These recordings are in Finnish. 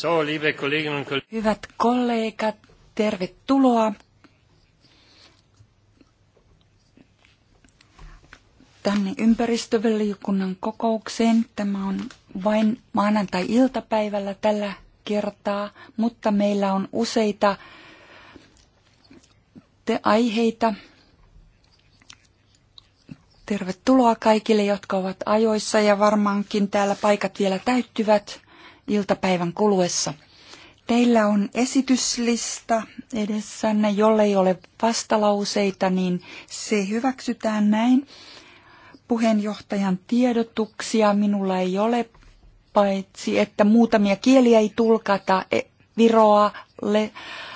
So, liebe Kolleginnen und Kollegen. Hyvät kollegat, tervetuloa. tänne ympäristövaliokunnan kokoukseen. Tämä on vain maanantai-iltapäivällä tällä kertaa, mutta meillä on useita te aiheita. Tervetuloa kaikille, jotka ovat ajoissa ja varmaankin täällä paikat vielä täyttyvät iltapäivän kuluessa. Teillä on esityslista edessänne, jollei ole vastalauseita, niin se hyväksytään näin. Puheenjohtajan tiedotuksia minulla ei ole, paitsi että muutamia kieliä ei tulkata, e, Viroa, Le,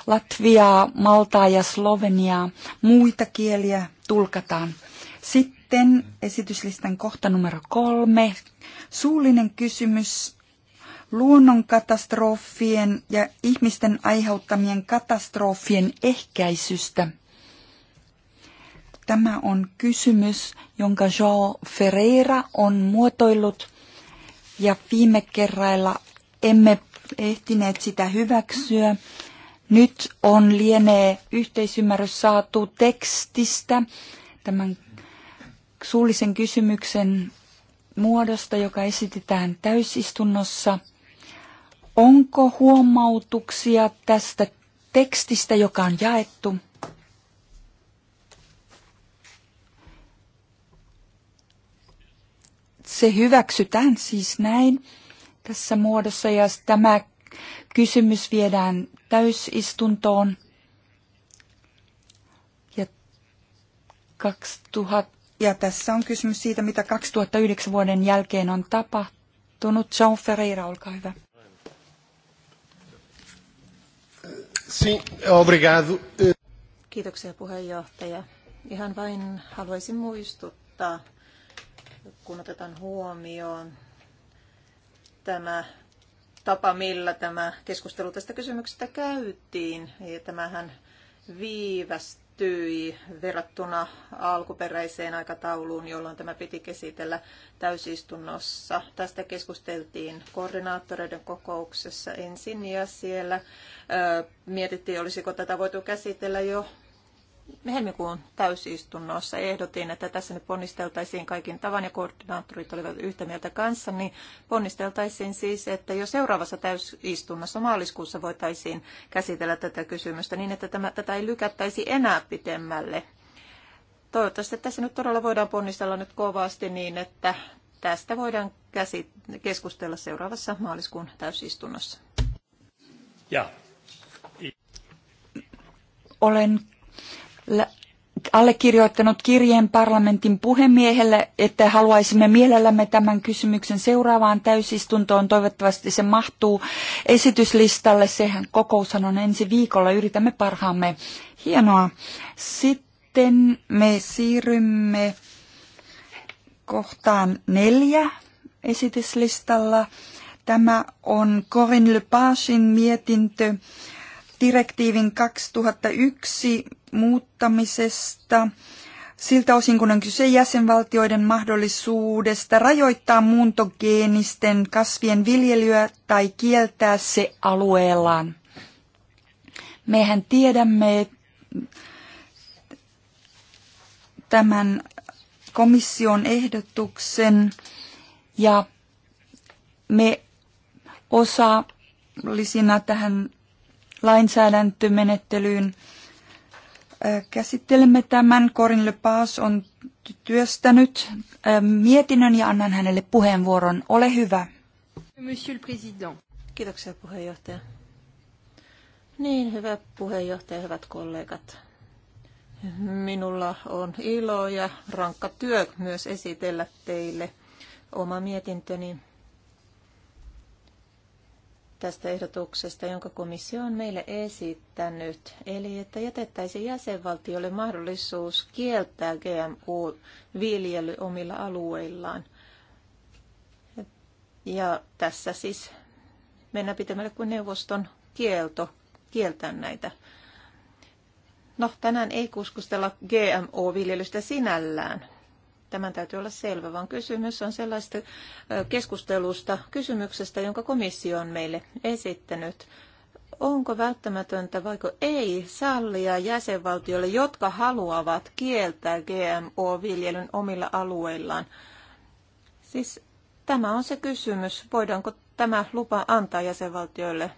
Latviaa, Maltaa ja Sloveniaa. Muita kieliä tulkataan. Sitten esityslistan kohta numero kolme. Suullinen kysymys luonnonkatastrofien ja ihmisten aiheuttamien katastrofien ehkäisystä. Tämä on kysymys, jonka João Ferreira on muotoillut ja viime kerralla emme ehtineet sitä hyväksyä. Nyt on lienee yhteisymmärrys saatu tekstistä tämän suullisen kysymyksen muodosta, joka esitetään täysistunnossa – Onko huomautuksia tästä tekstistä, joka on jaettu? Se hyväksytään siis näin tässä muodossa ja tämä kysymys viedään täysistuntoon. Ja, 2000, ja tässä on kysymys siitä, mitä 2009 vuoden jälkeen on tapahtunut. John Ferreira, olkaa hyvä. Sim, obrigado. Kiitoksia puheenjohtaja. Ihan vain haluaisin muistuttaa, kun otetaan huomioon tämä tapa, millä tämä keskustelu tästä kysymyksestä käytiin. Ja tämähän viivästyi venyttyi verrattuna alkuperäiseen aikatauluun, jolloin tämä piti käsitellä täysistunnossa. Tästä keskusteltiin koordinaattoreiden kokouksessa ensin ja siellä ö, mietittiin, olisiko tätä voitu käsitellä jo helmikuun täysistunnossa ehdotin, että tässä nyt ponnisteltaisiin kaikin tavan ja koordinaattorit olivat yhtä mieltä kanssa, niin ponnisteltaisiin siis, että jo seuraavassa täysistunnossa maaliskuussa voitaisiin käsitellä tätä kysymystä niin, että tämä, tätä ei lykättäisi enää pitemmälle. Toivottavasti tässä nyt todella voidaan ponnistella nyt kovasti niin, että tästä voidaan keskustella seuraavassa maaliskuun täysistunnossa. Ja. Olen allekirjoittanut kirjeen parlamentin puhemiehelle, että haluaisimme mielellämme tämän kysymyksen seuraavaan täysistuntoon. Toivottavasti se mahtuu esityslistalle. Sehän kokoushan on ensi viikolla. Yritämme parhaamme. Hienoa. Sitten me siirrymme kohtaan neljä esityslistalla. Tämä on Corinne Lepagein mietintö direktiivin 2001 muuttamisesta siltä osin, kun on kyse jäsenvaltioiden mahdollisuudesta rajoittaa muuntogeenisten kasvien viljelyä tai kieltää se alueellaan. Mehän tiedämme tämän komission ehdotuksen ja me osallisina tähän lainsäädäntömenettelyyn. Käsittelemme tämän. Corin Lepas on työstänyt mietinnön ja annan hänelle puheenvuoron. Ole hyvä. Monsieur le Président. Kiitoksia puheenjohtaja. Niin, hyvä puheenjohtaja, hyvät kollegat. Minulla on ilo ja rankka työ myös esitellä teille oma mietintöni tästä ehdotuksesta, jonka komissio on meille esittänyt, eli että jätettäisiin jäsenvaltiolle mahdollisuus kieltää GMO-viljely omilla alueillaan. Ja tässä siis mennään pitemmälle kuin neuvoston kielto kieltää näitä. No, tänään ei kuskustella GMO-viljelystä sinällään, Tämän täytyy olla selvä, vaan kysymys on sellaista keskustelusta, kysymyksestä, jonka komissio on meille esittänyt onko välttämätöntä vaiko ei sallia jäsenvaltioille, jotka haluavat kieltää GMO-viljelyn omilla alueillaan. Siis tämä on se kysymys, voidaanko tämä lupa antaa jäsenvaltioille.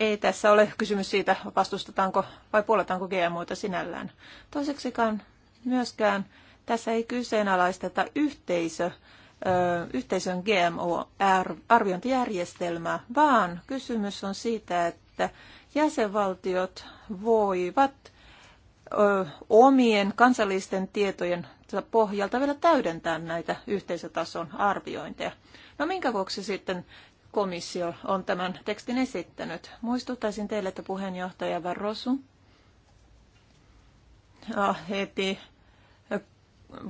Ei tässä ole kysymys siitä, vastustetaanko vai puoletaanko GMOita sinällään. Toiseksikaan myöskään tässä ei kyseenalaisteta yhteisö, yhteisön GMO-arviointijärjestelmää, vaan kysymys on siitä, että jäsenvaltiot voivat omien kansallisten tietojen pohjalta vielä täydentää näitä yhteisötason arviointeja. No minkä vuoksi sitten komissio on tämän tekstin esittänyt? Muistuttaisin teille, että puheenjohtaja Barroso ah, heti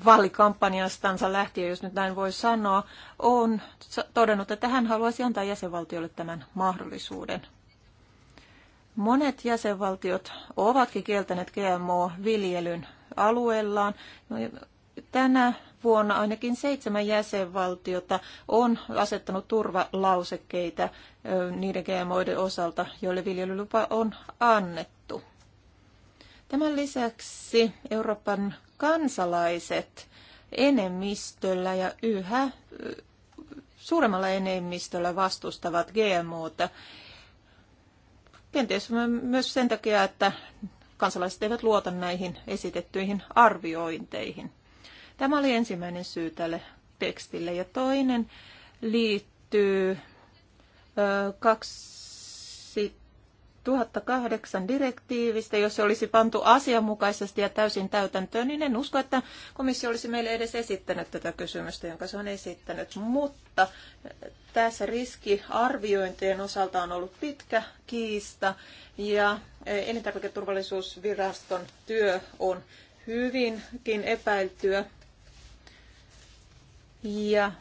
vaalikampanjastansa lähtien, jos nyt näin voi sanoa, on todennut, että hän haluaisi antaa jäsenvaltiolle tämän mahdollisuuden. Monet jäsenvaltiot ovatkin kieltäneet GMO-viljelyn alueellaan. No, tänä vuonna ainakin seitsemän jäsenvaltiota on asettanut turvalausekkeita niiden GMOiden osalta, joille viljelylupa on annettu. Tämän lisäksi Euroopan kansalaiset enemmistöllä ja yhä suuremmalla enemmistöllä vastustavat GMOta. Kenties myös sen takia, että kansalaiset eivät luota näihin esitettyihin arviointeihin. Tämä oli ensimmäinen syy tälle tekstille. Ja toinen liittyy ö, kaksi 2008 direktiivistä, jos se olisi pantu asianmukaisesti ja täysin täytäntöön, niin en usko, että komissio olisi meille edes esittänyt tätä kysymystä, jonka se on esittänyt. Mutta eh, tässä riskiarviointien osalta on ollut pitkä kiista ja eh, elintarviketurvallisuusviraston työ on hyvinkin epäiltyä. Ja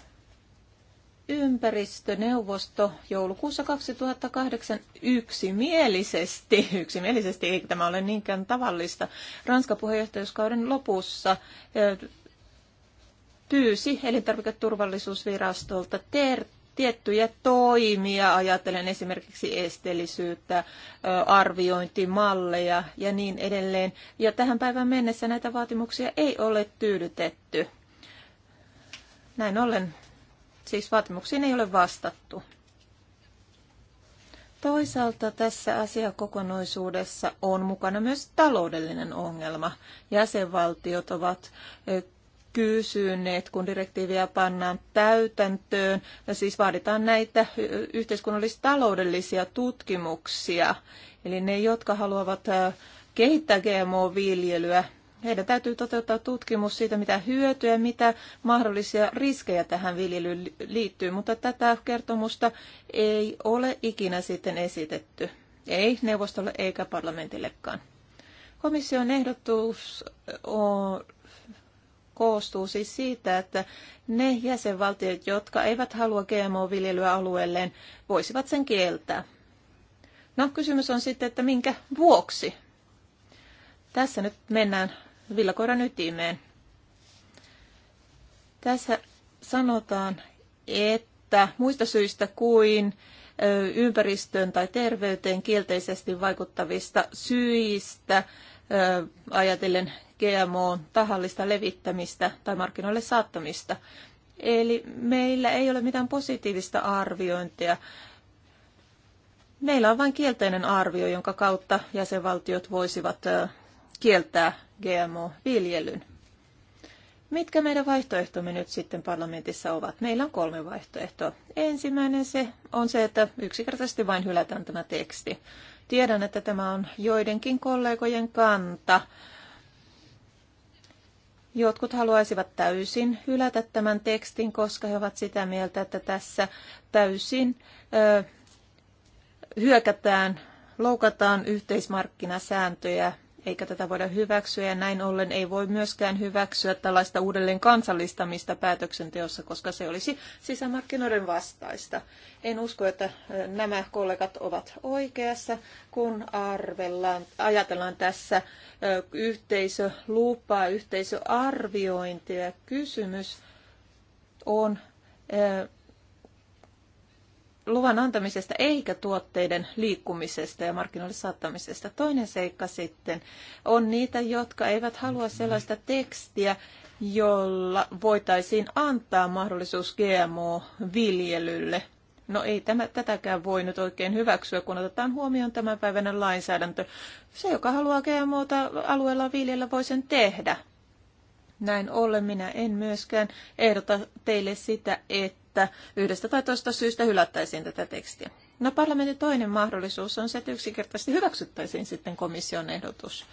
ympäristöneuvosto joulukuussa 2008 yksimielisesti, yksimielisesti ei tämä ole niinkään tavallista, Ranskan puheenjohtajuuskauden lopussa pyysi elintarviketurvallisuusvirastolta ter- tiettyjä toimia, ajatellen esimerkiksi esteellisyyttä, arviointimalleja ja niin edelleen. Ja tähän päivään mennessä näitä vaatimuksia ei ole tyydytetty. Näin ollen Siis vaatimuksiin ei ole vastattu. Toisaalta tässä asiakokonaisuudessa on mukana myös taloudellinen ongelma. Jäsenvaltiot ovat kysyneet, kun direktiiviä pannaan täytäntöön. Ja siis vaaditaan näitä yhteiskunnallis-taloudellisia tutkimuksia. Eli ne, jotka haluavat kehittää GMO-viljelyä, heidän täytyy toteuttaa tutkimus siitä, mitä hyötyä, mitä mahdollisia riskejä tähän viljelyyn liittyy, mutta tätä kertomusta ei ole ikinä sitten esitetty. Ei neuvostolle eikä parlamentillekaan. Komission ehdotus on, koostuu siis siitä, että ne jäsenvaltiot, jotka eivät halua GMO-viljelyä alueelleen, voisivat sen kieltää. No, kysymys on sitten, että minkä vuoksi tässä nyt mennään villakoiran ytimeen. Tässä sanotaan, että muista syistä kuin ympäristöön tai terveyteen kielteisesti vaikuttavista syistä ajatellen GMO tahallista levittämistä tai markkinoille saattamista. Eli meillä ei ole mitään positiivista arviointia. Meillä on vain kielteinen arvio, jonka kautta jäsenvaltiot voisivat kieltää GMO-viljelyn. Mitkä meidän vaihtoehtomme nyt sitten parlamentissa ovat? Meillä on kolme vaihtoehtoa. Ensimmäinen se on se, että yksinkertaisesti vain hylätään tämä teksti. Tiedän, että tämä on joidenkin kollegojen kanta. Jotkut haluaisivat täysin hylätä tämän tekstin, koska he ovat sitä mieltä, että tässä täysin ö, hyökätään, loukataan yhteismarkkinasääntöjä eikä tätä voida hyväksyä ja näin ollen ei voi myöskään hyväksyä tällaista uudelleen kansallistamista päätöksenteossa, koska se olisi sisämarkkinoiden vastaista. En usko, että nämä kollegat ovat oikeassa, kun arvellaan, ajatellaan tässä yhteisölupaa, yhteisöarviointia. Kysymys on luvan antamisesta eikä tuotteiden liikkumisesta ja markkinoille saattamisesta. Toinen seikka sitten on niitä, jotka eivät halua sellaista tekstiä, jolla voitaisiin antaa mahdollisuus GMO-viljelylle. No ei tämä, tätäkään voi nyt oikein hyväksyä, kun otetaan huomioon tämän päivänä lainsäädäntö. Se, joka haluaa GMOta alueella viljellä, voi sen tehdä. Näin ollen minä en myöskään ehdota teille sitä, että että yhdestä tai toista syystä hylättäisiin tätä tekstiä. No parlamentin toinen mahdollisuus on se, että yksinkertaisesti hyväksyttäisiin sitten komission ehdotus.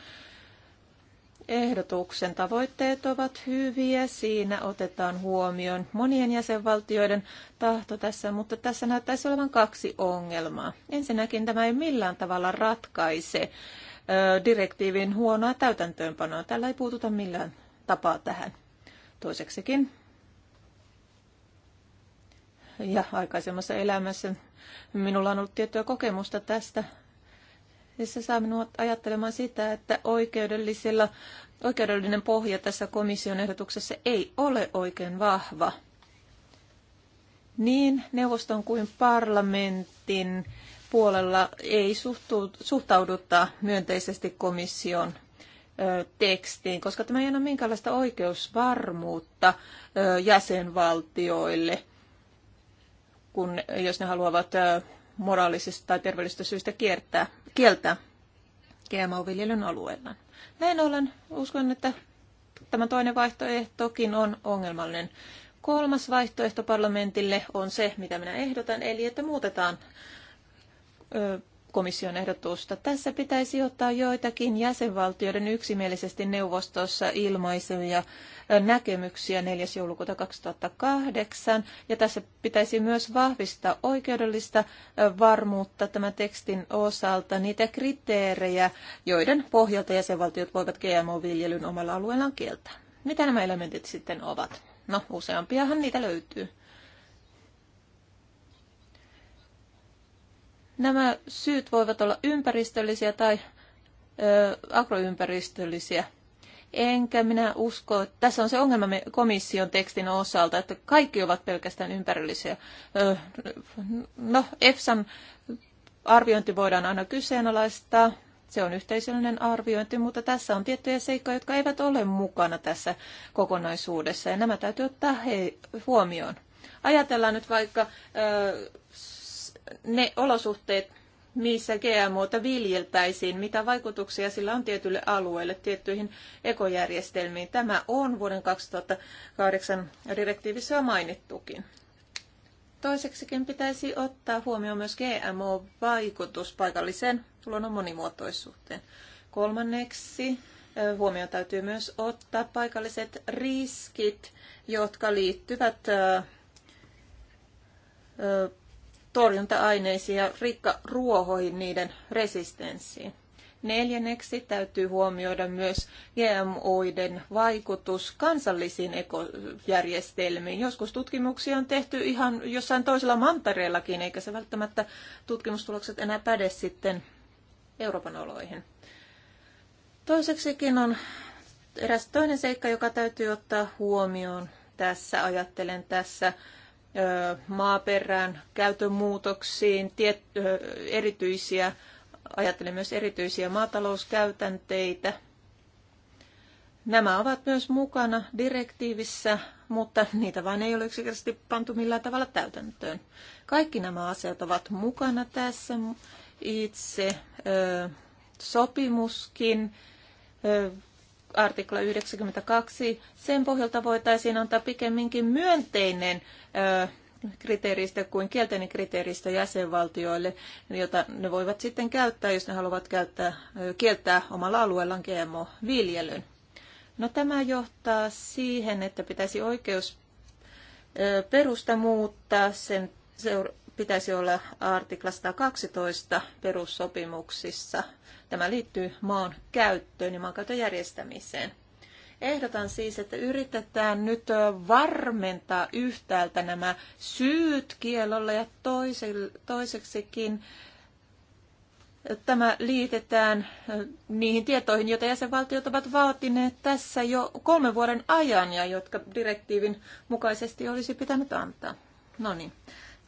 Ehdotuksen tavoitteet ovat hyviä. Siinä otetaan huomioon monien jäsenvaltioiden tahto tässä, mutta tässä näyttäisi olevan kaksi ongelmaa. Ensinnäkin tämä ei millään tavalla ratkaise direktiivin huonoa täytäntöönpanoa. Tällä ei puututa millään tapaa tähän. Toiseksikin ja aikaisemmassa elämässä minulla on ollut tiettyä kokemusta tästä. Ja se saa minua ajattelemaan sitä, että oikeudellisella, oikeudellinen pohja tässä komission ehdotuksessa ei ole oikein vahva. Niin neuvoston kuin parlamentin puolella ei suhtauduta myönteisesti komission tekstiin, koska tämä ei anna minkäänlaista oikeusvarmuutta jäsenvaltioille kun, jos ne haluavat moraalisista tai terveellisistä syistä kiertää, kieltää GMO-viljelyn alueella. Näin ollen uskon, että tämä toinen vaihtoehtokin on ongelmallinen. Kolmas vaihtoehto parlamentille on se, mitä minä ehdotan, eli että muutetaan komission ehdotusta. Tässä pitäisi ottaa joitakin jäsenvaltioiden yksimielisesti neuvostossa ilmaisemia näkemyksiä 4. joulukuuta 2008. Ja tässä pitäisi myös vahvistaa oikeudellista varmuutta tämän tekstin osalta niitä kriteerejä, joiden pohjalta jäsenvaltiot voivat GMO-viljelyn omalla alueellaan kieltää. Mitä nämä elementit sitten ovat? No, useampiahan niitä löytyy. Nämä syyt voivat olla ympäristöllisiä tai ö, agroympäristöllisiä. Enkä minä usko, että tässä on se ongelma komission tekstin osalta, että kaikki ovat pelkästään ympärillisiä. No, EFSAn arviointi voidaan aina kyseenalaistaa. Se on yhteisöllinen arviointi, mutta tässä on tiettyjä seikkoja, jotka eivät ole mukana tässä kokonaisuudessa, ja nämä täytyy ottaa hei, huomioon. Ajatellaan nyt vaikka ne olosuhteet, missä GMOta viljeltäisiin, mitä vaikutuksia sillä on tietylle alueelle, tiettyihin ekojärjestelmiin. Tämä on vuoden 2008 direktiivissä jo mainittukin. Toiseksikin pitäisi ottaa huomioon myös GMO-vaikutus paikalliseen luonnon monimuotoisuuteen. Kolmanneksi huomioon täytyy myös ottaa paikalliset riskit, jotka liittyvät torjunta-aineisiin ja rikkaruohoihin niiden resistenssiin. Neljänneksi täytyy huomioida myös GMOiden vaikutus kansallisiin ekojärjestelmiin. Joskus tutkimuksia on tehty ihan jossain toisella mantareellakin, eikä se välttämättä tutkimustulokset enää päde sitten Euroopan oloihin. Toiseksikin on eräs toinen seikka, joka täytyy ottaa huomioon tässä. Ajattelen tässä maaperään, käytön muutoksiin, erityisiä, ajattelen myös erityisiä maatalouskäytänteitä. Nämä ovat myös mukana direktiivissä, mutta niitä vain ei ole yksinkertaisesti pantu millään tavalla täytäntöön. Kaikki nämä asiat ovat mukana tässä. Itse sopimuskin artikla 92, sen pohjalta voitaisiin antaa pikemminkin myönteinen kriteeristä kuin kielteinen kriteeristä jäsenvaltioille, jota ne voivat sitten käyttää, jos ne haluavat käyttää, kieltää omalla alueellaan GMO-viljelyn. No tämä johtaa siihen, että pitäisi oikeus perusta muuttaa sen pitäisi olla artikla 112 perussopimuksissa. Tämä liittyy maan käyttöön ja maankäytön järjestämiseen. Ehdotan siis, että yritetään nyt varmentaa yhtäältä nämä syyt kielolla ja toiseksikin tämä liitetään niihin tietoihin, joita jäsenvaltiot ovat vaatineet tässä jo kolmen vuoden ajan ja jotka direktiivin mukaisesti olisi pitänyt antaa. No niin.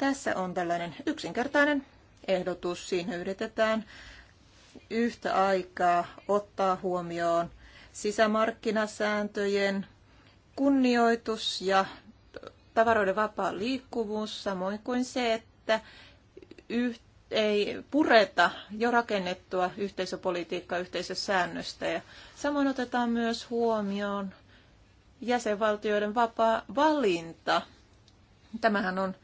Tässä on tällainen yksinkertainen ehdotus. Siinä yritetään yhtä aikaa ottaa huomioon sisämarkkinasääntöjen kunnioitus ja tavaroiden vapaa liikkuvuus, samoin kuin se, että ei pureta jo rakennettua yhteisöpolitiikkaa, yhteisösäännöstä. Ja samoin otetaan myös huomioon jäsenvaltioiden vapaa valinta. Tämähän on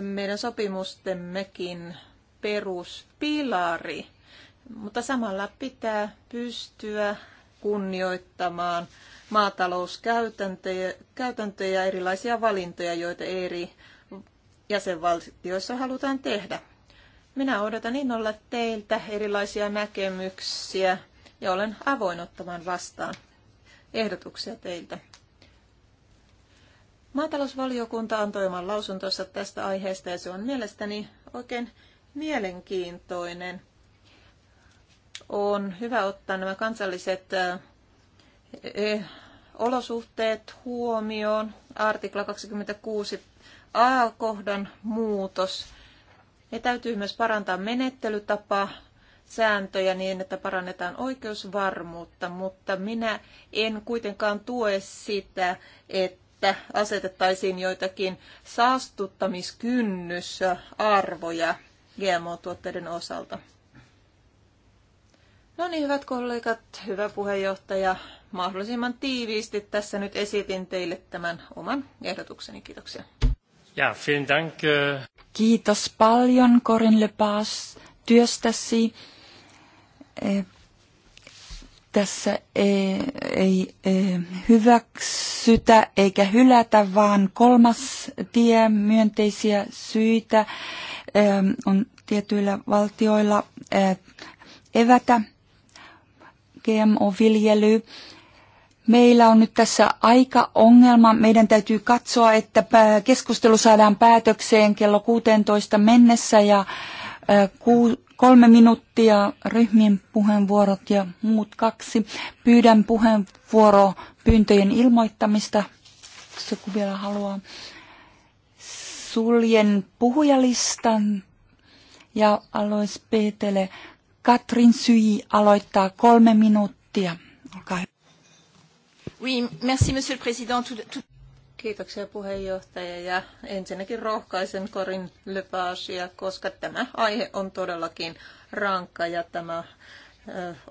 meidän sopimustemmekin peruspilari, mutta samalla pitää pystyä kunnioittamaan maatalouskäytäntöjä käytäntöjä, erilaisia valintoja, joita eri jäsenvaltioissa halutaan tehdä. Minä odotan innolla teiltä erilaisia näkemyksiä ja olen avoin ottamaan vastaan ehdotuksia teiltä. Maatalousvaliokunta antoi oman lausuntonsa tästä aiheesta ja se on mielestäni oikein mielenkiintoinen. On hyvä ottaa nämä kansalliset olosuhteet huomioon. Artikla 26 A-kohdan muutos. Ja täytyy myös parantaa menettelytapaa sääntöjä niin, että parannetaan oikeusvarmuutta, mutta minä en kuitenkaan tue sitä, että että asetettaisiin joitakin saastuttamiskynnysarvoja GMO-tuotteiden osalta. No niin, hyvät kollegat, hyvä puheenjohtaja. Mahdollisimman tiiviisti tässä nyt esitin teille tämän oman ehdotukseni. Kiitoksia. Ja, vielen dank. Äh, Kiitos paljon Corinne Lepas työstäsi äh, tässä ei, ei, ei hyväksytä eikä hylätä, vaan kolmas tie myönteisiä syitä ähm, on tietyillä valtioilla äh, evätä GMO-viljely. Meillä on nyt tässä aika ongelma. Meidän täytyy katsoa, että keskustelu saadaan päätökseen kello 16 mennessä ja äh, kolme minuuttia, ryhmien puheenvuorot ja muut kaksi. Pyydän puheenvuoro pyyntöjen ilmoittamista, jos joku vielä haluaa. Suljen puhujalistan ja alois Peetele. Katrin Syi aloittaa kolme minuuttia. Olkaa hyvä. Oui, merci, monsieur le président. Tout, tout... Kiitoksia puheenjohtaja ja ensinnäkin rohkaisen Korin Lepagea, koska tämä aihe on todellakin rankka ja tämä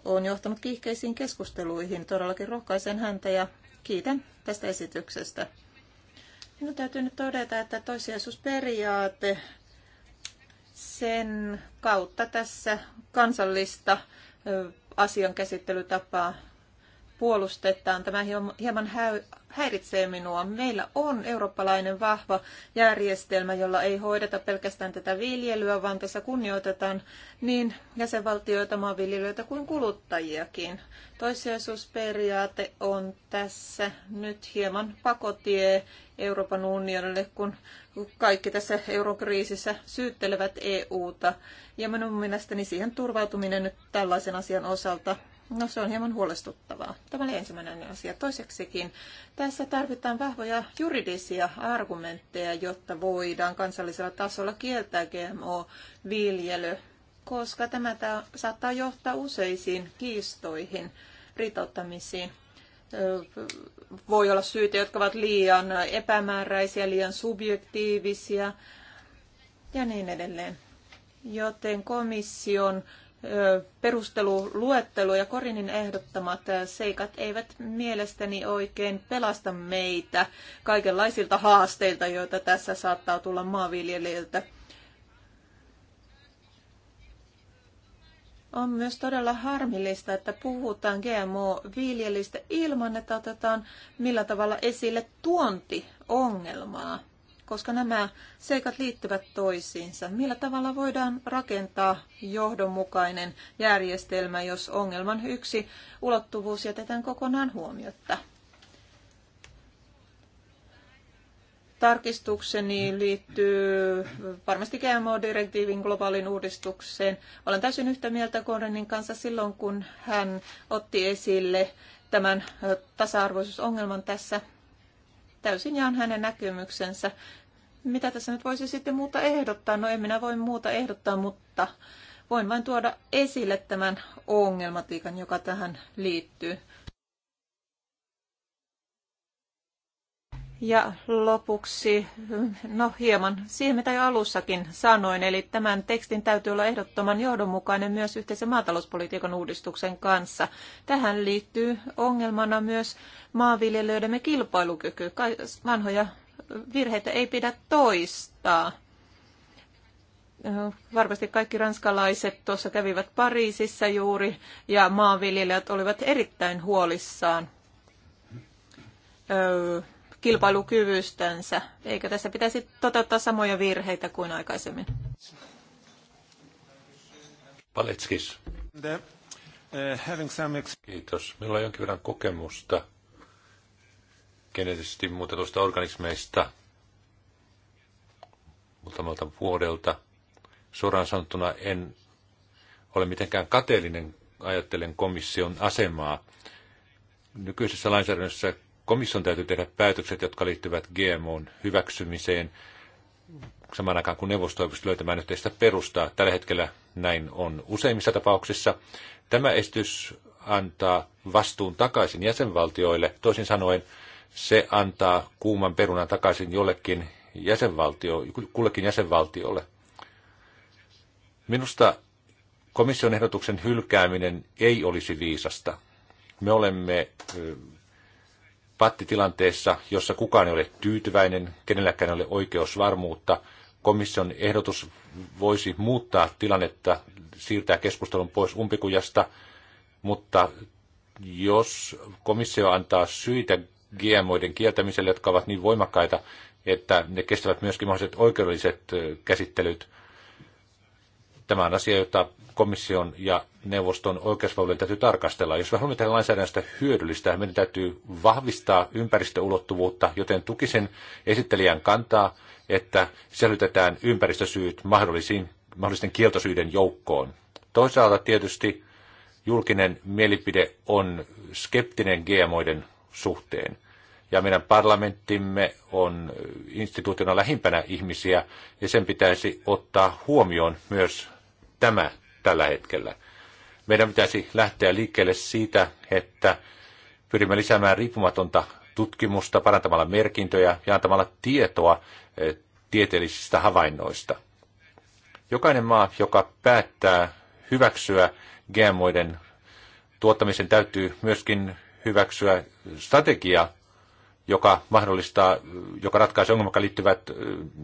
on johtanut kiihkeisiin keskusteluihin. Todellakin rohkaisen häntä ja kiitän tästä esityksestä. Minun täytyy nyt todeta, että toissijaisuusperiaate sen kautta tässä kansallista asian käsittelytapaa puolustetaan. Tämä hieman häiritsee minua. Meillä on eurooppalainen vahva järjestelmä, jolla ei hoideta pelkästään tätä viljelyä, vaan tässä kunnioitetaan niin jäsenvaltioita, maanviljelijöitä kuin kuluttajiakin. Toissijaisuusperiaate on tässä nyt hieman pakotie Euroopan unionille, kun kaikki tässä eurokriisissä syyttelevät EUta. Ja minun mielestäni siihen turvautuminen nyt tällaisen asian osalta No se on hieman huolestuttavaa. Tämä oli ensimmäinen asia. Toiseksikin tässä tarvitaan vahvoja juridisia argumentteja, jotta voidaan kansallisella tasolla kieltää GMO-viljely, koska tämä saattaa johtaa useisiin kiistoihin, ritottamisiin. Voi olla syitä, jotka ovat liian epämääräisiä, liian subjektiivisia ja niin edelleen. Joten komission perusteluluettelu ja Korinin ehdottamat seikat eivät mielestäni oikein pelasta meitä kaikenlaisilta haasteilta, joita tässä saattaa tulla maanviljelijöiltä. On myös todella harmillista, että puhutaan GMO-viljelystä ilman, että otetaan millä tavalla esille tuontiongelmaa koska nämä seikat liittyvät toisiinsa. Millä tavalla voidaan rakentaa johdonmukainen järjestelmä, jos ongelman yksi ulottuvuus jätetään kokonaan huomiotta? tarkistukseni liittyy varmasti GMO-direktiivin globaalin uudistukseen. Olen täysin yhtä mieltä Gordonin kanssa silloin, kun hän otti esille tämän tasa-arvoisuusongelman tässä täysin jaan hänen näkemyksensä. Mitä tässä nyt voisi sitten muuta ehdottaa? No en minä voi muuta ehdottaa, mutta voin vain tuoda esille tämän ongelmatiikan, joka tähän liittyy. Ja lopuksi, no hieman siihen mitä jo alussakin sanoin, eli tämän tekstin täytyy olla ehdottoman johdonmukainen myös yhteisen maatalouspolitiikan uudistuksen kanssa. Tähän liittyy ongelmana myös maanviljelijöidemme kilpailukyky. Vanhoja virheitä ei pidä toistaa. Varmasti kaikki ranskalaiset tuossa kävivät Pariisissa juuri ja maanviljelijät olivat erittäin huolissaan. Öö, kilpailukyvystänsä. Eikö tässä pitäisi toteuttaa samoja virheitä kuin aikaisemmin? Paletskis. Eh, Kiitos. Minulla on jonkin verran kokemusta geneettisesti muutetusta organismeista muutamalta vuodelta. Suoraan sanottuna en ole mitenkään kateellinen, ajattelen komission asemaa. Nykyisessä lainsäädännössä komission täytyy tehdä päätökset, jotka liittyvät GMOn hyväksymiseen samaan aikaan, kun neuvosto ei pysty löytämään yhteistä perustaa. Tällä hetkellä näin on useimmissa tapauksissa. Tämä esitys antaa vastuun takaisin jäsenvaltioille. Toisin sanoen se antaa kuuman perunan takaisin jollekin jäsenvaltio, kullekin jäsenvaltiolle. Minusta komission ehdotuksen hylkääminen ei olisi viisasta. Me olemme pattitilanteessa, jossa kukaan ei ole tyytyväinen, kenelläkään ei ole oikeusvarmuutta, komission ehdotus voisi muuttaa tilannetta, siirtää keskustelun pois umpikujasta, mutta jos komissio antaa syitä GMOiden kieltämiselle, jotka ovat niin voimakkaita, että ne kestävät myöskin mahdolliset oikeudelliset käsittelyt, Tämä on asia, jota komission ja neuvoston oikeuspalvelujen täytyy tarkastella. Jos me haluamme tehdä lainsäädännöstä hyödyllistä, meidän täytyy vahvistaa ympäristöulottuvuutta, joten tukisen esittelijän kantaa, että selvitetään ympäristösyyt mahdollisiin, mahdollisten kieltosyiden joukkoon. Toisaalta tietysti julkinen mielipide on skeptinen GMOiden suhteen. Ja meidän parlamenttimme on instituutiona lähimpänä ihmisiä, ja sen pitäisi ottaa huomioon myös tämä tällä hetkellä. Meidän pitäisi lähteä liikkeelle siitä, että pyrimme lisäämään riippumatonta tutkimusta parantamalla merkintöjä ja antamalla tietoa eh, tieteellisistä havainnoista. Jokainen maa, joka päättää hyväksyä GMOiden tuottamisen, täytyy myöskin hyväksyä strategia, joka mahdollistaa, joka ratkaisee ongelmat, jotka liittyvät eh,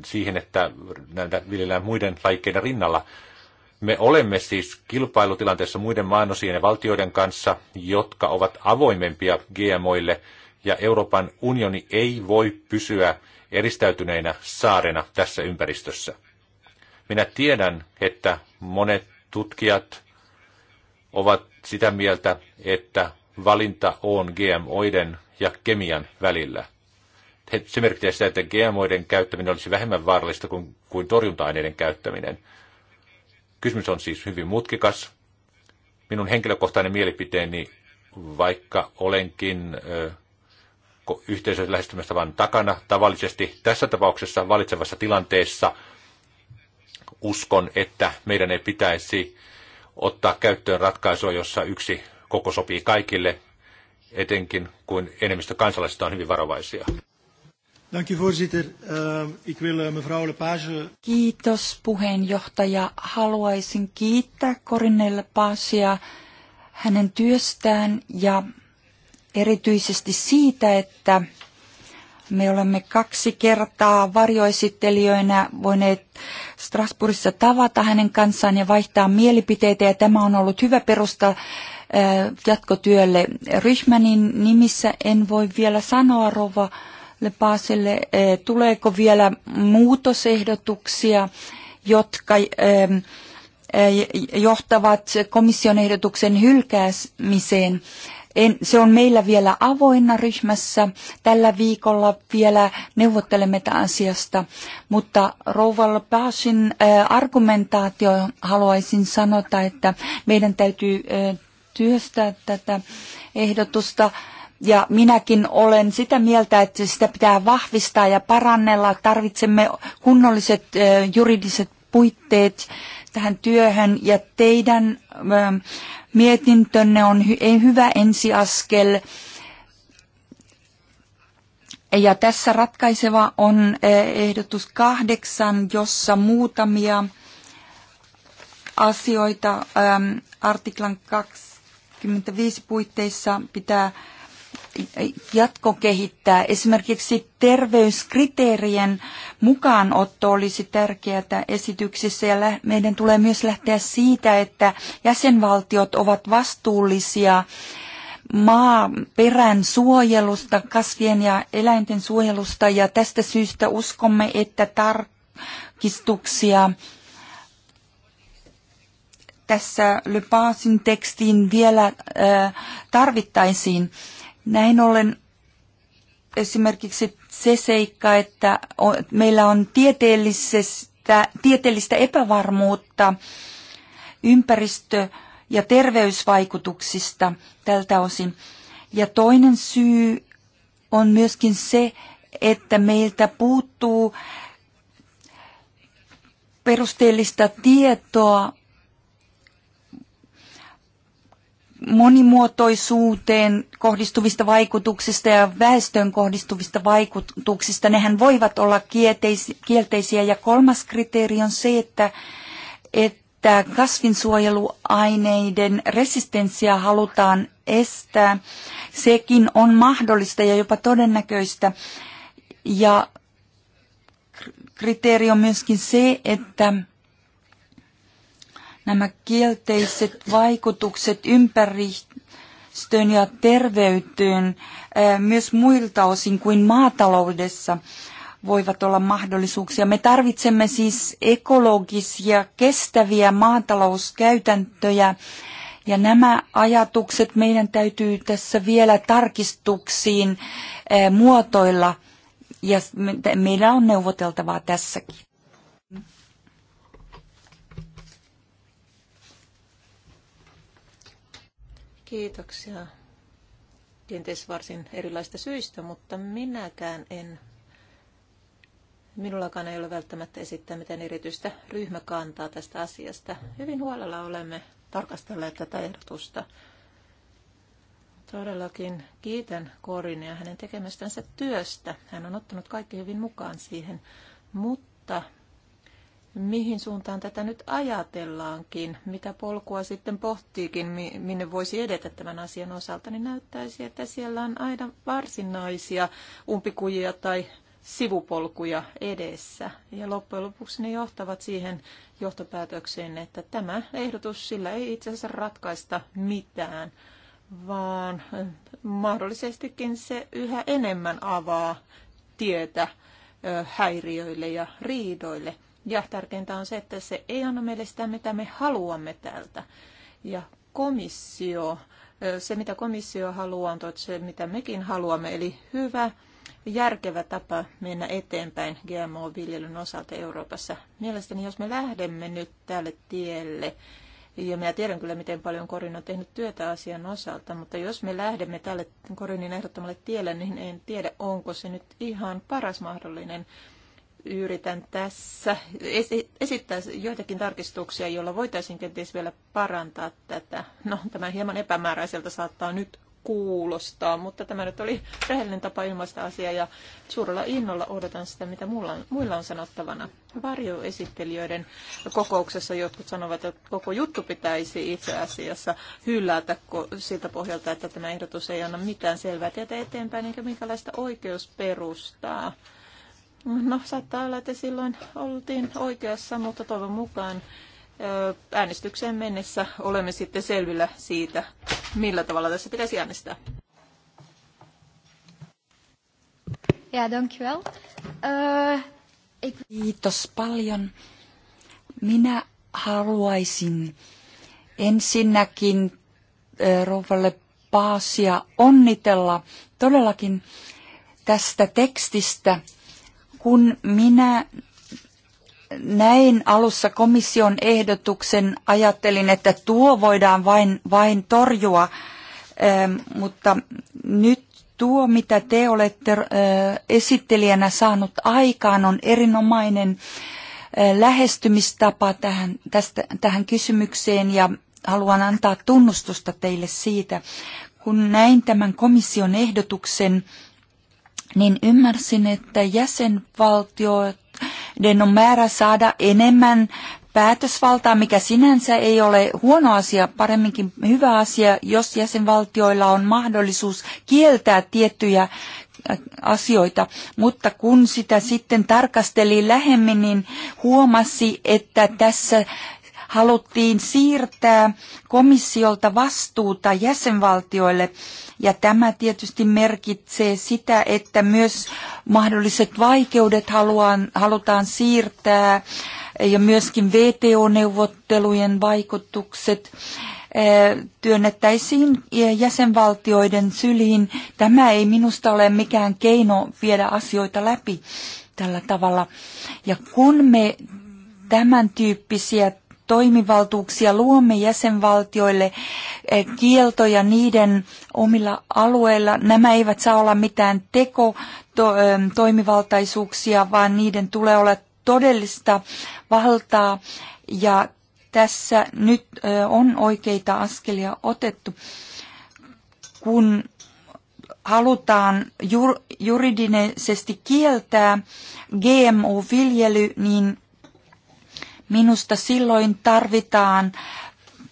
siihen, että näitä viljellään muiden laikkeiden rinnalla. Me olemme siis kilpailutilanteessa muiden maanosien ja valtioiden kanssa, jotka ovat avoimempia GMOille, ja Euroopan unioni ei voi pysyä eristäytyneinä saarena tässä ympäristössä. Minä tiedän, että monet tutkijat ovat sitä mieltä, että valinta on GMOiden ja kemian välillä. Se merkitsee sitä, että GMOiden käyttäminen olisi vähemmän vaarallista kuin, kuin torjunta-aineiden käyttäminen. Kysymys on siis hyvin mutkikas. Minun henkilökohtainen mielipiteeni, vaikka olenkin yhteisön vain takana tavallisesti tässä tapauksessa valitsevassa tilanteessa, uskon, että meidän ei pitäisi ottaa käyttöön ratkaisua, jossa yksi koko sopii kaikille, etenkin kun enemmistö kansalaisista on hyvin varovaisia. Dank u voorzitter. Ehm, ik wil eh, mevrouw Lepage... Kiitos puheenjohtaja. Haluaisin kiittää Corinne Lepagea hänen työstään ja erityisesti siitä, että me olemme kaksi kertaa varjoesittelijöinä voineet Strasbourgissa tavata hänen kanssaan ja vaihtaa mielipiteitä ja tämä on ollut hyvä perusta eh, jatkotyölle. Ryhmänin nimissä en voi vielä sanoa, rouva Lepaselle, eh, tuleeko vielä muutosehdotuksia, jotka eh, eh, johtavat komission ehdotuksen hylkäämiseen? En, se on meillä vielä avoinna ryhmässä. Tällä viikolla vielä neuvottelemme asiasta, mutta Rouva Lepagin argumentaatio haluaisin sanota, että meidän täytyy työstää tätä ehdotusta ja minäkin olen sitä mieltä, että sitä pitää vahvistaa ja parannella. Tarvitsemme kunnolliset juridiset puitteet tähän työhön ja teidän mietintönne on ei hyvä ensiaskel. Ja tässä ratkaiseva on ehdotus kahdeksan, jossa muutamia asioita ähm, artiklan 25 puitteissa pitää jatkokehittää. Esimerkiksi terveyskriteerien mukaanotto olisi tärkeää esityksissä ja meidän tulee myös lähteä siitä, että jäsenvaltiot ovat vastuullisia maaperän suojelusta, kasvien ja eläinten suojelusta ja tästä syystä uskomme, että tarkistuksia tässä Lepasin tekstiin vielä äh, tarvittaisiin. Äh, näin ollen esimerkiksi se seikka, että meillä on tieteellisestä, tieteellistä epävarmuutta ympäristö- ja terveysvaikutuksista tältä osin. Ja toinen syy on myöskin se, että meiltä puuttuu perusteellista tietoa monimuotoisuuteen kohdistuvista vaikutuksista ja väestöön kohdistuvista vaikutuksista. Nehän voivat olla kielteisiä. Ja kolmas kriteeri on se, että, että kasvinsuojeluaineiden resistenssiä halutaan estää. Sekin on mahdollista ja jopa todennäköistä. Ja kriteeri on myöskin se, että Nämä kielteiset vaikutukset ympäristöön ja terveyteen myös muilta osin kuin maataloudessa voivat olla mahdollisuuksia. Me tarvitsemme siis ekologisia, kestäviä maatalouskäytäntöjä. Ja nämä ajatukset meidän täytyy tässä vielä tarkistuksiin muotoilla ja meillä on neuvoteltavaa tässäkin. Kiitoksia. Kenties varsin erilaista syistä, mutta minäkään en Minullakaan ei ole välttämättä esittää mitään erityistä ryhmäkantaa tästä asiasta. Hyvin huolella olemme tarkastelleet tätä ehdotusta. Todellakin kiitän Korin ja hänen tekemästänsä työstä. Hän on ottanut kaikki hyvin mukaan siihen, mutta mihin suuntaan tätä nyt ajatellaankin, mitä polkua sitten pohtiikin, minne voisi edetä tämän asian osalta, niin näyttäisi, että siellä on aina varsinaisia umpikujia tai sivupolkuja edessä. Ja loppujen lopuksi ne johtavat siihen johtopäätökseen, että tämä ehdotus, sillä ei itse asiassa ratkaista mitään, vaan mahdollisestikin se yhä enemmän avaa tietä häiriöille ja riidoille. Ja tärkeintä on se, että se ei anna meille sitä, mitä me haluamme tältä. Ja komissio, se mitä komissio haluaa, on se, mitä mekin haluamme, eli hyvä järkevä tapa mennä eteenpäin GMO-viljelyn osalta Euroopassa. Mielestäni jos me lähdemme nyt tälle tielle, ja minä tiedän kyllä, miten paljon Korin on tehnyt työtä asian osalta, mutta jos me lähdemme tälle Korinin ehdottamalle tielle, niin en tiedä, onko se nyt ihan paras mahdollinen yritän tässä esittää joitakin tarkistuksia, joilla voitaisiin kenties vielä parantaa tätä. No, tämä hieman epämääräiseltä saattaa nyt kuulostaa, mutta tämä nyt oli rehellinen tapa ilmaista asiaa ja suurella innolla odotan sitä, mitä mulla, muilla on sanottavana. Varjoesittelijöiden kokouksessa jotkut sanovat, että koko juttu pitäisi itse asiassa hylätä siltä pohjalta, että tämä ehdotus ei anna mitään selvää tietä eteenpäin eikä minkälaista oikeusperustaa. No, saattaa olla, että silloin oltiin oikeassa, mutta toivon mukaan äänestykseen mennessä olemme sitten selvillä siitä, millä tavalla tässä pitäisi äänestää. Ja, dankjewel. Eh, Kiitos paljon. Minä haluaisin ensinnäkin rouvalle Paasia onnitella todellakin tästä tekstistä kun minä näin alussa komission ehdotuksen, ajattelin, että tuo voidaan vain, vain torjua, ähm, mutta nyt tuo, mitä te olette äh, esittelijänä saanut aikaan, on erinomainen äh, lähestymistapa tähän, tästä, tähän kysymykseen ja haluan antaa tunnustusta teille siitä. Kun näin tämän komission ehdotuksen, niin ymmärsin, että jäsenvaltioiden on määrä saada enemmän päätösvaltaa, mikä sinänsä ei ole huono asia, paremminkin hyvä asia, jos jäsenvaltioilla on mahdollisuus kieltää tiettyjä äh, asioita, mutta kun sitä sitten tarkasteli lähemmin, niin huomasi, että tässä haluttiin siirtää komissiolta vastuuta jäsenvaltioille ja tämä tietysti merkitsee sitä, että myös mahdolliset vaikeudet haluan, halutaan siirtää ja myöskin VTO-neuvottelujen vaikutukset eh, työnnettäisiin jäsenvaltioiden syliin. Tämä ei minusta ole mikään keino viedä asioita läpi tällä tavalla. Ja kun me tämän tyyppisiä toimivaltuuksia, luomme jäsenvaltioille eh, kieltoja niiden omilla alueilla. Nämä eivät saa olla mitään teko eh, toimivaltaisuuksia, vaan niiden tulee olla todellista valtaa ja tässä nyt eh, on oikeita askelia otettu, kun halutaan juridisesti kieltää GMO-viljely, niin Minusta silloin tarvitaan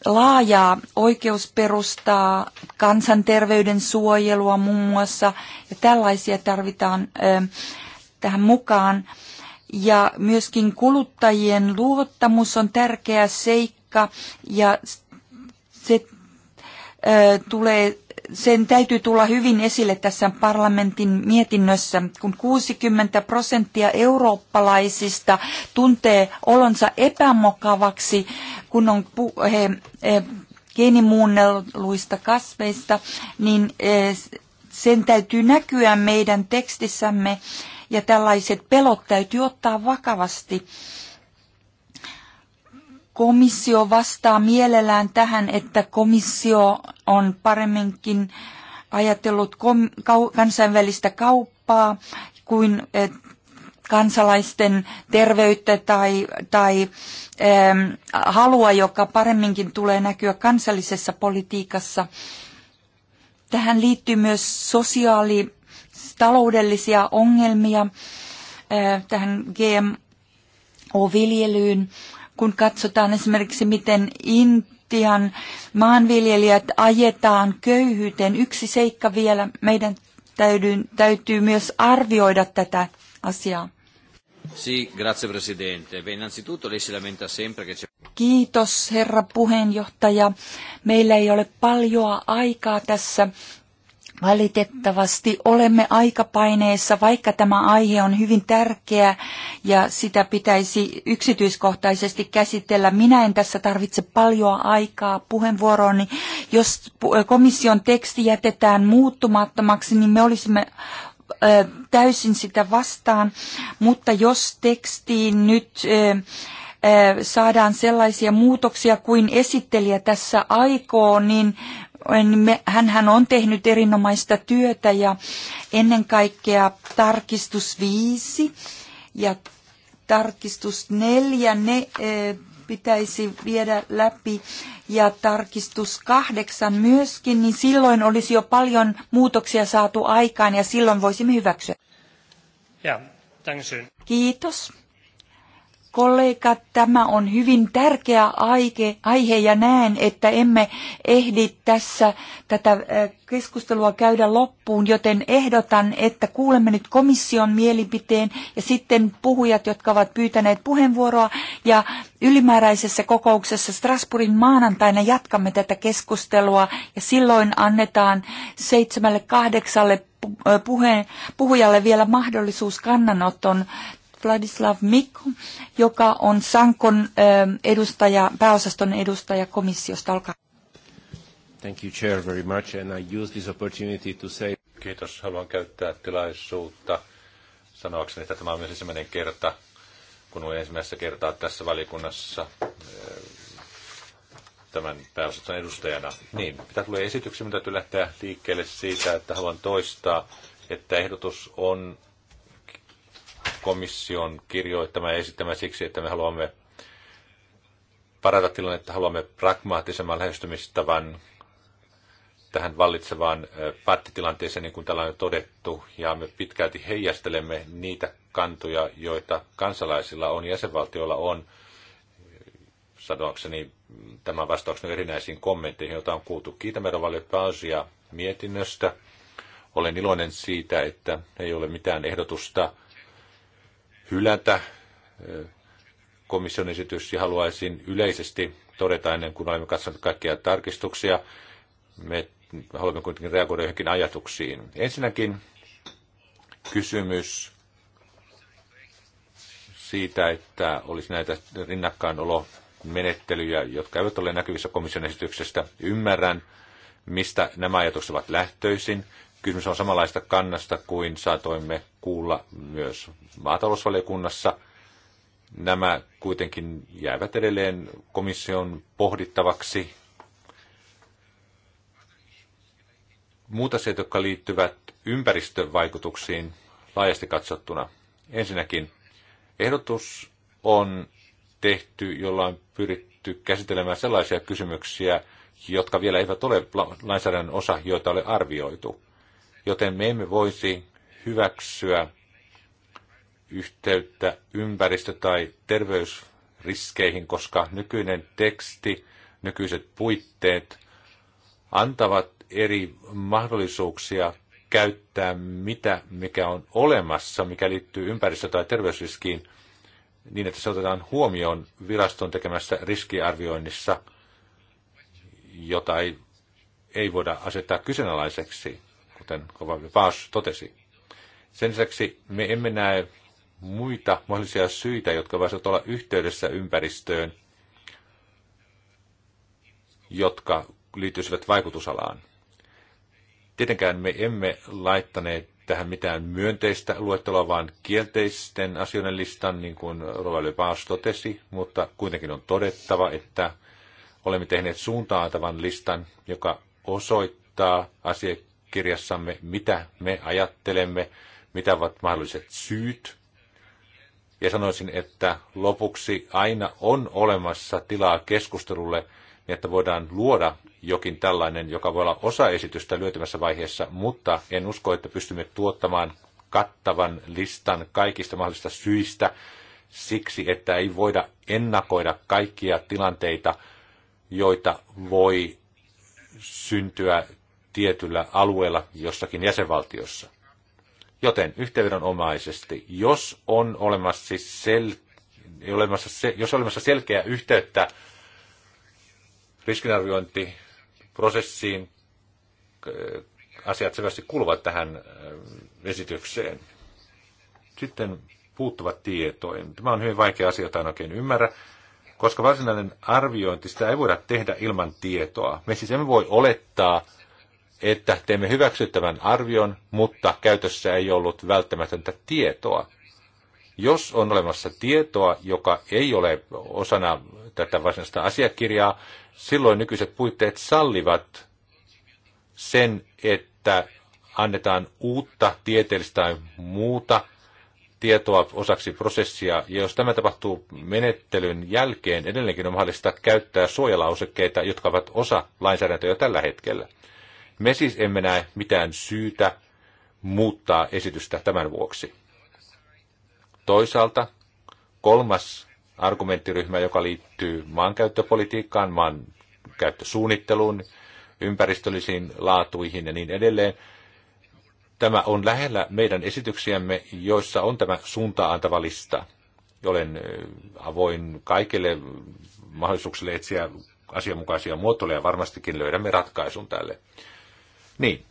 laajaa oikeusperustaa, kansanterveyden suojelua muun muassa, ja tällaisia tarvitaan ö, tähän mukaan. Ja myöskin kuluttajien luottamus on tärkeä seikka, ja se tulee, sen täytyy tulla hyvin esille tässä parlamentin mietinnössä, kun 60 prosenttia eurooppalaisista tuntee olonsa epämukavaksi, kun on he, he, geenimuunnelluista kasveista, niin e, sen täytyy näkyä meidän tekstissämme ja tällaiset pelot täytyy ottaa vakavasti komissio vastaa mielellään tähän, että komissio on paremminkin ajatellut kom- kau- kansainvälistä kauppaa kuin et, eh, kansalaisten terveyttä tai, tai halua, joka paremminkin tulee näkyä kansallisessa politiikassa. Tähän liittyy myös sosiaali- taloudellisia ongelmia eh, tähän GMO-viljelyyn kun katsotaan esimerkiksi, miten Intian maanviljelijät ajetaan köyhyyteen. Yksi seikka vielä, meidän täytyy, täytyy myös arvioida tätä asiaa. Sì, grazie Presidente. Beh, innanzitutto lei si lamenta sempre che c'è... Kiitos herra puheenjohtaja. Meillä ei ole paljoa aikaa tässä Valitettavasti olemme aikapaineessa, vaikka tämä aihe on hyvin tärkeä ja sitä pitäisi yksityiskohtaisesti käsitellä. Minä en tässä tarvitse paljon aikaa puheenvuorooni. Jos komission teksti jätetään muuttumattomaksi, niin me olisimme täysin sitä vastaan, mutta jos tekstiin nyt saadaan sellaisia muutoksia kuin esittelijä tässä aikoo, niin hän on tehnyt erinomaista työtä ja ennen kaikkea tarkistus 5 ja tarkistus 4, ne e, pitäisi viedä läpi ja tarkistus kahdeksan myöskin, niin silloin olisi jo paljon muutoksia saatu aikaan ja silloin voisimme hyväksyä. Ja, Kiitos kollegat, tämä on hyvin tärkeä aihe, aihe ja näen, että emme ehdi tässä tätä keskustelua käydä loppuun, joten ehdotan, että kuulemme nyt komission mielipiteen ja sitten puhujat, jotka ovat pyytäneet puheenvuoroa ja ylimääräisessä kokouksessa Strasbourgin maanantaina jatkamme tätä keskustelua ja silloin annetaan seitsemälle kahdeksalle puhujalle vielä mahdollisuus kannanoton Vladislav Mikko, joka on Sankon ähm, edustaja, pääosaston edustaja komissiosta. Olkaa. Thank you, Chair, very much, and I use this opportunity to say... Kiitos, haluan käyttää tilaisuutta sanoakseni, että tämä on myös ensimmäinen kerta, kun olen ensimmäistä kertaa tässä valikunnassa äh, tämän pääosaston edustajana. Niin, mitä tulee esityksiä, mitä täytyy lähteä liikkeelle siitä, että haluan toistaa, että ehdotus on komission kirjoittama ja esittämä siksi, että me haluamme parata tilannetta, haluamme pragmaattisemman lähestymistavan tähän vallitsevaan pattitilanteeseen, niin kuin täällä on jo todettu, ja me pitkälti heijastelemme niitä kantoja, joita kansalaisilla on, jäsenvaltioilla on, sanoakseni tämän vastauksen erinäisiin kommentteihin, joita on kuultu. Kiitän verovaliokuntaa mietinnöstä. Olen iloinen siitä, että ei ole mitään ehdotusta, hylätä komission esitys ja haluaisin yleisesti todeta ennen kuin olemme katsoneet kaikkia tarkistuksia, me haluamme kuitenkin reagoida johonkin ajatuksiin. Ensinnäkin kysymys siitä, että olisi näitä rinnakkainolomenettelyjä, jotka eivät ole näkyvissä komission esityksestä. Ymmärrän, mistä nämä ajatukset ovat lähtöisin. Kysymys on samanlaista kannasta kuin saatoimme kuulla myös maatalousvaliokunnassa. Nämä kuitenkin jäävät edelleen komission pohdittavaksi. Muut asiat, jotka liittyvät ympäristövaikutuksiin laajasti katsottuna. Ensinnäkin ehdotus on tehty, jolla on pyritty käsittelemään sellaisia kysymyksiä, jotka vielä eivät ole lainsäädännön osa, joita ole arvioitu joten me emme voisi hyväksyä yhteyttä ympäristö- tai terveysriskeihin, koska nykyinen teksti, nykyiset puitteet antavat eri mahdollisuuksia käyttää mitä, mikä on olemassa, mikä liittyy ympäristö- tai terveysriskiin, niin että se otetaan huomioon viraston tekemässä riskiarvioinnissa, jota ei, ei voida asettaa kyseenalaiseksi kuten Paas totesi. Sen lisäksi me emme näe muita mahdollisia syitä, jotka voisivat olla yhteydessä ympäristöön, jotka liittyisivät vaikutusalaan. Tietenkään me emme laittaneet tähän mitään myönteistä luetteloa, vaan kielteisten asioiden listan, niin kuin Rovalle Paas totesi, mutta kuitenkin on todettava, että olemme tehneet suuntaantavan listan, joka osoittaa asiakkaan, kirjassamme, mitä me ajattelemme, mitä ovat mahdolliset syyt. Ja sanoisin, että lopuksi aina on olemassa tilaa keskustelulle, niin että voidaan luoda jokin tällainen, joka voi olla osa esitystä lyötymässä vaiheessa, mutta en usko, että pystymme tuottamaan kattavan listan kaikista mahdollisista syistä siksi, että ei voida ennakoida kaikkia tilanteita, joita voi syntyä tietyllä alueella jossakin jäsenvaltiossa. Joten yhteydenomaisesti, jos on olemassa, siis sel, olemassa, se, jos on olemassa selkeä yhteyttä riskinarviointiprosessiin, asiat selvästi kuuluvat tähän esitykseen. Sitten puuttuvat tietoin. Tämä on hyvin vaikea asia, jota en oikein ymmärrä, koska varsinainen arviointi sitä ei voida tehdä ilman tietoa. Me siis emme voi olettaa, että teemme hyväksyttävän arvion, mutta käytössä ei ollut välttämätöntä tietoa. Jos on olemassa tietoa, joka ei ole osana tätä varsinaista asiakirjaa, silloin nykyiset puitteet sallivat sen, että annetaan uutta tieteellistä tai muuta tietoa osaksi prosessia, ja jos tämä tapahtuu menettelyn jälkeen, edelleenkin on mahdollista käyttää suojalausekkeita, jotka ovat osa lainsäädäntöä jo tällä hetkellä. Me siis emme näe mitään syytä muuttaa esitystä tämän vuoksi. Toisaalta kolmas argumenttiryhmä, joka liittyy maankäyttöpolitiikkaan, maankäyttösuunnitteluun, ympäristöllisiin laatuihin ja niin edelleen. Tämä on lähellä meidän esityksiämme, joissa on tämä suuntaa antava lista. Olen avoin kaikille mahdollisuuksille etsiä asianmukaisia muotoja ja varmastikin löydämme ratkaisun tälle. Niin,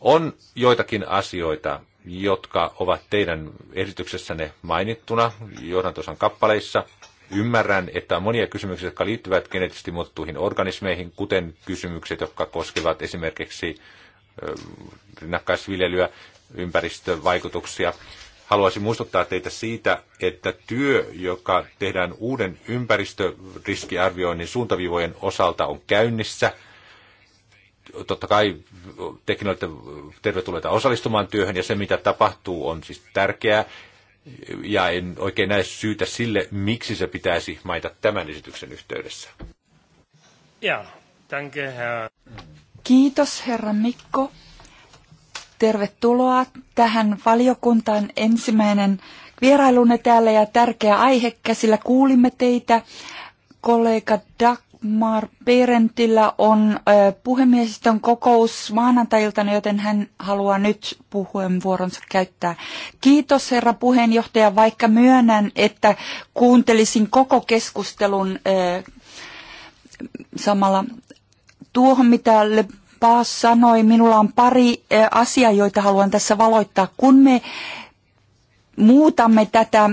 on joitakin asioita, jotka ovat teidän esityksessänne mainittuna johdantosan kappaleissa. Ymmärrän, että on monia kysymyksiä, jotka liittyvät geneettisesti muuttuihin organismeihin, kuten kysymykset, jotka koskevat esimerkiksi rinnakkaisviljelyä, ympäristövaikutuksia. Haluaisin muistuttaa teitä siitä, että työ, joka tehdään uuden ympäristöriskiarvioinnin suuntaviivojen osalta, on käynnissä – totta kai teknologiat tervetulleita osallistumaan työhön ja se, mitä tapahtuu, on siis tärkeää. Ja en oikein näe syytä sille, miksi se pitäisi mainita tämän esityksen yhteydessä. Ja, danke, herr. Kiitos, herra Mikko. Tervetuloa tähän valiokuntaan ensimmäinen vierailunne täällä ja tärkeä aihe, käsillä kuulimme teitä kollega Duck Mar Berentillä on puhemiehistön kokous maanantailtana, joten hän haluaa nyt puheenvuoronsa käyttää. Kiitos herra puheenjohtaja, vaikka myönnän, että kuuntelisin koko keskustelun samalla tuohon, mitä Le Paas sanoi. Minulla on pari asiaa, joita haluan tässä valoittaa. Kun me muutamme tätä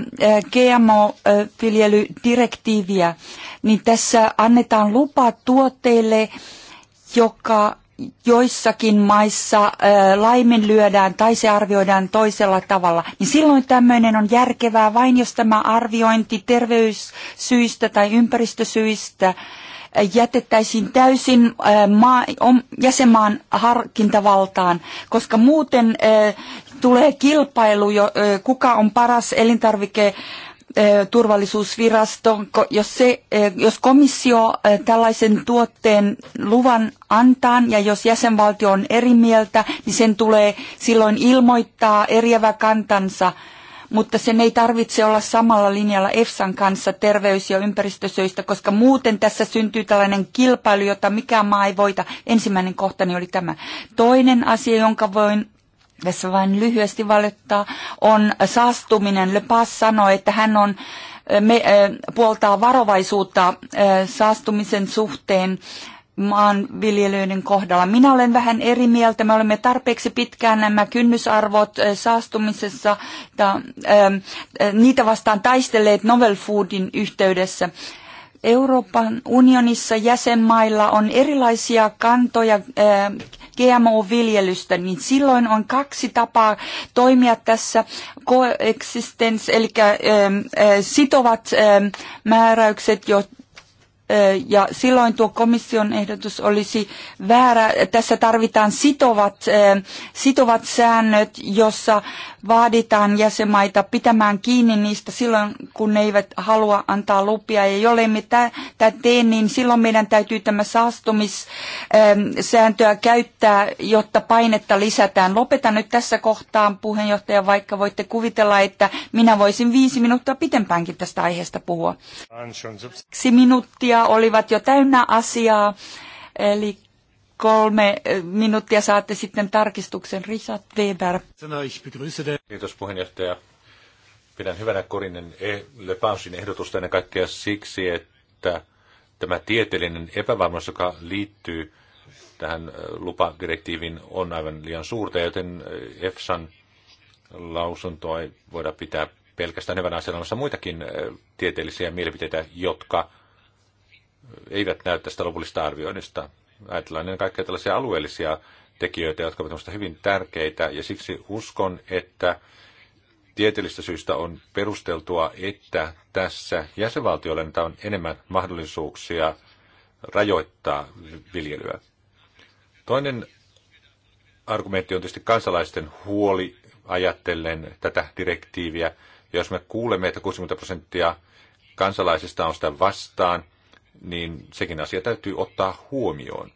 GMO-viljelydirektiiviä, niin tässä annetaan lupa tuotteille, joka joissakin maissa laiminlyödään tai se arvioidaan toisella tavalla, niin silloin tämmöinen on järkevää vain, jos tämä arviointi terveyssyistä tai ympäristösyistä jätettäisiin täysin jäsenmaan harkintavaltaan, koska muuten tulee kilpailu, kuka on paras elintarvike turvallisuusvirasto, jos, se, jos komissio tällaisen tuotteen luvan antaa ja jos jäsenvaltio on eri mieltä, niin sen tulee silloin ilmoittaa eriävä kantansa, mutta sen ei tarvitse olla samalla linjalla EFSAn kanssa terveys- ja ympäristösyistä, koska muuten tässä syntyy tällainen kilpailu, jota mikään maa ei voita. Ensimmäinen kohtani oli tämä. Toinen asia, jonka voin tässä vain lyhyesti valittaa, on saastuminen. Le Pas sanoi, että hän on me, äh, puoltaa varovaisuutta äh, saastumisen suhteen maanviljelijöiden kohdalla. Minä olen vähän eri mieltä. Me olemme tarpeeksi pitkään nämä kynnysarvot saastumisessa, ta, niitä vastaan taistelleet novel foodin yhteydessä. Euroopan unionissa jäsenmailla on erilaisia kantoja GMO-viljelystä, niin silloin on kaksi tapaa toimia tässä coexistence, eli ähm, äh, sitovat ähm, määräykset, ja silloin tuo komission ehdotus olisi väärä. Tässä tarvitaan sitovat, sitovat säännöt, jossa vaaditaan jäsenmaita pitämään kiinni niistä silloin, kun ne eivät halua antaa lupia. Ja jollei me tätä tee, niin silloin meidän täytyy tämä saastumissääntöä käyttää, jotta painetta lisätään. Lopetan nyt tässä kohtaa puheenjohtaja, vaikka voitte kuvitella, että minä voisin viisi minuuttia pitempäänkin tästä aiheesta puhua. Kaksi minuuttia aikaa olivat jo täynnä asiaa, eli kolme eh, minuuttia saatte sitten tarkistuksen. Richard Weber. Kiitos puheenjohtaja. Pidän hyvänä Korinen Le Pansin ehdotusta ennen kaikkea siksi, että tämä tieteellinen epävarmuus, joka liittyy tähän eh, lupadirektiiviin, on aivan liian suurta, joten eh, EFSAn lausuntoa ei voida pitää pelkästään hyvänä asiana, muitakin tieteellisiä mielipiteitä, jotka eivät näy tästä lopullista arvioinnista. Ajatellaan ennen kaikkea tällaisia alueellisia tekijöitä, jotka ovat hyvin tärkeitä, ja siksi uskon, että tieteellistä syystä on perusteltua, että tässä jäsenvaltioille on enemmän mahdollisuuksia rajoittaa viljelyä. Toinen argumentti on tietysti kansalaisten huoli ajatellen tätä direktiiviä. Jos me kuulemme, että 60 prosenttia kansalaisista on sitä vastaan, niin sekin asia täytyy ottaa huomioon.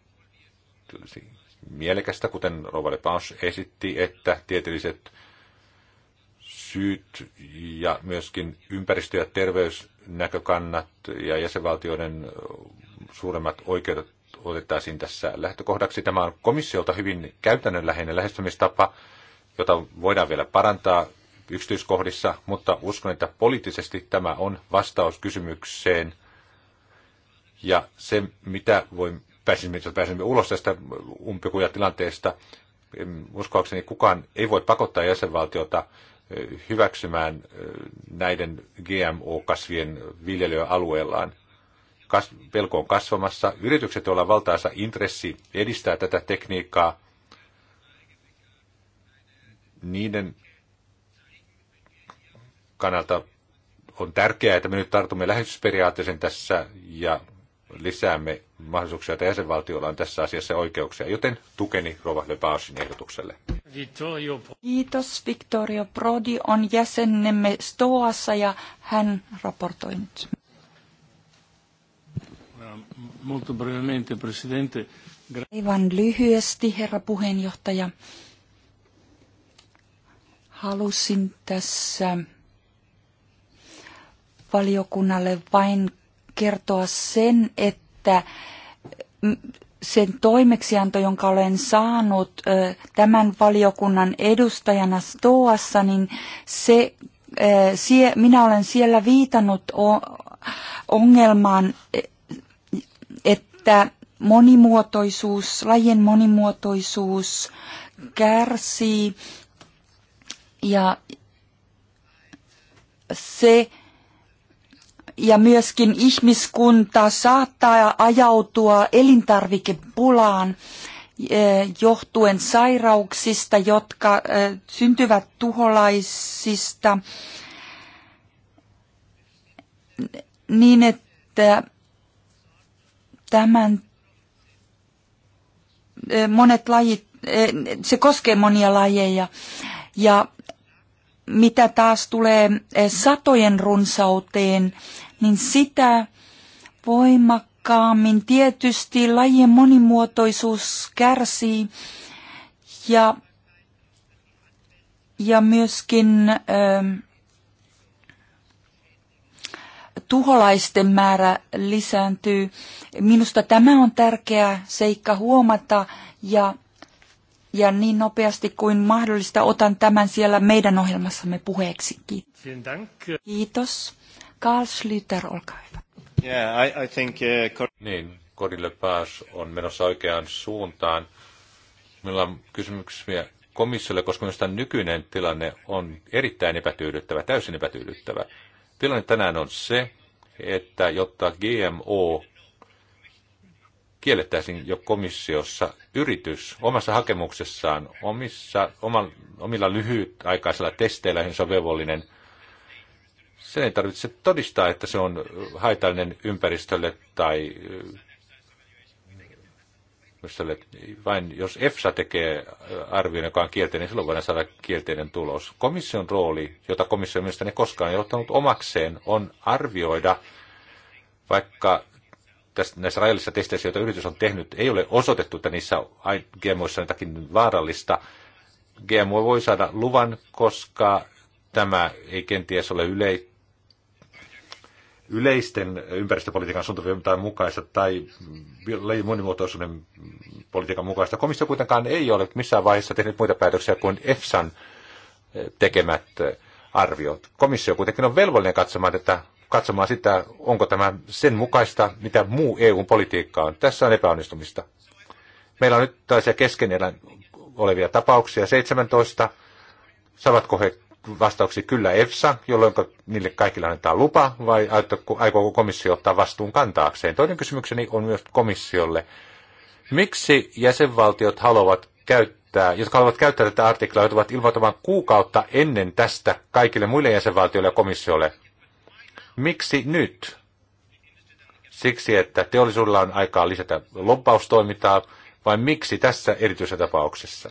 Mielekästä, kuten Rova Lepage esitti, että tieteelliset syyt ja myöskin ympäristö- ja terveysnäkökannat ja jäsenvaltioiden suuremmat oikeudet otettaisiin tässä lähtökohdaksi. Tämä on komissiolta hyvin käytännönläheinen lähestymistapa, jota voidaan vielä parantaa yksityiskohdissa, mutta uskon, että poliittisesti tämä on vastaus kysymykseen – ja se, mitä voi pääsimme, jos pääsimme ulos tästä umpikujatilanteesta, uskoakseni kukaan ei voi pakottaa jäsenvaltiota eh, hyväksymään eh, näiden GMO-kasvien viljelyä alueellaan. Kas, pelko on kasvamassa. Yritykset, joilla on valtaansa intressi edistää tätä tekniikkaa, niiden kannalta on tärkeää, että me nyt tartumme lähetysperiaatteeseen tässä ja lisäämme mahdollisuuksia, että jäsenvaltioilla on tässä asiassa oikeuksia, joten tukeni Rova Lepaosin ehdotukselle. Kiitos. Victorio Prodi on jäsenemme Stoassa ja hän raportoi nyt. Aivan lyhyesti, herra puheenjohtaja. Halusin tässä valiokunnalle vain kertoa sen, että mm, sen toimeksianto, jonka olen saanut tämän valiokunnan edustajana Stoassa, niin se, minä olen siellä viitannut ongelmaan, e, että monimuotoisuus, lajien monimuotoisuus kärsii ja se ja myöskin ihmiskunta saattaa ajautua elintarvikepulaan eh, johtuen sairauksista, jotka eh, syntyvät tuholaisista, niin että tämän eh, monet lajit, se koskee monia lajeja ja mitä taas tulee eh, satojen runsauteen, niin sitä voimakkaammin tietysti lajien monimuotoisuus kärsii ja, ja myöskin ö, eh, tuholaisten määrä lisääntyy. Minusta tämä on tärkeä seikka huomata ja ja niin nopeasti kuin mahdollista otan tämän siellä meidän ohjelmassamme puheeksi. Kiitos. Kiitos. Karl Schlüter, olkaa hyvä. Yeah, I, I think, uh, niin, Korille pääs on menossa oikeaan suuntaan. Meillä on kysymyksiä komissiolle, koska minusta nykyinen tilanne on erittäin epätyydyttävä, täysin epätyydyttävä. Tilanne tänään on se, että jotta GMO kiellettäisiin jo komissiossa yritys omassa hakemuksessaan, omissa, oma, omilla lyhytaikaisilla testeillä, joihin se on velvollinen, sen ei tarvitse todistaa, että se on haitallinen ympäristölle tai äh, vain jos EFSA tekee äh, arvion, joka on kielteinen, niin silloin voidaan saada kielteinen tulos. Komission rooli, jota komissio mielestäni koskaan ei ottanut omakseen, on arvioida vaikka tässä näissä rajallisissa testeissä, joita yritys on tehnyt, ei ole osoitettu, että niissä GMOissa on jotakin vaarallista. GMO voi saada luvan, koska tämä ei kenties ole yle, yleisten ympäristöpolitiikan suuntaviivojen mukaista tai lajin mm, monimuotoisuuden politiikan mukaista. Komissio kuitenkaan ei ole missään vaiheessa tehnyt muita päätöksiä kuin EFSAn tekemät arviot. Komissio kuitenkin on velvollinen katsomaan että katsomaan sitä, onko tämä sen mukaista, mitä muu EU-politiikka on. Tässä on epäonnistumista. Meillä on nyt tällaisia keskenellä olevia tapauksia, 17. Saavatko he vastauksia kyllä EFSA, jolloin niille kaikille annetaan lupa, vai aikooko komissio ottaa vastuun kantaakseen? Toinen kysymykseni on myös komissiolle. Miksi jäsenvaltiot haluavat käyttää, jotka haluavat käyttää tätä artiklaa, joutuvat ilmoittamaan kuukautta ennen tästä kaikille muille jäsenvaltioille ja komissiolle? Miksi nyt? Siksi, että teollisuudella on aikaa lisätä lobbaustoimintaa, vai miksi tässä erityisessä tapauksessa?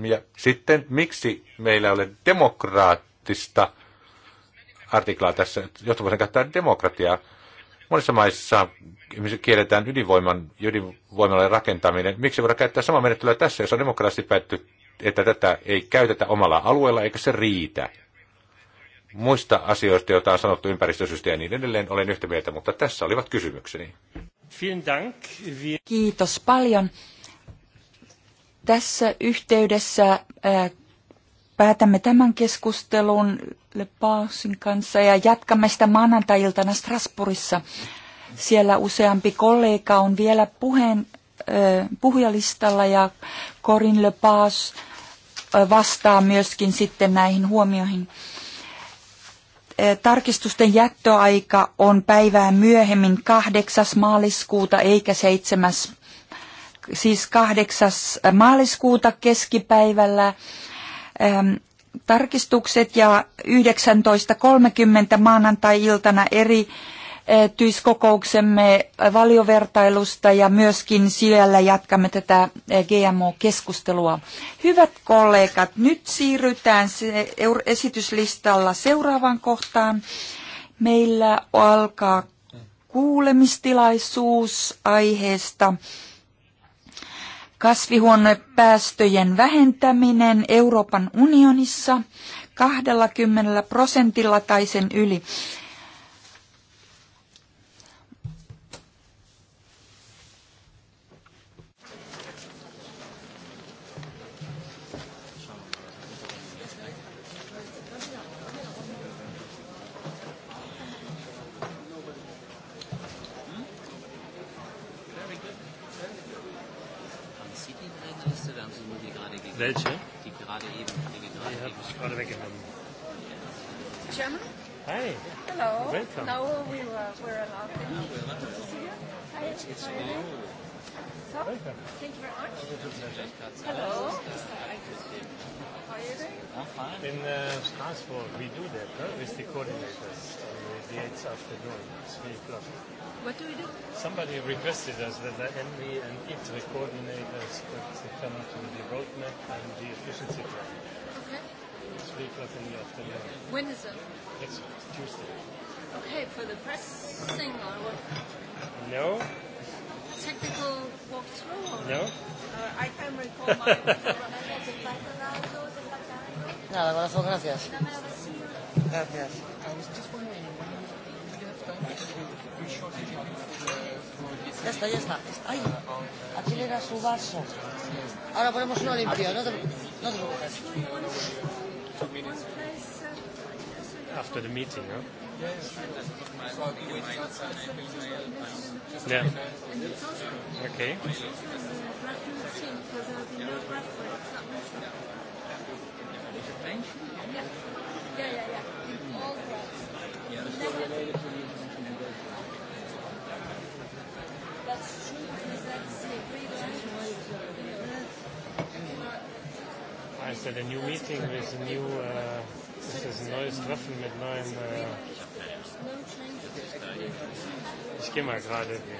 Ja sitten, miksi meillä ei ole demokraattista artiklaa tässä, josta voidaan käyttää demokratiaa? Monissa maissa kielletään ydinvoiman, ydinvoimalle rakentaminen. Miksi voidaan käyttää samaa menettelyä tässä, jos on demokraattisesti päätty, että tätä ei käytetä omalla alueella, eikä se riitä? muista asioista, joita on sanottu ympäristösystä ja niin edelleen, olen yhtä mieltä, mutta tässä olivat kysymykseni. Kiitos paljon. Tässä yhteydessä äh, päätämme tämän keskustelun Pausin kanssa ja jatkamme sitä maanantai-iltana Strasbourgissa. Siellä useampi kollega on vielä puheen, äh, puhujalistalla ja Le Lepas äh, vastaa myöskin sitten näihin huomioihin tarkistusten jättöaika on päivää myöhemmin 8. maaliskuuta eikä 7. siis 8. maaliskuuta keskipäivällä tarkistukset ja 19.30 maanantai-iltana eri erityiskokouksemme valiovertailusta ja myöskin siellä jatkamme tätä eh, GMO-keskustelua. Hyvät kollegat, nyt siirrytään esityslistalla seuraavaan kohtaan. Meillä alkaa kuulemistilaisuus aiheesta kasvihuonepäästöjen vähentäminen Euroopan unionissa 20 prosentilla tai sen yli. Welche? Die gerade eben. Die habe ich gerade weggenommen. German? Hi. Hello. Welcome. Now we were, we're allowed to ah, see you. Hi. It's, it's Hi. So, thank you very much. Hello. Uh, How are you doing? In uh, Strasbourg, we do that huh? with the coordinators. Um, debates afternoon, three o'clock. What do we do? Somebody requested us that the NV e and ITRE coordinators could come to the roadmap and the efficiency plan. Okay. three o'clock in the afternoon. When is it? Next Tuesday. Okay, for the press thing or what? No. Technical walkthrough? Or? No. Uh, I can recall my. Nada, corazón, gracias. Gracias. Ya está, ya está. Ay, aquí le da su vaso. Ahora ponemos uno limpio, no te, no te preocupes. After the meeting, ¿no? Yeah. Okay. Yeah, yeah, yeah. All Yeah. a new meeting with a new, uh, this is a neues Treffen mit neuem, uh, ich gehe mal gerade. Hier.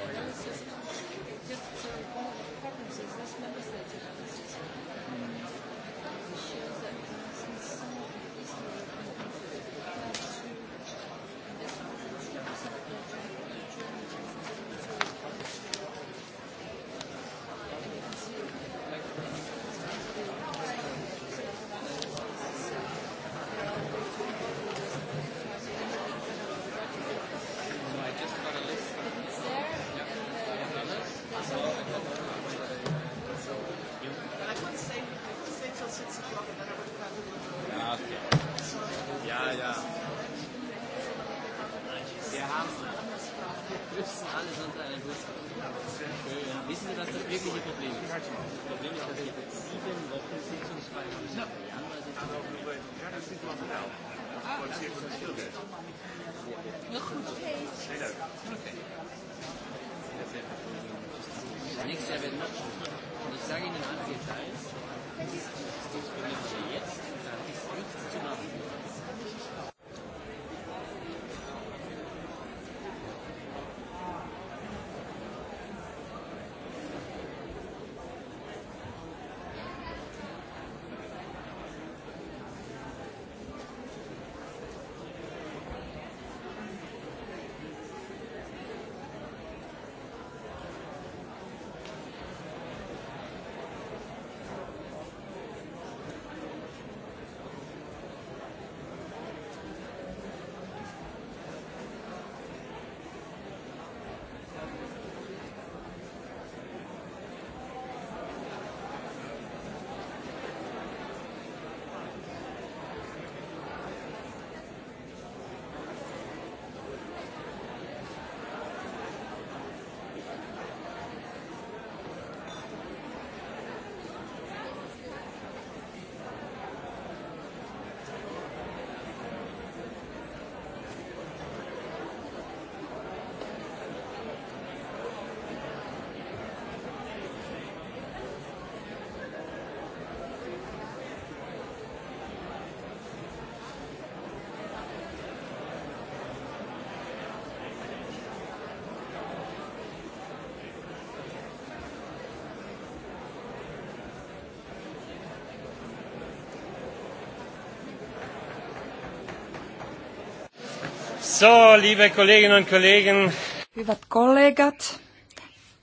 So, liebe Kolleginnen und Kollegen. Hyvät kollegat,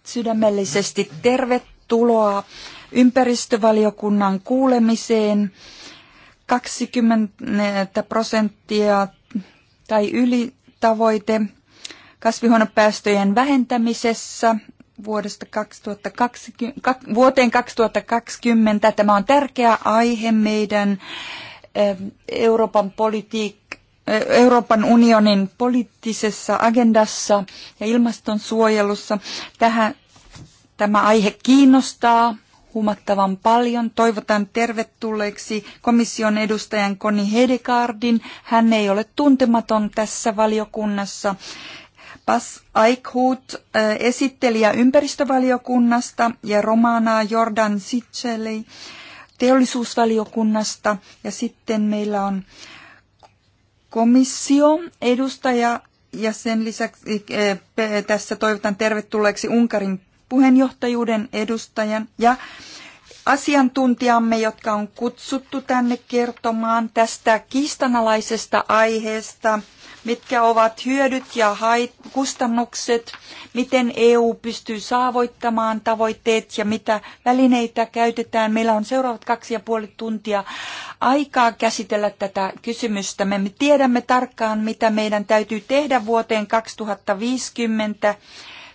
sydämellisesti tervetuloa ympäristövaliokunnan kuulemiseen. 20 prosenttia tai yli tavoite kasvihuonepäästöjen vähentämisessä vuodesta 2020, vuoteen 2020. Tämä on tärkeä aihe meidän eh, Euroopan politiikkaan Euroopan unionin poliittisessa agendassa ja ilmastonsuojelussa. Tähän, tämä aihe kiinnostaa huomattavan paljon. Toivotan tervetulleeksi komission edustajan Koni Hedegaardin. Hän ei ole tuntematon tässä valiokunnassa. Bas Eichhut, esittelijä ympäristövaliokunnasta ja Romana Jordan Sitseli teollisuusvaliokunnasta. Ja sitten meillä on komissio edustaja ja sen lisäksi eh, tässä toivotan tervetulleeksi Unkarin puheenjohtajuuden edustajan ja asiantuntijamme, jotka on kutsuttu tänne kertomaan tästä kiistanalaisesta aiheesta – mitkä ovat hyödyt ja hait, kustannukset, miten EU pystyy saavoittamaan tavoitteet ja mitä välineitä käytetään. Meillä on seuraavat kaksi ja puoli tuntia aikaa käsitellä tätä kysymystä. Me tiedämme tarkkaan, mitä meidän täytyy tehdä vuoteen 2050.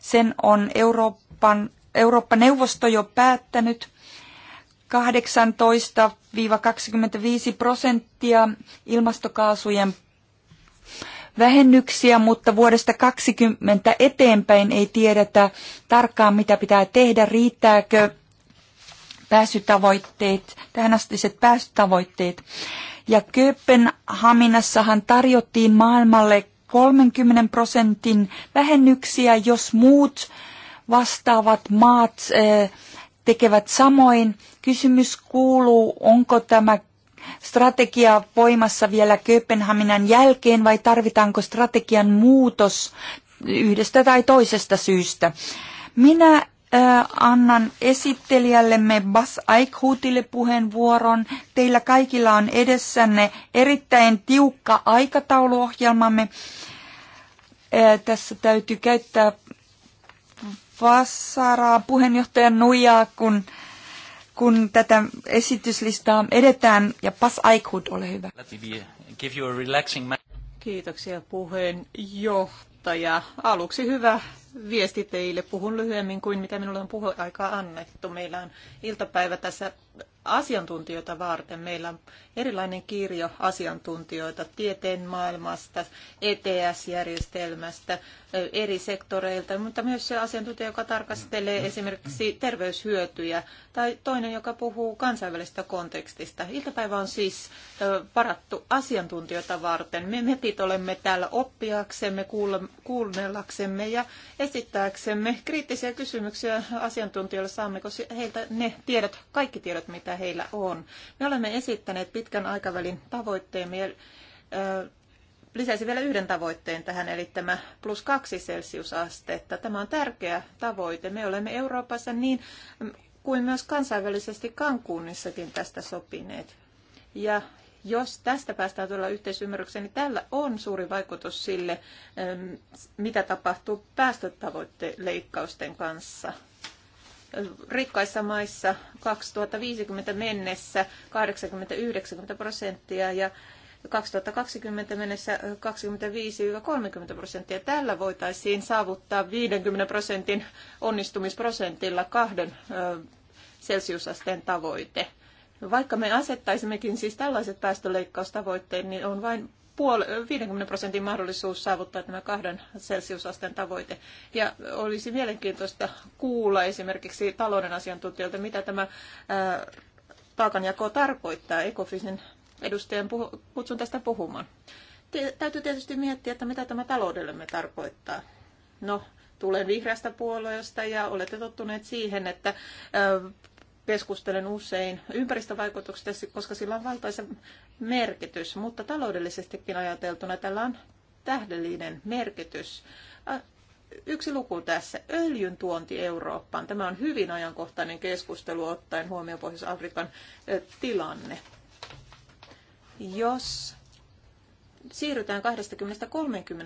Sen on Euroopan, Eurooppa-neuvosto jo päättänyt. 18-25 prosenttia ilmastokaasujen vähennyksiä, mutta vuodesta 2020 eteenpäin ei tiedetä tarkkaan, mitä pitää tehdä, riittääkö pääsytavoitteet, tähänastiset pääsytavoitteet. Ja Kööpenhaminassahan tarjottiin maailmalle 30 prosentin vähennyksiä, jos muut vastaavat maat eh, tekevät samoin. Kysymys kuuluu, onko tämä strategiaa voimassa vielä Kööpenhaminan jälkeen vai tarvitaanko strategian muutos yhdestä tai toisesta syystä? Minä äh, annan esittelijällemme Bas Eichhutille puheenvuoron. Teillä kaikilla on edessänne erittäin tiukka aikatauluohjelmamme. Äh, tässä täytyy käyttää vasaraa puheenjohtajan nujaa, kun äh, kun tätä esityslistaa edetään. Ja Pas Aikut, ole hyvä. Kiitoksia puheenjohtaja. Aluksi hyvä viesti teille. Puhun lyhyemmin kuin mitä minulle on puheaikaa annettu. Meillä on iltapäivä tässä asiantuntijoita varten. Meillä on erilainen kirjo asiantuntijoita tieteen maailmasta, ETS-järjestelmästä, eri sektoreilta, mutta myös se asiantuntija, joka tarkastelee mm. esimerkiksi terveyshyötyjä, tai toinen, joka puhuu kansainvälisestä kontekstista. Iltapäivä on siis varattu asiantuntijoita varten. Me metit olemme täällä oppiaksemme, kuunnellaksemme ja esittääksemme kriittisiä kysymyksiä asiantuntijoille, saammeko heiltä ne tiedot, kaikki tiedot, mitä heillä on. Me olemme esittäneet pitkän aikavälin tavoitteemme lisäisin vielä yhden tavoitteen tähän, eli tämä plus kaksi celsiusastetta. Tämä on tärkeä tavoite. Me olemme Euroopassa niin kuin myös kansainvälisesti Cancúnissakin tästä sopineet. Ja jos tästä päästään todella yhteisymmärrykseen, niin tällä on suuri vaikutus sille, mitä tapahtuu päästötavoitteleikkausten kanssa. Rikkaissa maissa 2050 mennessä 80-90 prosenttia ja 2020 mennessä 25-30 prosenttia. Tällä voitaisiin saavuttaa 50 prosentin onnistumisprosentilla kahden celsiusasteen tavoite. Vaikka me asettaisimmekin siis tällaiset päästöleikkaustavoitteet, niin on vain 50 prosentin mahdollisuus saavuttaa tämä kahden celsiusasteen tavoite. Ja olisi mielenkiintoista kuulla esimerkiksi talouden asiantuntijoilta, mitä tämä taakanjako tarkoittaa. Ecofisin edustajan puhu, kutsun tästä puhumaan. Te, täytyy tietysti miettiä, että mitä tämä taloudellemme tarkoittaa. No, tulen vihreästä puolueesta ja olette tottuneet siihen, että keskustelen usein ympäristövaikutuksista, koska sillä on valtaisa merkitys, mutta taloudellisestikin ajateltuna tällä on tähdellinen merkitys. Yksi luku tässä, öljyn tuonti Eurooppaan. Tämä on hyvin ajankohtainen keskustelu ottaen huomioon Pohjois-Afrikan tilanne. Jos siirrytään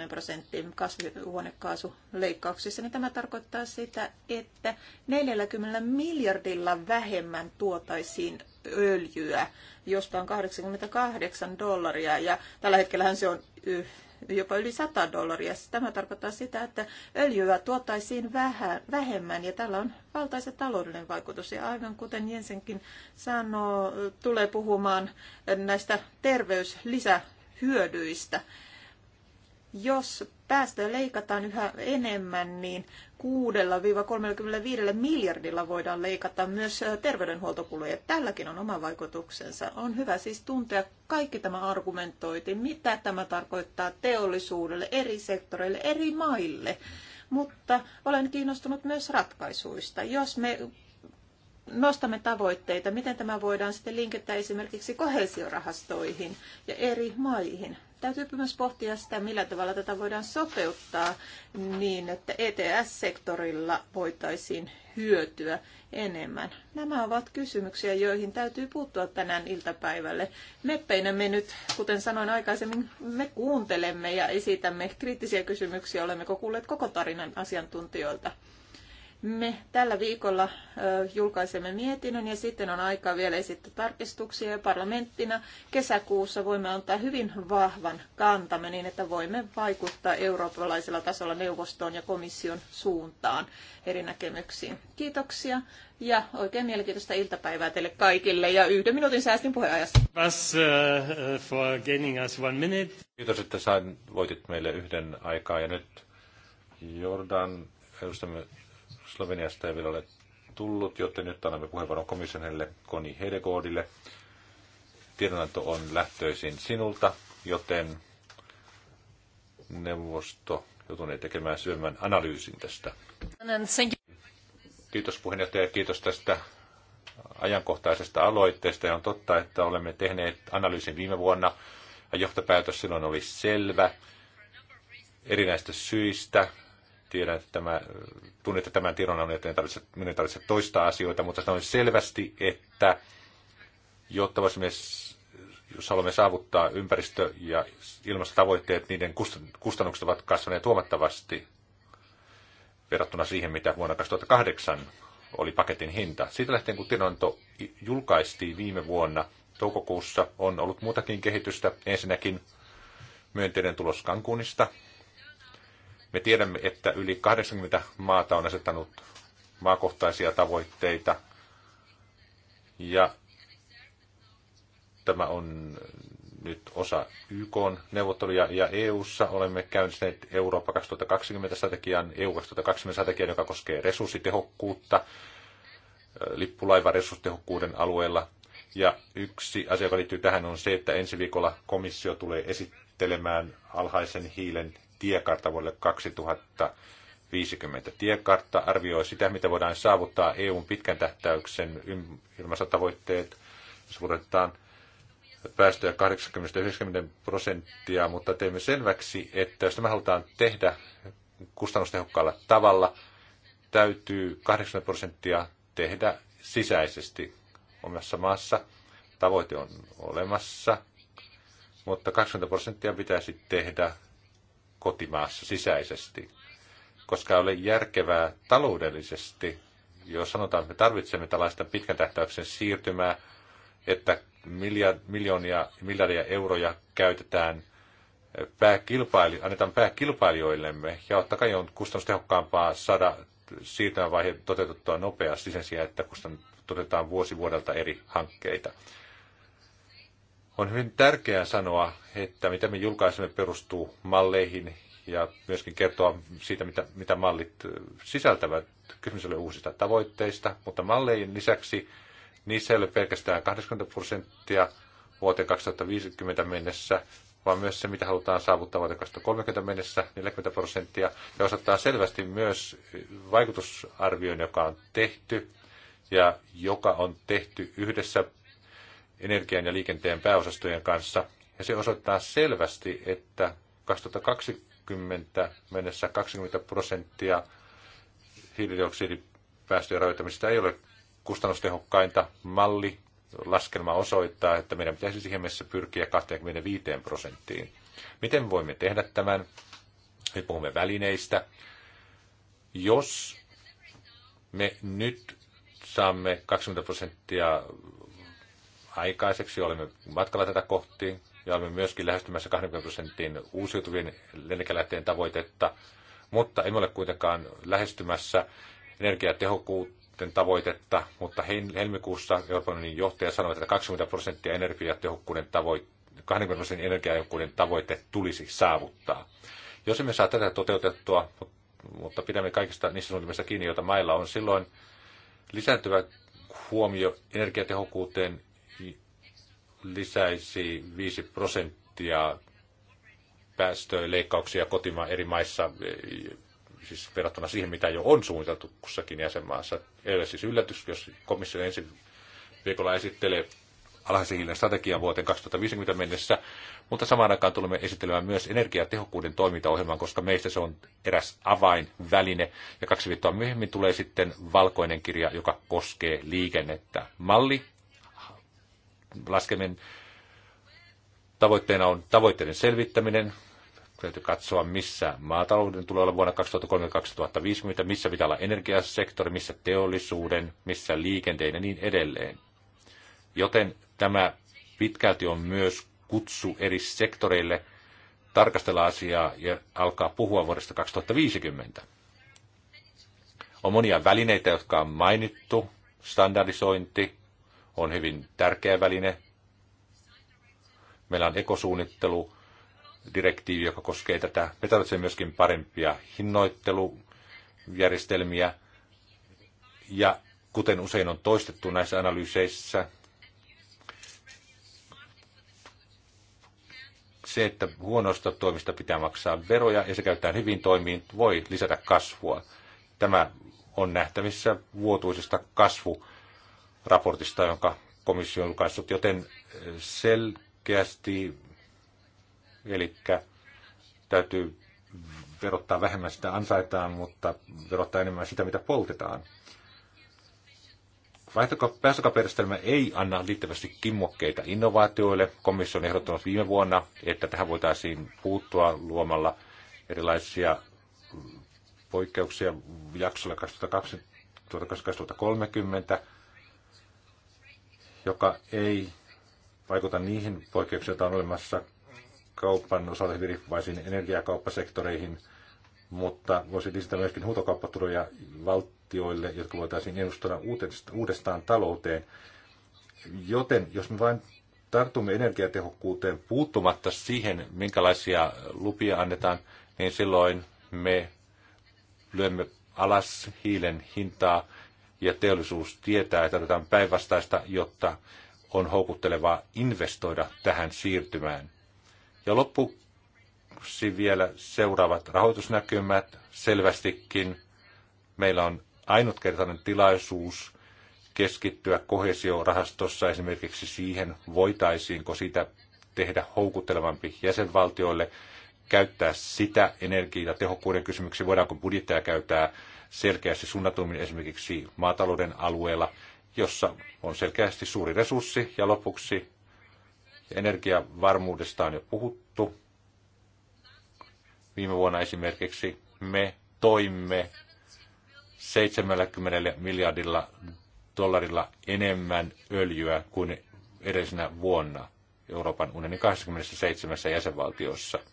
20-30 prosenttiin kasvihuonekaasuleikkauksissa, niin tämä tarkoittaa sitä, että 40 miljardilla vähemmän tuotaisiin öljyä, josta on 88 dollaria, ja tällä hetkellä se on jopa yli 100 dollaria. Tämä tarkoittaa sitä, että öljyä tuotaisiin vähän, vähemmän ja tällä on valtaisa taloudellinen vaikutus. Ja aivan kuten Jensenkin sanoo, tulee puhumaan näistä terveyslisähyödyistä. Jos päästöjä leikataan yhä enemmän, niin 6-35 miljardilla voidaan leikata myös terveydenhuoltokuluja. Tälläkin on oma vaikutuksensa. On hyvä siis tuntea kaikki tämä argumentointi, mitä tämä tarkoittaa teollisuudelle, eri sektoreille, eri maille. Mutta olen kiinnostunut myös ratkaisuista. Jos me nostamme tavoitteita, miten tämä voidaan sitten linkittää esimerkiksi kohesiorahastoihin ja eri maihin täytyy myös pohtia sitä, millä tavalla tätä voidaan sopeuttaa niin, että ETS-sektorilla voitaisiin hyötyä enemmän. Nämä ovat kysymyksiä, joihin täytyy puuttua tänään iltapäivälle. Meppeinä me nyt, kuten sanoin aikaisemmin, me kuuntelemme ja esitämme kriittisiä kysymyksiä, olemme kuulleet koko tarinan asiantuntijoilta. Me tällä viikolla julkaisemme mietinnön ja sitten on aikaa vielä esittää tarkistuksia ja parlamenttina kesäkuussa voimme antaa hyvin vahvan kantamme niin, että voimme vaikuttaa eurooppalaisella tasolla neuvostoon ja komission suuntaan eri näkemyksiin. Kiitoksia ja oikein mielenkiintoista iltapäivää teille kaikille ja yhden minuutin säästin puheenajasta. Was, uh, for getting us one minute. Kiitos, että sain, voitit meille yhden aikaa ja nyt Jordan edustamme Sloveniasta ei vielä ole tullut, joten nyt annamme puheenvuoron komissionelle Koni Hedegoodille. Tiedonanto on lähtöisin sinulta, joten neuvosto joutunee tekemään syömän analyysin tästä. Kiitos puheenjohtaja ja kiitos tästä ajankohtaisesta aloitteesta. Ja on totta, että olemme tehneet analyysin viime vuonna ja johtopäätös silloin oli selvä erinäistä syistä tiedän, että tämä, tunnette tämän tiedon, että en tarvitse, minun ei tarvitse toistaa asioita, mutta sanoin selvästi, että jotta voisimme, jos haluamme saavuttaa ympäristö- ja ilmastotavoitteet, niiden kustannukset ovat kasvaneet huomattavasti verrattuna siihen, mitä vuonna 2008 oli paketin hinta. Siitä lähtien, kun tiedonanto julkaistiin viime vuonna toukokuussa, on ollut muutakin kehitystä. Ensinnäkin myönteinen tulos Kankunista – me tiedämme, että yli 80 maata on asettanut maakohtaisia tavoitteita ja tämä on nyt osa YK neuvotteluja ja EU:ssa olemme käynnistäneet Eurooppa 2020 strategian, EU 2020 strategian, joka koskee resurssitehokkuutta lippulaiva resurssitehokkuuden alueella. Ja yksi asia, joka liittyy tähän, on se, että ensi viikolla komissio tulee esittelemään alhaisen hiilen tiekartta vuodelle 2050. Tiekartta arvioi sitä, mitä voidaan saavuttaa EUn pitkän tähtäyksen ilmastotavoitteet, jos vuodetaan päästöjä 80-90 prosenttia, mutta teemme selväksi, että jos tämä halutaan tehdä kustannustehokkaalla tavalla, täytyy 80 prosenttia tehdä sisäisesti omassa maassa. Tavoite on olemassa, mutta 20 prosenttia pitäisi tehdä kotimaassa sisäisesti, koska ei ole järkevää taloudellisesti, jos sanotaan, että me tarvitsemme tällaista pitkän tähtäyksen siirtymää, että miljard, miljoonia, miljardia euroja käytetään pääkilpaili, annetaan pääkilpailijoillemme, ja totta kai on kustannustehokkaampaa saada siirtymävaihe toteutettua nopeasti sen sijaan, että kustannut toteutetaan vuosi vuodelta eri hankkeita. On hyvin tärkeää sanoa, että mitä me julkaisemme perustuu malleihin ja myöskin kertoa siitä, mitä, mitä mallit sisältävät. Kysymys oli uusista tavoitteista, mutta malleihin lisäksi niissä ei ole pelkästään 80 prosenttia vuoteen 2050 mennessä, vaan myös se, mitä halutaan saavuttaa vuoteen 2030 mennessä, 40 prosenttia. Ja osoittaa selvästi myös vaikutusarvion, joka on tehty ja joka on tehty yhdessä energian ja liikenteen pääosastojen kanssa. Ja se osoittaa selvästi, että 2020 mennessä 20 prosenttia hiilidioksidipäästöjen rajoittamisesta ei ole kustannustehokkainta. Malli, laskelma osoittaa, että meidän pitäisi siihen mennessä pyrkiä 25 prosenttiin. Miten voimme tehdä tämän? Me puhumme välineistä. Jos me nyt saamme 20 prosenttia aikaiseksi. Olemme matkalla tätä kohti ja olemme myöskin lähestymässä 20 prosentin uusiutuvien energialähteen tavoitetta, mutta emme ole kuitenkaan lähestymässä energiatehokkuuden tavoitetta, mutta helmikuussa Euroopan unionin johtaja sanoi, että 20 prosenttia energiatehokkuuden tavoite, 20 prosentin energiatehokkuuden tavoite tulisi saavuttaa. Jos emme saa tätä toteutettua, mutta pidämme kaikista niissä suunnitelmista kiinni, joita mailla on, silloin lisääntyvä huomio energiatehokkuuteen lisäisi 5 prosenttia päästöleikkauksia kotimaan eri maissa, e, siis verrattuna siihen, mitä jo on suunniteltu kussakin jäsenmaassa. Ei ole siis yllätys, jos komissio ensi viikolla esittelee alhaisen hiilen strategian vuoteen 2050 mennessä, mutta samaan aikaan tulemme esittelemään myös energiatehokkuuden toimintaohjelman, koska meistä se on eräs avainväline. Ja kaksi viikkoa myöhemmin tulee sitten valkoinen kirja, joka koskee liikennettä. Malli, laskemin tavoitteena on tavoitteiden selvittäminen. Täytyy katsoa, missä maatalouden tulee olla vuonna 2030-2050, missä pitää olla energiasektori, missä teollisuuden, missä liikenteen ja niin edelleen. Joten tämä pitkälti on myös kutsu eri sektoreille tarkastella asiaa ja alkaa puhua vuodesta 2050. On monia välineitä, jotka on mainittu, standardisointi, on hyvin tärkeä väline. Meillä on ekosuunnittelu, direktiivi, joka koskee tätä. Me tarvitsemme myöskin parempia hinnoittelujärjestelmiä. Ja kuten usein on toistettu näissä analyyseissä, se, että huonoista toimista pitää maksaa veroja ja se käytetään hyvin toimiin, voi lisätä kasvua. Tämä on nähtävissä vuotuisesta kasvu raportista, jonka komissio on julkaissut, joten eh, selkeästi, eli täytyy verottaa vähemmän sitä ansaitaan, mutta verottaa enemmän sitä, mitä poltetaan. Päästökauppajärjestelmä ei anna riittävästi kimmokkeita innovaatioille. Komissio on ehdottanut viime vuonna, että tähän voitaisiin puuttua luomalla erilaisia poikkeuksia jaksolla 2020 2030 joka ei vaikuta niihin poikkeuksiin, joita on olemassa kaupan osalta hyvin riippuvaisiin energiakauppasektoreihin, mutta voisi lisätä myöskin huutokauppatuloja valtioille, jotka voitaisiin ennustaa uudestaan talouteen. Joten jos me vain tartumme energiatehokkuuteen puuttumatta siihen, minkälaisia lupia annetaan, niin silloin me lyömme alas hiilen hintaa ja teollisuus tietää, että otetaan päinvastaista, jotta on houkuttelevaa investoida tähän siirtymään. Ja loppuksi vielä seuraavat rahoitusnäkymät selvästikin. Meillä on ainutkertainen tilaisuus keskittyä kohesiorahastossa esimerkiksi siihen, voitaisiinko sitä tehdä houkuttelevampi jäsenvaltioille käyttää sitä energiaa tehokkuuden kysymyksiä, voidaanko budjettia käyttää selkeästi suunnatummin esimerkiksi maatalouden alueella, jossa on selkeästi suuri resurssi ja lopuksi energiavarmuudesta on jo puhuttu. Viime vuonna esimerkiksi me toimme 70 miljardilla dollarilla enemmän öljyä kuin edellisenä vuonna Euroopan unionin 27 jäsenvaltiossa –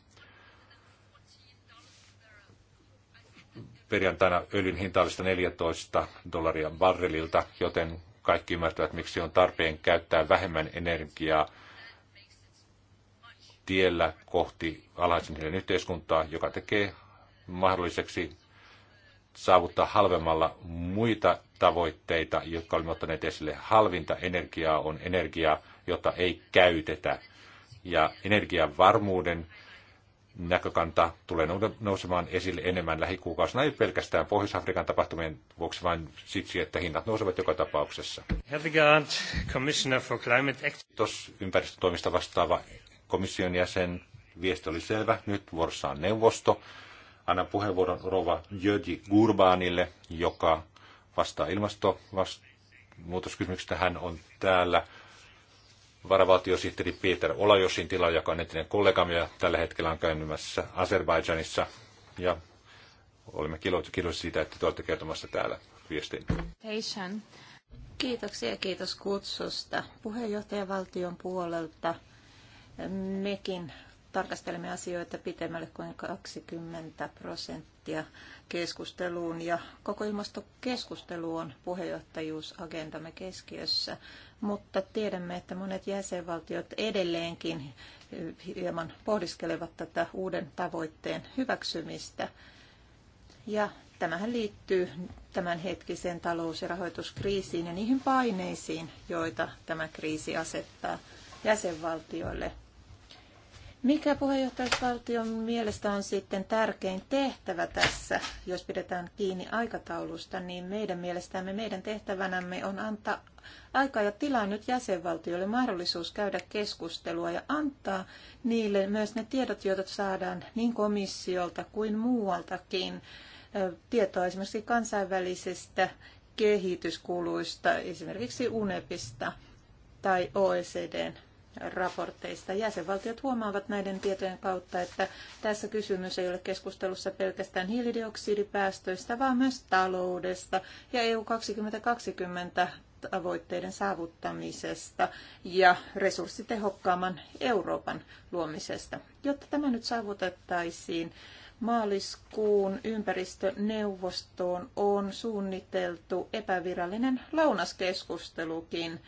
perjantaina öljyn hinta oli 14 dollaria barrelilta, joten kaikki ymmärtävät, miksi on tarpeen käyttää vähemmän energiaa tiellä kohti alhaisen hinnan yhteiskuntaa, joka tekee mahdolliseksi saavuttaa halvemmalla muita tavoitteita, jotka olemme ottaneet esille. Halvinta energiaa on energiaa, jota ei käytetä. Ja energiavarmuuden näkökanta tulee nousemaan esille enemmän lähikuukausina, ei pelkästään Pohjois-Afrikan tapahtumien vuoksi, vaan siksi, että hinnat nousevat joka tapauksessa. Hedegaard, ympäristötoimista vastaava komission jäsen. Viesti oli selvä. Nyt vuorossa on neuvosto. Annan puheenvuoron Rova Jödi Gurbaanille, joka vastaa ilmastonmuutoskysymyksestä. Hän on täällä varavaltiosihteeri Peter Olajosin tila, joka on entinen kollegamme ja tällä hetkellä on käynnymässä Azerbaidžanissa Ja olemme kiloisia siitä, että te olette kertomassa täällä viestin. Kiitoksia ja kiitos kutsusta puheenjohtajavaltion puolelta. Mekin tarkastelemme asioita pitemmälle kuin 20 prosenttia keskusteluun ja koko ilmastokeskustelu on puheenjohtajuusagendamme keskiössä mutta tiedämme, että monet jäsenvaltiot edelleenkin hieman pohdiskelevat tätä uuden tavoitteen hyväksymistä. Ja tämähän liittyy tämänhetkiseen talous- ja rahoituskriisiin ja niihin paineisiin, joita tämä kriisi asettaa jäsenvaltioille. Mikä puheenjohtajavaltion mielestä on sitten tärkein tehtävä tässä, jos pidetään kiinni aikataulusta, niin meidän mielestämme meidän tehtävänämme on antaa aika ja tilaa nyt jäsenvaltioille mahdollisuus käydä keskustelua ja antaa niille myös ne tiedot, joita saadaan niin komissiolta kuin muualtakin. Tietoa esimerkiksi kansainvälisistä kehityskuluista, esimerkiksi UNEPista tai OECDn raporteista. Jäsenvaltiot huomaavat näiden tietojen kautta, että tässä kysymys ei ole keskustelussa pelkästään hiilidioksidipäästöistä, vaan myös taloudesta ja EU 2020 tavoitteiden saavuttamisesta ja resurssitehokkaamman Euroopan luomisesta. Jotta tämä nyt saavutettaisiin, maaliskuun ympäristöneuvostoon on suunniteltu epävirallinen lounaskeskustelukin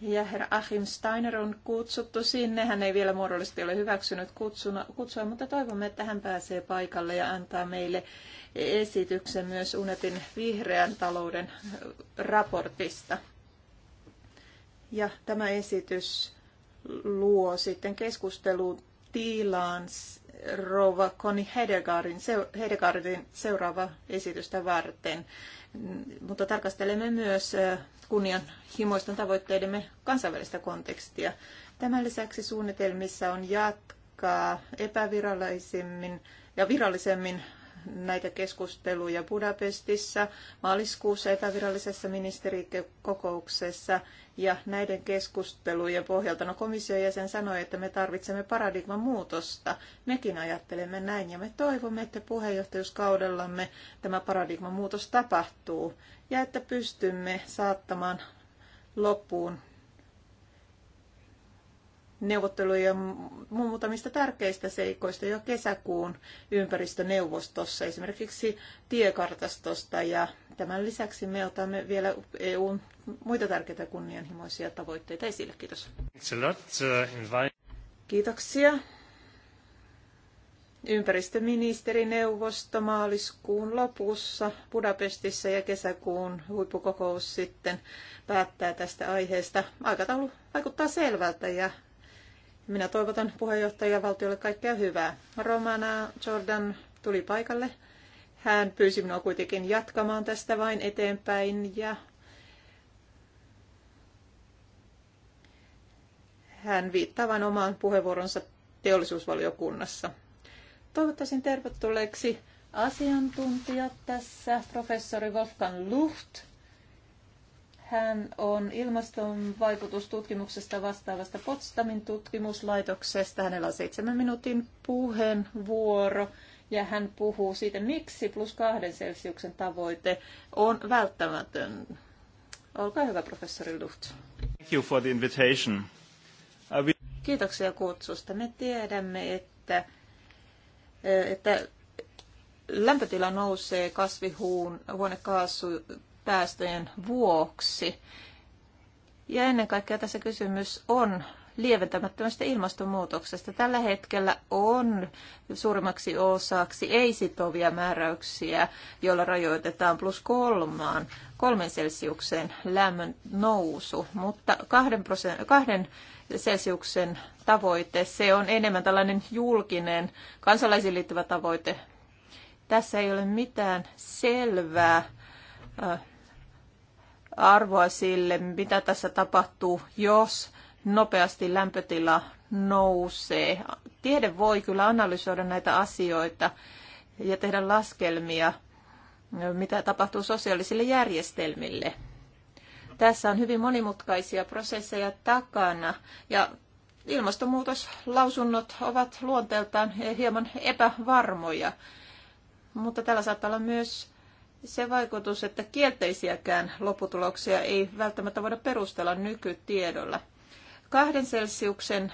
ja herra Achim Steiner on kutsuttu sinne. Hän ei vielä muodollisesti ole hyväksynyt kutsuna, kutsua, mutta toivomme, että hän pääsee paikalle ja antaa meille esityksen myös UNEPin vihreän talouden raportista. Ja tämä esitys luo sitten keskustelutilaan rouva Koni Hedegaardin, Hedegaardin seuraava esitystä varten. Mutta tarkastelemme myös kunnianhimoisten tavoitteidemme kansainvälistä kontekstia. Tämän lisäksi suunnitelmissa on jatkaa epävirallisemmin ja virallisemmin näitä keskusteluja Budapestissa maaliskuussa epävirallisessa ministerikokouksessa ja näiden keskustelujen pohjalta no komission jäsen sanoi, että me tarvitsemme paradigman muutosta. Mekin ajattelemme näin ja me toivomme, että puheenjohtajuuskaudellamme tämä paradigman muutos tapahtuu ja että pystymme saattamaan loppuun neuvotteluja muutamista tärkeistä seikoista jo kesäkuun ympäristöneuvostossa, esimerkiksi tiekartastosta. Ja tämän lisäksi me otamme vielä EUn muita tärkeitä kunnianhimoisia tavoitteita esille. Kiitos. Kiitoksia. Ympäristöministerineuvosto maaliskuun lopussa Budapestissa ja kesäkuun huippukokous sitten päättää tästä aiheesta. Aikataulu vaikuttaa selvältä ja minä toivotan puheenjohtaja valtiolle kaikkea hyvää. Romana Jordan tuli paikalle. Hän pyysi minua kuitenkin jatkamaan tästä vain eteenpäin ja hän viittaa vain omaan puheenvuoronsa teollisuusvaliokunnassa. Toivottaisin tervetulleeksi asiantuntijat tässä, professori Wolfgang Luft. Hän on ilmaston vaikutustutkimuksesta vastaavasta Potsdamin tutkimuslaitoksesta. Hänellä on seitsemän minuutin puheenvuoro ja hän puhuu siitä, miksi plus kahden selsiuksen tavoite on välttämätön. Olkaa hyvä, professori Luft. Thank you for the invitation. Uh, Kiitoksia kutsusta. Me tiedämme, että, että lämpötila nousee kasvihuun huonekaasu päästöjen vuoksi. Ja ennen kaikkea tässä kysymys on lieventämättömästä ilmastonmuutoksesta. Tällä hetkellä on suurimmaksi osaksi ei-sitovia määräyksiä, joilla rajoitetaan plus kolmaan, kolmen selsiukseen lämmön nousu, mutta kahden, prosen, kahden selsiuksen tavoite, se on enemmän tällainen julkinen kansalaisiin liittyvä tavoite. Tässä ei ole mitään selvää äh, arvoa sille, mitä tässä tapahtuu, jos nopeasti lämpötila nousee. Tiede voi kyllä analysoida näitä asioita ja tehdä laskelmia, mitä tapahtuu sosiaalisille järjestelmille. Tässä on hyvin monimutkaisia prosesseja takana ja ilmastonmuutoslausunnot ovat luonteeltaan hieman epävarmoja, mutta tällä saattaa olla myös se vaikutus, että kielteisiäkään lopputuloksia ei välttämättä voida perustella nykytiedolla. Kahden selsiuksen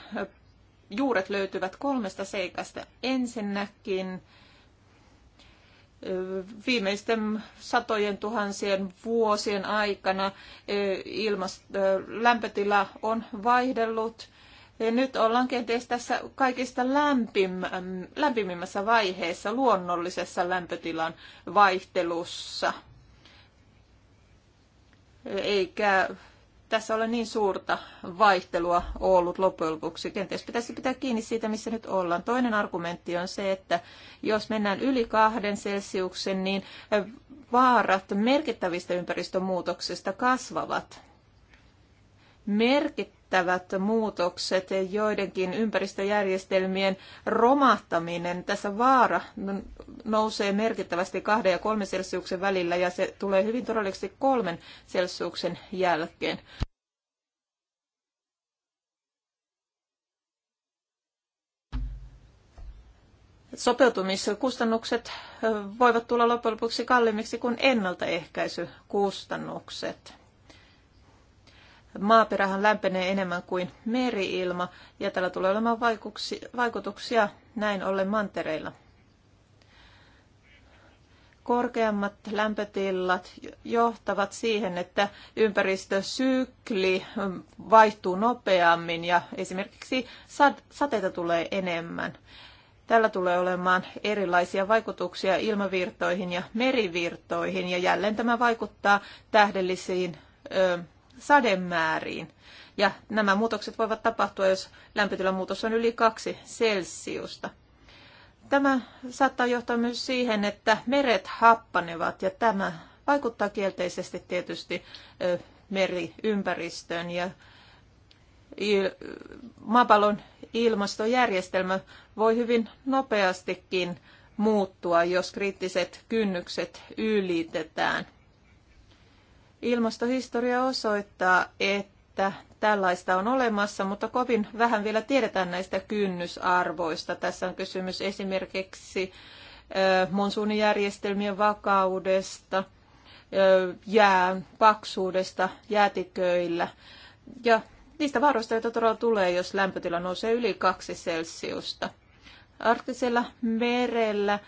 juuret löytyvät kolmesta seikasta. Ensinnäkin viimeisten satojen tuhansien vuosien aikana ilmast- lämpötila on vaihdellut – ja nyt ollaan kenties tässä kaikista lämpim, lämpimimmässä vaiheessa, luonnollisessa lämpötilan vaihtelussa. Eikä tässä ole niin suurta vaihtelua ollut loppujen lopuksi. Kenties pitäisi pitää kiinni siitä, missä nyt ollaan. Toinen argumentti on se, että jos mennään yli kahden selsiuksen, niin vaarat merkittävistä ympäristömuutoksista kasvavat. Merkittävistä merkittävät muutokset, joidenkin ympäristöjärjestelmien romahtaminen, tässä vaara nousee merkittävästi kahden ja kolmen selsiuksen välillä ja se tulee hyvin todellisesti kolmen selsiuksen jälkeen. Sopeutumiskustannukset voivat tulla loppujen lopuksi kalliimmiksi kuin ennaltaehkäisykustannukset maaperähän lämpenee enemmän kuin meriilma, ja tällä tulee olemaan vaikutuksia näin ollen mantereilla. Korkeammat lämpötilat johtavat siihen, että ympäristösykli vaihtuu nopeammin ja esimerkiksi sateita tulee enemmän. Tällä tulee olemaan erilaisia vaikutuksia ilmavirtoihin ja merivirtoihin ja jälleen tämä vaikuttaa tähdellisiin sademääriin. Ja nämä muutokset voivat tapahtua, jos lämpötilan muutos on yli 2 celsiusta. Tämä saattaa johtaa myös siihen, että meret happanevat ja tämä vaikuttaa kielteisesti tietysti meriympäristöön ja maapallon ilmastojärjestelmä voi hyvin nopeastikin muuttua, jos kriittiset kynnykset ylitetään. Ilmastohistoria osoittaa, että tällaista on olemassa, mutta kovin vähän vielä tiedetään näistä kynnysarvoista. Tässä on kysymys esimerkiksi monsuunijärjestelmien vakaudesta, jään paksuudesta jäätiköillä ja niistä varoista, joita todella tulee, jos lämpötila nousee yli kaksi selsiusta. Arktisella merellä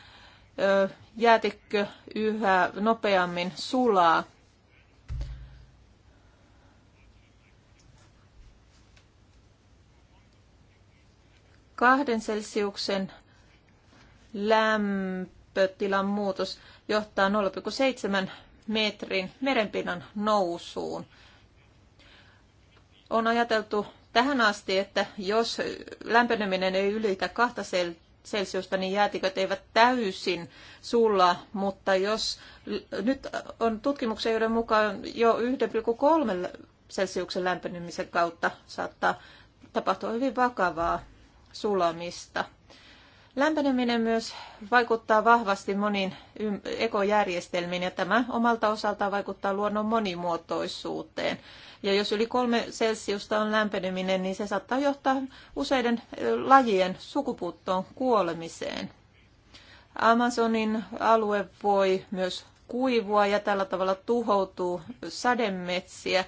jäätikkö yhä nopeammin sulaa Kahden selsiuksen lämpötilan muutos johtaa 0,7 metrin merenpinnan nousuun. On ajateltu tähän asti, että jos lämpeneminen ei ylitä kahta selsiusta, niin jäätiköt eivät täysin sulla, mutta jos nyt on tutkimuksen joiden mukaan jo 1,3 selsiuksen lämpenemisen kautta saattaa tapahtua hyvin vakavaa sulamista. Lämpeneminen myös vaikuttaa vahvasti moniin ekojärjestelmiin ja tämä omalta osaltaan vaikuttaa luonnon monimuotoisuuteen. Ja jos yli kolme selsiusta on lämpeneminen, niin se saattaa johtaa useiden lajien sukupuuttoon kuolemiseen. Amazonin alue voi myös kuivua ja tällä tavalla tuhoutuu sademetsiä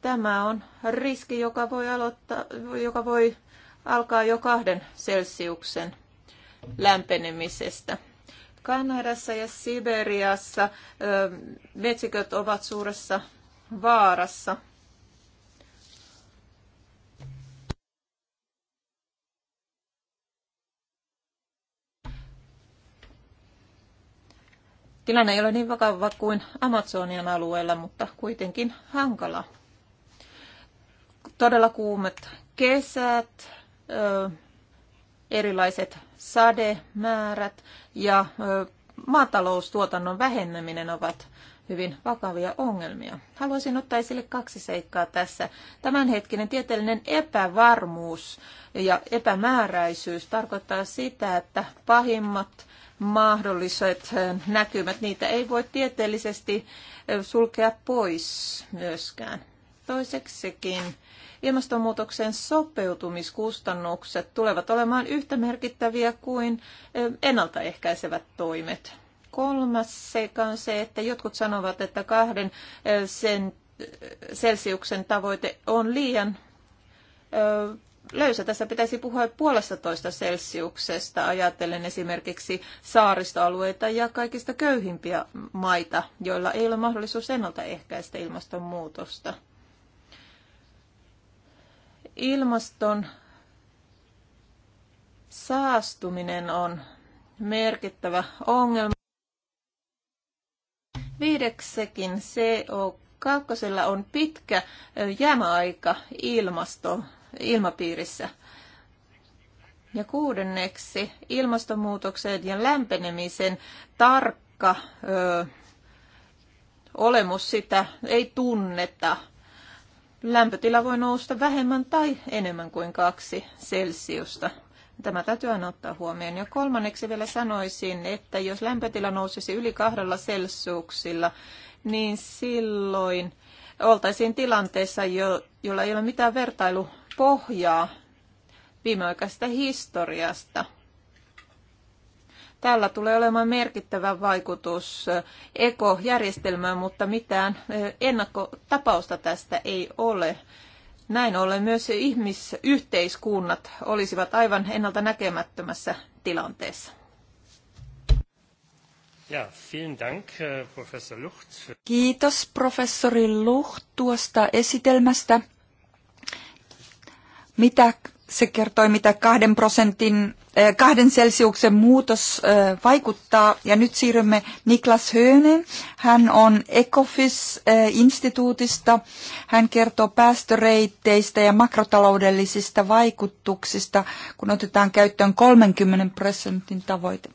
Tämä on riski, joka voi, aloittaa, joka voi alkaa jo kahden selsiuksen lämpenemisestä. Kanadassa ja Siberiassa metsiköt ovat suuressa vaarassa. Tilanne ei ole niin vakava kuin Amazonian alueella, mutta kuitenkin hankala todella kuumat kesät, erilaiset sademäärät ja maataloustuotannon vähennäminen ovat hyvin vakavia ongelmia. Haluaisin ottaa esille kaksi seikkaa tässä. Tämänhetkinen tieteellinen epävarmuus ja epämääräisyys tarkoittaa sitä, että pahimmat mahdolliset näkymät, niitä ei voi tieteellisesti sulkea pois myöskään. Toiseksikin ilmastonmuutoksen sopeutumiskustannukset tulevat olemaan yhtä merkittäviä kuin ennaltaehkäisevät toimet. Kolmas seikka on se, että jotkut sanovat, että kahden sen Celsiuksen tavoite on liian löysä. Tässä pitäisi puhua puolesta toista selsiuksesta, ajatellen esimerkiksi saaristoalueita ja kaikista köyhimpiä maita, joilla ei ole mahdollisuus ennaltaehkäistä ilmastonmuutosta. Ilmaston saastuminen on merkittävä ongelma. Viideksekin CO2 on pitkä jäämäaika ilmasto, ilmapiirissä. Ja kuudenneksi ilmastonmuutoksen ja lämpenemisen tarkka ö, olemus sitä ei tunneta lämpötila voi nousta vähemmän tai enemmän kuin kaksi selsiusta. Tämä täytyy aina ottaa huomioon. Ja kolmanneksi vielä sanoisin, että jos lämpötila nousisi yli kahdella selsuuksilla, niin silloin oltaisiin tilanteessa, jo, jolla ei ole mitään vertailupohjaa viimeaikaisesta historiasta – Tällä tulee olemaan merkittävä vaikutus ekojärjestelmään, mutta mitään ennakkotapausta tästä ei ole. Näin ollen myös ihmisyhteiskunnat olisivat aivan ennalta näkemättömässä tilanteessa. Ja, vielen Dank, äh, professor Lucht. Kiitos professori Lucht tuosta esitelmästä. Mitä se kertoi, mitä kahden prosentin, eh, kahden selsiuksen muutos eh, vaikuttaa. Ja nyt siirrymme Niklas Höönen. Hän on Ecofis-instituutista. Eh, Hän kertoo päästöreitteistä ja makrotaloudellisista vaikutuksista, kun otetaan käyttöön 30 prosentin tavoite.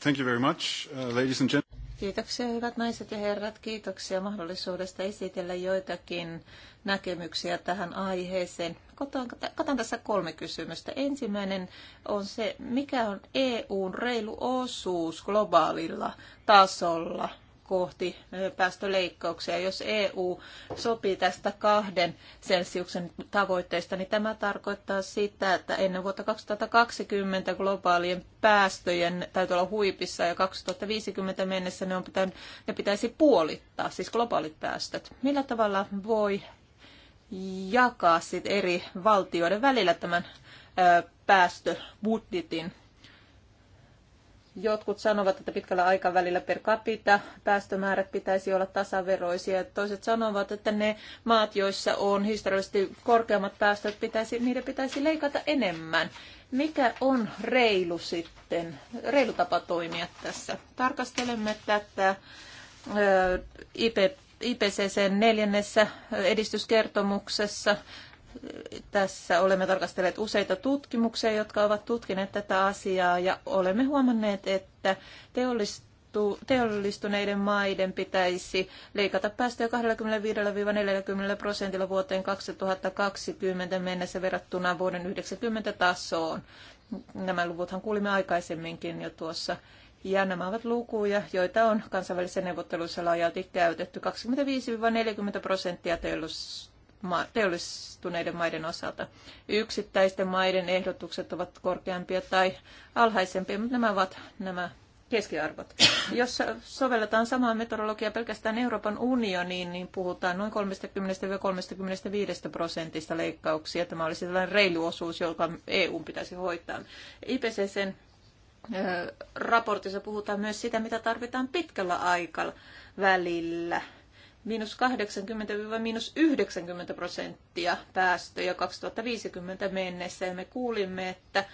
Thank you very much, uh, ladies and gentlemen. Kiitoksia hyvät naiset ja herrat, kiitoksia mahdollisuudesta esitellä joitakin näkemyksiä tähän aiheeseen. Kotan, tässä kolme kysymystä. Ensimmäinen on se, mikä on EUn reilu osuus globaalilla tasolla – kohti päästöleikkauksia. Jos EU sopii tästä kahden selsiuksen tavoitteista, niin tämä tarkoittaa sitä, että ennen vuotta 2020 globaalien päästöjen täytyy olla huipissa ja 2050 mennessä ne, on pitänyt, ne pitäisi puolittaa, siis globaalit päästöt. Millä tavalla voi jakaa sit eri valtioiden välillä tämän päästöbudjetin? Jotkut sanovat, että pitkällä aikavälillä per capita päästömäärät pitäisi olla tasaveroisia. Toiset sanovat, että ne maat, joissa on historiallisesti korkeammat päästöt, pitäisi, niiden pitäisi leikata enemmän. Mikä on reilu sitten, reilu tapa toimia tässä? Tarkastelemme tätä IP, IPCC neljännessä edistyskertomuksessa tässä olemme tarkastelleet useita tutkimuksia, jotka ovat tutkineet tätä asiaa ja olemme huomanneet, että teollistuneiden maiden pitäisi leikata päästöjä 25-40 prosentilla vuoteen 2020 mennessä verrattuna vuoden 90 tasoon. Nämä luvuthan kuulimme aikaisemminkin jo tuossa ja nämä ovat lukuja, joita on kansainvälisissä neuvotteluissa laajalti käytetty. 25-40 prosenttia teollis- teollistuneiden maiden osalta. Yksittäisten maiden ehdotukset ovat korkeampia tai alhaisempia, mutta nämä ovat nämä keskiarvot. Jos sovelletaan samaa metodologiaa pelkästään Euroopan unioniin, niin puhutaan noin 30-35 prosentista leikkauksia. Tämä olisi sellainen reilu osuus, joka EU pitäisi hoitaa. IPCCn raportissa puhutaan myös sitä, mitä tarvitaan pitkällä aikavälillä miinus 80-90 prosenttia päästöjä 2050 mennessä. Ja me kuulimme, että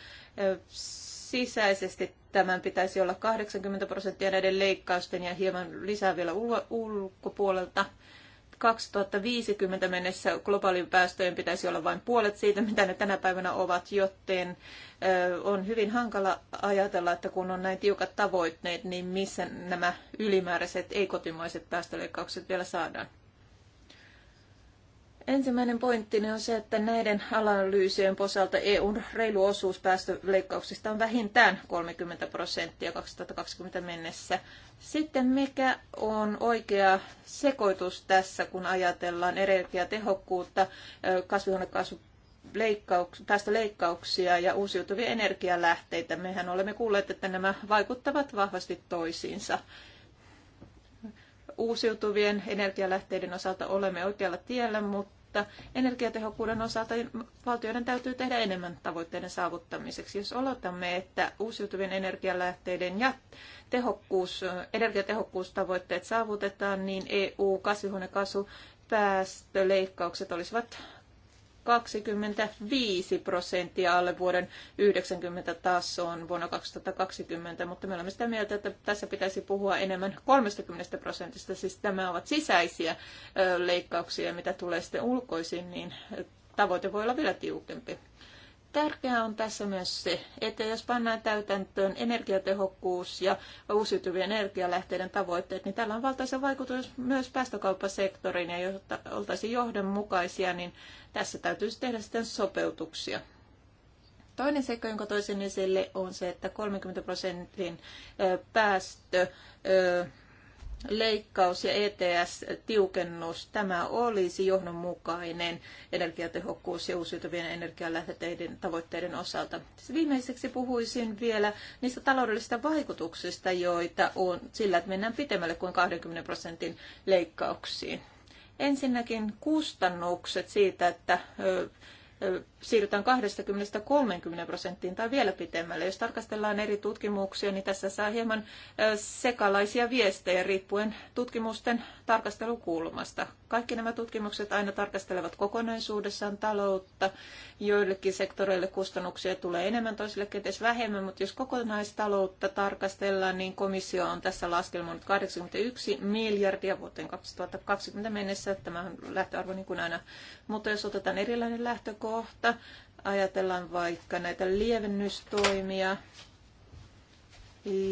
sisäisesti tämän pitäisi olla 80 prosenttia näiden leikkausten ja hieman lisää vielä ulkopuolelta. 2050 mennessä globaalin päästöjen pitäisi olla vain puolet siitä, mitä ne tänä päivänä ovat, joten on hyvin hankala ajatella, että kun on näin tiukat tavoitteet, niin missä nämä ylimääräiset ei-kotimaiset päästöleikkaukset vielä saadaan. Ensimmäinen pointti on se, että näiden analyysien posalta EUn reilu osuus päästöleikkauksista on vähintään 30 prosenttia 2020 mennessä. Sitten mikä on oikea sekoitus tässä, kun ajatellaan energiatehokkuutta, kasvihuonekaasu leikkauksia ja uusiutuvia energialähteitä. Mehän olemme kuulleet, että nämä vaikuttavat vahvasti toisiinsa uusiutuvien energialähteiden osalta olemme oikealla tiellä, mutta energiatehokkuuden osalta valtioiden täytyy tehdä enemmän tavoitteiden saavuttamiseksi. Jos olotamme, että uusiutuvien energialähteiden ja tehokkuus, energiatehokkuustavoitteet saavutetaan, niin EU-kasvihuonekaasupäästöleikkaukset olisivat 25 prosenttia alle vuoden 90 tasoon vuonna 2020, mutta me olemme sitä mieltä, että tässä pitäisi puhua enemmän 30 prosentista, siis tämä ovat sisäisiä leikkauksia, mitä tulee sitten ulkoisin, niin tavoite voi olla vielä tiukempi. Tärkeää on tässä myös se, että jos pannaan täytäntöön energiatehokkuus ja uusiutuvien energialähteiden tavoitteet, niin tällä on valtaisa vaikutus myös päästökauppasektoriin ja jotta oltaisiin johdonmukaisia, niin tässä täytyisi tehdä sitten sopeutuksia. Toinen seikka, jonka toisen esille, on se, että 30 prosentin päästö leikkaus ja ETS-tiukennus, tämä olisi johdonmukainen energiatehokkuus ja uusiutuvien energialähteiden tavoitteiden osalta. Viimeiseksi puhuisin vielä niistä taloudellisista vaikutuksista, joita on sillä, että mennään pitemmälle kuin 20 prosentin leikkauksiin. Ensinnäkin kustannukset siitä, että siirrytään 20-30 prosenttiin tai vielä pitemmälle. Jos tarkastellaan eri tutkimuksia, niin tässä saa hieman sekalaisia viestejä riippuen tutkimusten tarkastelukulmasta. Kaikki nämä tutkimukset aina tarkastelevat kokonaisuudessaan taloutta. Joillekin sektoreille kustannuksia tulee enemmän, toisille kenties vähemmän, mutta jos kokonaistaloutta tarkastellaan, niin komissio on tässä laskelmoinut 81 miljardia vuoteen 2020 mennessä. on lähtöarvo niin kuin aina. Mutta jos otetaan erilainen lähtökohta, ajatellaan vaikka näitä lievennystoimia,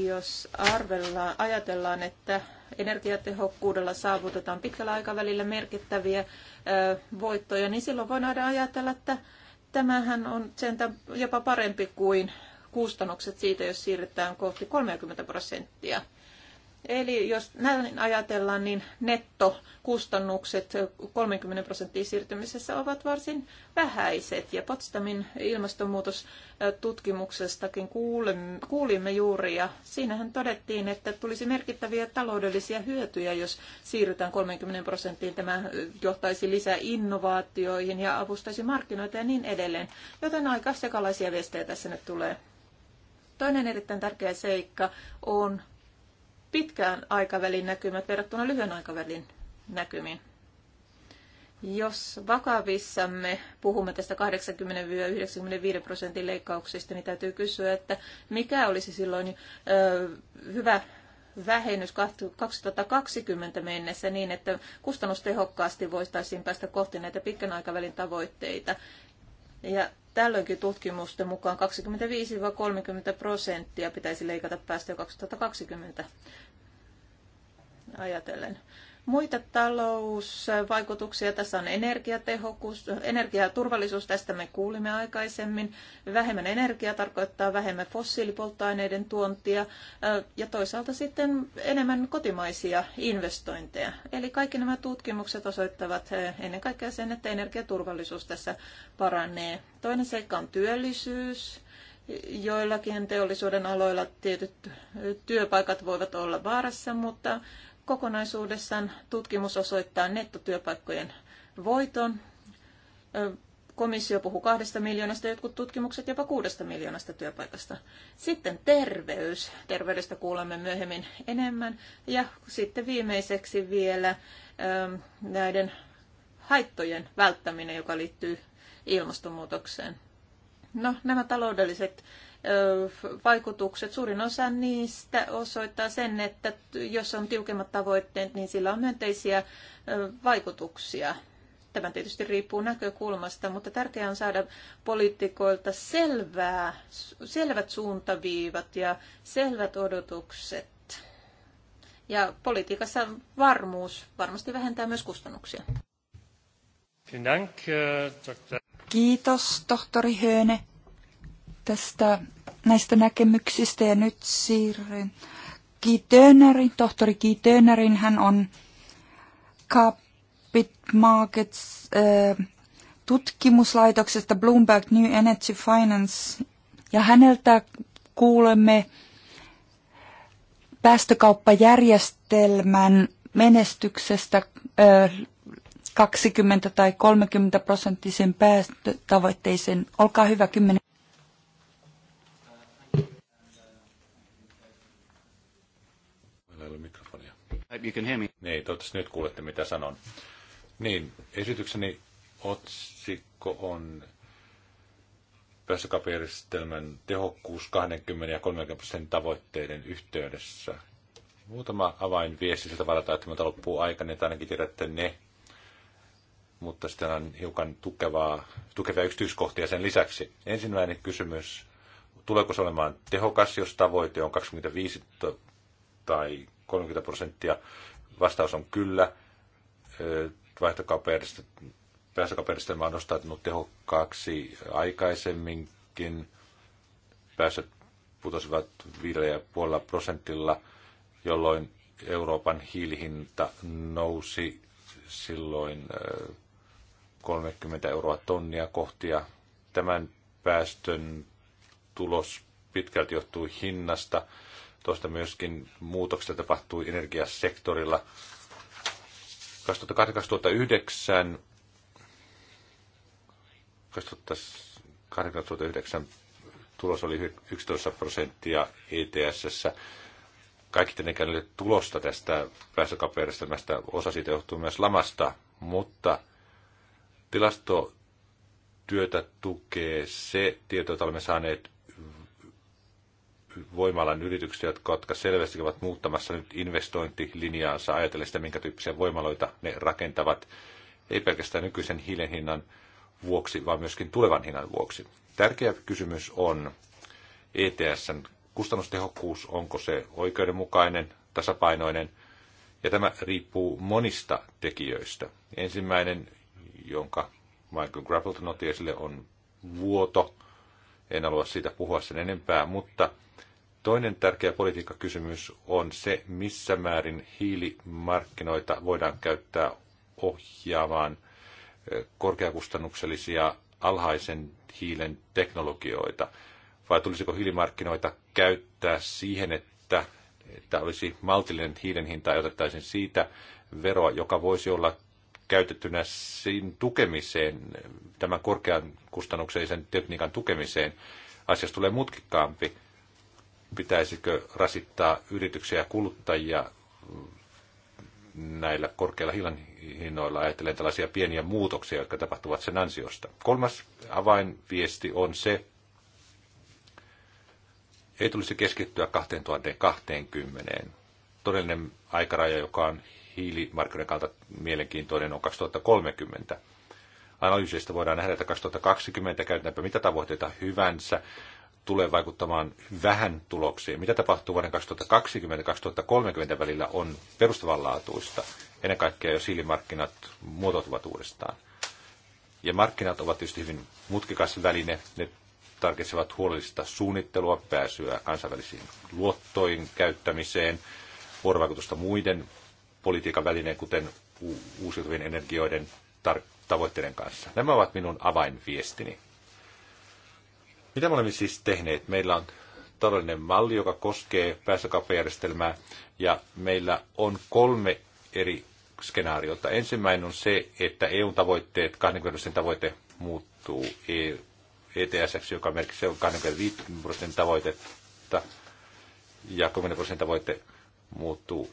jos arvellaan, ajatellaan, että energiatehokkuudella saavutetaan pitkällä aikavälillä merkittäviä voittoja, niin silloin voidaan ajatella, että tämähän on sentään jopa parempi kuin kustannukset siitä, jos siirrytään kohti 30 prosenttia Eli jos näin ajatellaan, niin nettokustannukset 30 prosenttia siirtymisessä ovat varsin vähäiset. Ja Potsdamin ilmastonmuutostutkimuksestakin kuulimme juuri, ja siinähän todettiin, että tulisi merkittäviä taloudellisia hyötyjä, jos siirrytään 30 prosenttiin. Tämä johtaisi lisää innovaatioihin ja avustaisi markkinoita ja niin edelleen. Joten aika sekalaisia viestejä tässä nyt tulee. Toinen erittäin tärkeä seikka on pitkään aikavälin näkymät verrattuna lyhyen aikavälin näkymiin. Jos vakavissamme puhumme tästä 80-95 prosentin leikkauksista, niin täytyy kysyä, että mikä olisi silloin ö, hyvä vähennys 2020 mennessä niin, että kustannustehokkaasti voitaisiin päästä kohti näitä pitkän aikavälin tavoitteita. Ja Tällöinkin tutkimusten mukaan 25-30 prosenttia pitäisi leikata päästöjä 2020 ajatellen. Muita talousvaikutuksia tässä on energiatehokkuus, energiaturvallisuus, tästä me kuulimme aikaisemmin. Vähemmän energiaa tarkoittaa vähemmän fossiilipolttoaineiden tuontia ja toisaalta sitten enemmän kotimaisia investointeja. Eli kaikki nämä tutkimukset osoittavat ennen kaikkea sen, että energiaturvallisuus tässä paranee. Toinen seikka on työllisyys joillakin teollisuuden aloilla tietyt työpaikat voivat olla vaarassa, mutta Kokonaisuudessaan tutkimus osoittaa nettotyöpaikkojen voiton. Komissio puhuu kahdesta miljoonasta, jotkut tutkimukset jopa kuudesta miljoonasta työpaikasta. Sitten terveys. Terveydestä kuulemme myöhemmin enemmän. Ja sitten viimeiseksi vielä näiden haittojen välttäminen, joka liittyy ilmastonmuutokseen. No, nämä taloudelliset vaikutukset, suurin osa niistä osoittaa sen, että jos on tiukemmat tavoitteet, niin sillä on myönteisiä vaikutuksia. Tämä tietysti riippuu näkökulmasta, mutta tärkeää on saada poliitikoilta selvää, selvät suuntaviivat ja selvät odotukset. Ja politiikassa varmuus varmasti vähentää myös kustannuksia. Äh, Kiitos, tohtori Höne tästä, näistä näkemyksistä ja nyt siirryn Kiitönärin, tohtori Kiitönärin. Hän on Capit Markets äh, tutkimuslaitoksesta Bloomberg New Energy Finance ja häneltä kuulemme päästökauppajärjestelmän menestyksestä 20 äh, tai 30 prosenttisen päästötavoitteisen. Olkaa hyvä, 10 You can hear me. Niin, toivottavasti nyt kuulette, mitä sanon. Niin, esitykseni otsikko on päästökauppajärjestelmän tehokkuus 20 ja 30 prosentin tavoitteiden yhteydessä. Muutama avain viesti siltä varalta, että minulta loppuu aika, niin ainakin tiedätte ne. Mutta sitten on hiukan tukevaa, tukevia yksityiskohtia sen lisäksi. Ensimmäinen kysymys, tuleeko se olemaan tehokas, jos tavoite on 25 tai 30 prosenttia. Vastaus on kyllä. Päästökauppajärjestelmä on nostanut tehokkaaksi aikaisemminkin. Päästöt putosivat 5,5 prosentilla, jolloin Euroopan hiilihinta nousi silloin 30 euroa tonnia kohti ja tämän päästön tulos pitkälti johtuu hinnasta Tuosta myöskin muutoksia tapahtui energiasektorilla. 2008-2009 2009 tulos oli 11 prosenttia ETS. Kaikki tietenkään oli tulosta tästä päästökauppajärjestelmästä. Osa siitä johtuu myös lamasta, mutta tilastotyötä tukee se tieto, jota olemme saaneet voimalan yrityksiä, jotka, jotka selvästi ovat muuttamassa nyt investointilinjaansa ajatellen sitä, minkä tyyppisiä voimaloita ne rakentavat, ei pelkästään nykyisen hiilen hinnan vuoksi, vaan myöskin tulevan hinnan vuoksi. Tärkeä kysymys on ETSn kustannustehokkuus, onko se oikeudenmukainen, tasapainoinen, ja tämä riippuu monista tekijöistä. Ensimmäinen, jonka Michael Grappleton otti esille, on vuoto. En halua siitä puhua sen enempää, mutta Toinen tärkeä politiikkakysymys on se, missä määrin hiilimarkkinoita voidaan käyttää ohjaamaan korkeakustannuksellisia alhaisen hiilen teknologioita. Vai tulisiko hiilimarkkinoita käyttää siihen, että, että olisi maltillinen hiilen hinta ja otettaisiin siitä veroa, joka voisi olla käytettynä sin tukemiseen, tämän korkean kustannuksellisen tekniikan tukemiseen. Asiasta tulee mutkikkaampi pitäisikö rasittaa yrityksiä ja kuluttajia näillä korkeilla hiilan hinnoilla ajatellen tällaisia pieniä muutoksia, jotka tapahtuvat sen ansiosta. Kolmas avainviesti on se, ei tulisi keskittyä 2020. Todellinen aikaraja, joka on hiilimarkkinoiden kannalta mielenkiintoinen, on 2030. Analyysistä voidaan nähdä, että 2020 käytetäänpä mitä tavoitteita hyvänsä, tulee vaikuttamaan vähän tuloksiin. Mitä tapahtuu vuoden 2020-2030 välillä on perustavanlaatuista. Ennen kaikkea, jos hiilimarkkinat muotoutuvat uudestaan. Ja markkinat ovat tietysti hyvin mutkikas väline. Ne tarvitsevat huolellista suunnittelua, pääsyä kansainvälisiin luottoihin käyttämiseen, vuorovaikutusta muiden politiikan välineen, kuten uusiutuvien energioiden tavoitteiden kanssa. Nämä ovat minun avainviestini. Mitä me olemme siis tehneet? Meillä on taloudellinen malli, joka koskee päästökauppajärjestelmää, ja meillä on kolme eri skenaariota. Ensimmäinen on se, että eu tavoitteet, 20 prosentin tavoite muuttuu ETS, e joka merkitsee 25 prosentin tavoitetta, ja 10 prosentin tavoite muuttuu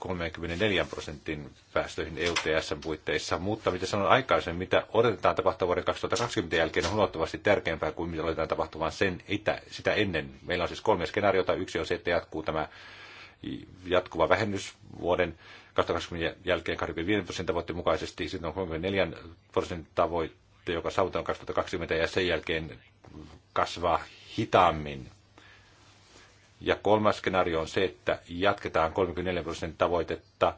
34 prosentin päästöihin EUTS-puitteissa, mutta mitä sanoin aikaisemmin, mitä odotetaan tapahtua vuoden 2020 jälkeen on huomattavasti tärkeämpää kuin mitä odotetaan tapahtuvan sen, itä, sitä ennen. Meillä on siis kolme skenaariota. Yksi on se, että jatkuu tämä jatkuva vähennys vuoden 2020 jälkeen 25 prosentin tavoitteen mukaisesti. Sitten on 34 prosentin tavoite, joka saavutetaan 2020 ja sen jälkeen kasvaa hitaammin ja kolmas skenaario on se, että jatketaan 34 prosentin tavoitetta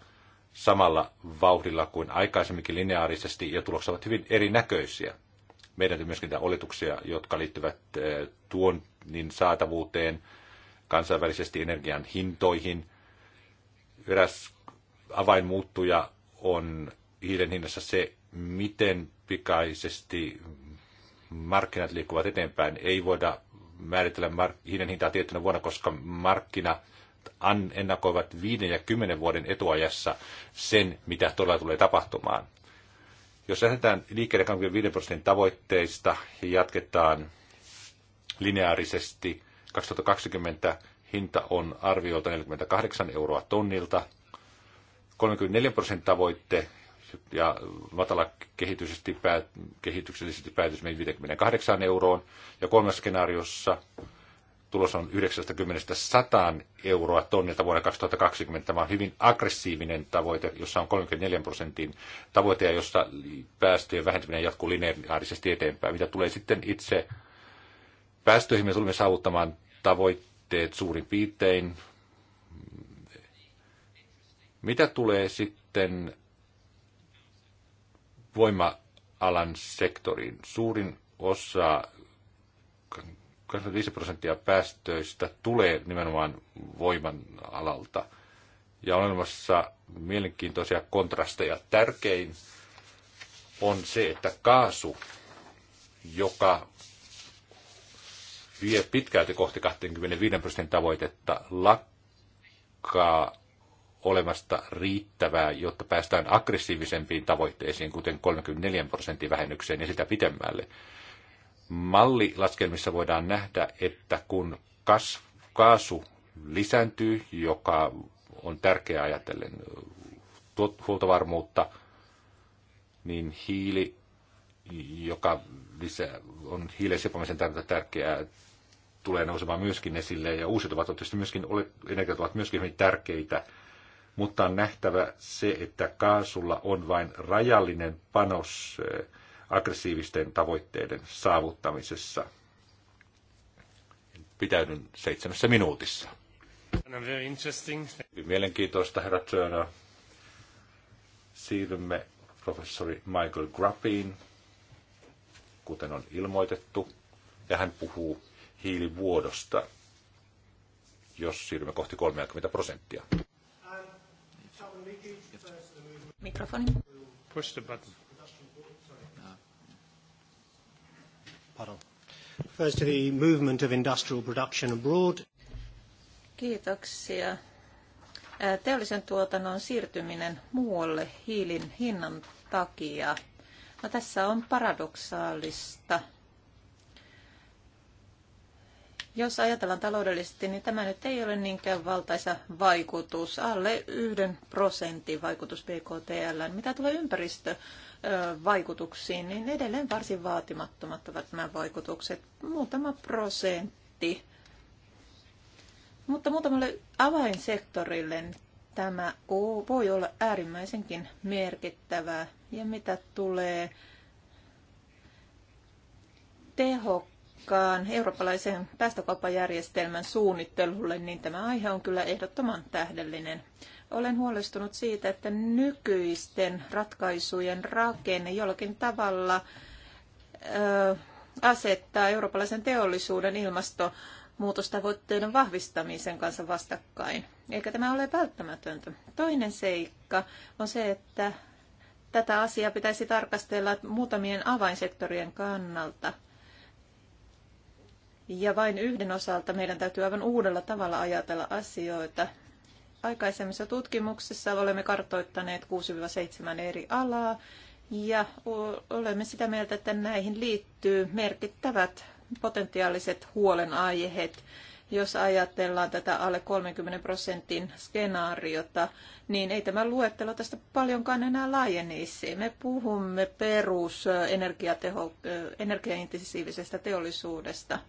samalla vauhdilla kuin aikaisemminkin lineaarisesti, ja tulokset ovat hyvin erinäköisiä. Meidän on myöskin oletuksia, jotka liittyvät eh, tuonnin saatavuuteen, kansainvälisesti energian hintoihin. Eräs avainmuuttuja on hiilen hinnassa se, miten pikaisesti markkinat liikkuvat eteenpäin. Ei voida määritellä hiilen hintaa tiettynä vuonna, koska markkina ennakoivat viiden ja kymmenen vuoden etuajassa sen, mitä todella tulee tapahtumaan. Jos lähdetään liikkeelle 25 prosentin tavoitteista ja jatketaan lineaarisesti, 2020 hinta on arviolta 48 euroa tonnilta, 34 prosentin tavoitte ja matala kehityksellisesti, päät, kehityksellisesti päätys meni 58 euroon. Ja kolmas skenaariossa tulos on 90-100 euroa tonnilta vuonna 2020. Tämä on hyvin aggressiivinen tavoite, jossa on 34 prosentin tavoite, jossa päästöjen vähentäminen jatkuu lineaarisesti eteenpäin. Mitä tulee sitten itse päästöihin, me tulemme saavuttamaan tavoitteet suurin piirtein. Mitä tulee sitten voima-alan sektoriin. Suurin osa, 25 prosenttia päästöistä tulee nimenomaan voiman alalta. Ja on olemassa mielenkiintoisia kontrasteja. Tärkein on se, että kaasu, joka vie pitkälti kohti 25 prosentin tavoitetta, lakkaa olemasta riittävää, jotta päästään aggressiivisempiin tavoitteisiin, kuten 34 prosentin vähennykseen ja sitä pitemmälle. Mallilaskelmissa voidaan nähdä, että kun kaasu lisääntyy, joka on tärkeää ajatellen huoltovarmuutta, niin hiili, joka lisää, on hiilen sipomisen tärkeää, tulee nousemaan myöskin esille, ja uusiutuvat ovat myöskin, energiat ovat myöskin hyvin tärkeitä mutta on nähtävä se, että kaasulla on vain rajallinen panos eh, aggressiivisten tavoitteiden saavuttamisessa. Pitäydyn seitsemässä minuutissa. Mielenkiintoista, herra Turner. Siirrymme professori Michael Grappiin, kuten on ilmoitettu, ja hän puhuu hiilivuodosta, jos siirrymme kohti 30 prosenttia. Mikrofoni. Push the button. Pardon. First to the movement of industrial production abroad. Kiitoksia. Teollisen tuotannon siirtyminen muualle hiilin hinnan takia. No, tässä on paradoksaalista jos ajatellaan taloudellisesti, niin tämä nyt ei ole niinkään valtaisa vaikutus, alle yhden prosentin vaikutus BKTL. Mitä tulee ympäristövaikutuksiin, niin edelleen varsin vaatimattomat ovat nämä vaikutukset, muutama prosentti. Mutta muutamalle avainsektorille tämä voi olla äärimmäisenkin merkittävää. Ja mitä tulee tehokkuuteen, aikaan eurooppalaisen päästökauppajärjestelmän suunnittelulle, niin tämä aihe on kyllä ehdottoman tähdellinen. Olen huolestunut siitä, että nykyisten ratkaisujen rakenne jollakin tavalla ö, asettaa eurooppalaisen teollisuuden ilmastonmuutostavoitteiden vahvistamisen kanssa vastakkain. Eikä tämä ole välttämätöntä. Toinen seikka on se, että tätä asiaa pitäisi tarkastella muutamien avainsektorien kannalta – ja vain yhden osalta meidän täytyy aivan uudella tavalla ajatella asioita. Aikaisemmissa tutkimuksissa olemme kartoittaneet 6-7 eri alaa ja olemme sitä mieltä, että näihin liittyy merkittävät potentiaaliset huolenaiheet. Jos ajatellaan tätä alle 30 prosentin skenaariota, niin ei tämä luettelo tästä paljonkaan enää laajenisi. Me puhumme perus energiaintensiivisestä teollisuudesta –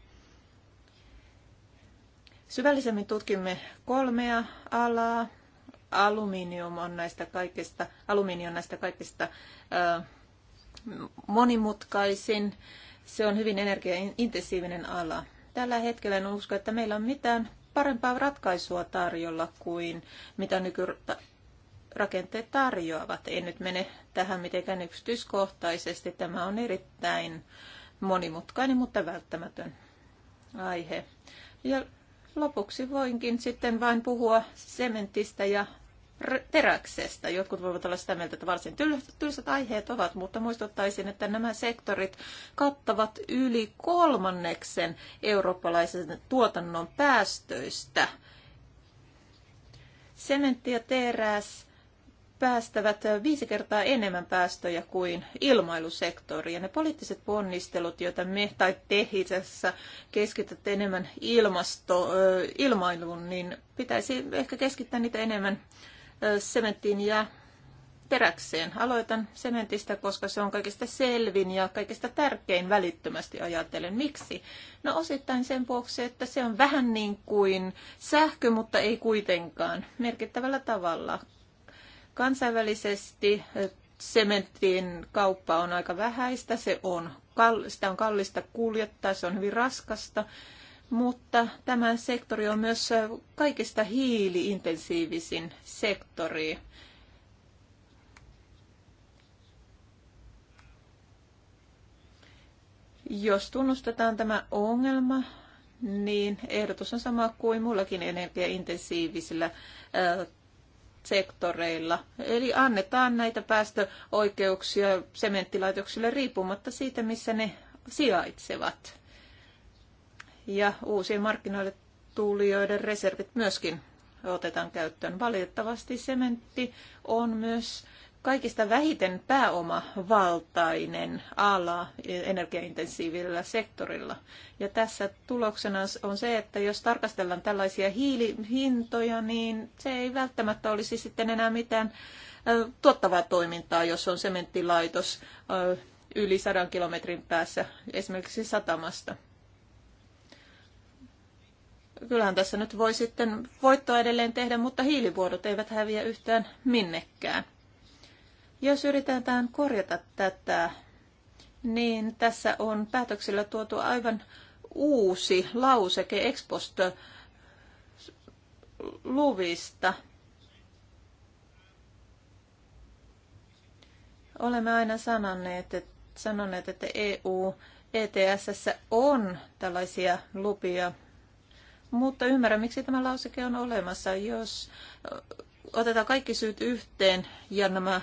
Syvällisemmin tutkimme kolmea alaa. Aluminium on näistä kaikista, alumiini on näistä kaikista ö, monimutkaisin. Se on hyvin energiaintensiivinen ala. Tällä hetkellä en usko, että meillä on mitään parempaa ratkaisua tarjolla kuin mitä nykyrakenteet tarjoavat. En nyt mene tähän mitenkään yksityiskohtaisesti. Tämä on erittäin monimutkainen, mutta välttämätön aihe. Ja Lopuksi voinkin sitten vain puhua sementistä ja teräksestä. Jotkut voivat olla sitä mieltä, että varsin tylsät aiheet ovat, mutta muistuttaisin, että nämä sektorit kattavat yli kolmanneksen eurooppalaisen tuotannon päästöistä. Sementti ja teräs päästävät viisi kertaa enemmän päästöjä kuin ilmailusektori. Ja ne poliittiset ponnistelut, joita me tai te itse asiassa keskitytte enemmän ilmasto, ilmailuun, niin pitäisi ehkä keskittää niitä enemmän sementtiin ja teräkseen. Aloitan sementistä, koska se on kaikista selvin ja kaikista tärkein välittömästi ajatellen. Miksi? No osittain sen vuoksi, että se on vähän niin kuin sähkö, mutta ei kuitenkaan merkittävällä tavalla. Kansainvälisesti sementin kauppa on aika vähäistä, se on, sitä on kallista kuljettaa, se on hyvin raskasta, mutta tämä sektori on myös kaikista hiiliintensiivisin sektori. Jos tunnustetaan tämä ongelma, niin ehdotus on sama kuin muillakin energiaintensiivisillä sektoreilla. Eli annetaan näitä päästöoikeuksia sementtilaitoksille riippumatta siitä, missä ne sijaitsevat. Ja uusien markkinoille tulijoiden reservit myöskin otetaan käyttöön. Valitettavasti sementti on myös kaikista vähiten pääomavaltainen ala energiaintensiivisellä sektorilla. Ja tässä tuloksena on se, että jos tarkastellaan tällaisia hiilihintoja, niin se ei välttämättä olisi sitten enää mitään tuottavaa toimintaa, jos on sementtilaitos yli sadan kilometrin päässä esimerkiksi satamasta. Kyllähän tässä nyt voi sitten voittoa edelleen tehdä, mutta hiilivuodot eivät häviä yhtään minnekään. Jos yritetään korjata tätä, niin tässä on päätöksillä tuotu aivan uusi lauseke exposto luvista. Olemme aina sanoneet, että, sanoneet, että EU ETS on tällaisia lupia, mutta ymmärrän, miksi tämä lauseke on olemassa. Jos otetaan kaikki syyt yhteen ja nämä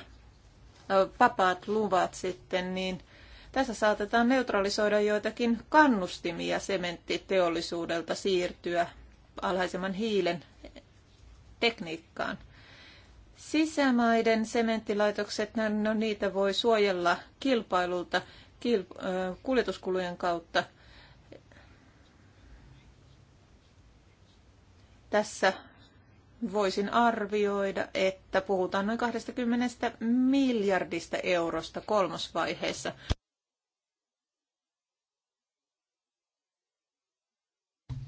vapaat luvat sitten, niin tässä saatetaan neutralisoida joitakin kannustimia sementtiteollisuudelta siirtyä alhaisemman hiilen tekniikkaan. Sisämaiden sementtilaitokset, no, no niitä voi suojella kilpailulta kilp- kuljetuskulujen kautta. Tässä voisin arvioida, että puhutaan noin 20 miljardista eurosta kolmosvaiheessa.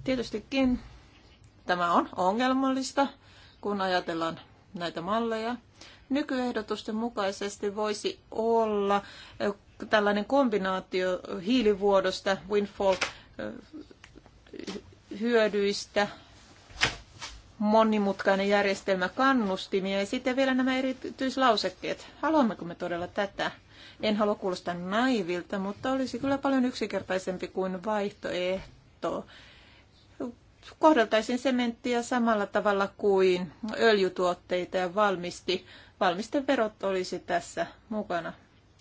Tietystikin tämä on ongelmallista, kun ajatellaan näitä malleja. Nykyehdotusten mukaisesti voisi olla tällainen kombinaatio hiilivuodosta, windfall hyödyistä monimutkainen järjestelmä kannustimia ja sitten vielä nämä erityislausekkeet. Haluammeko me todella tätä? En halua kuulostaa naivilta, mutta olisi kyllä paljon yksinkertaisempi kuin vaihtoehto. Kohdeltaisin sementtiä samalla tavalla kuin öljytuotteita ja valmisti. verot olisi tässä mukana.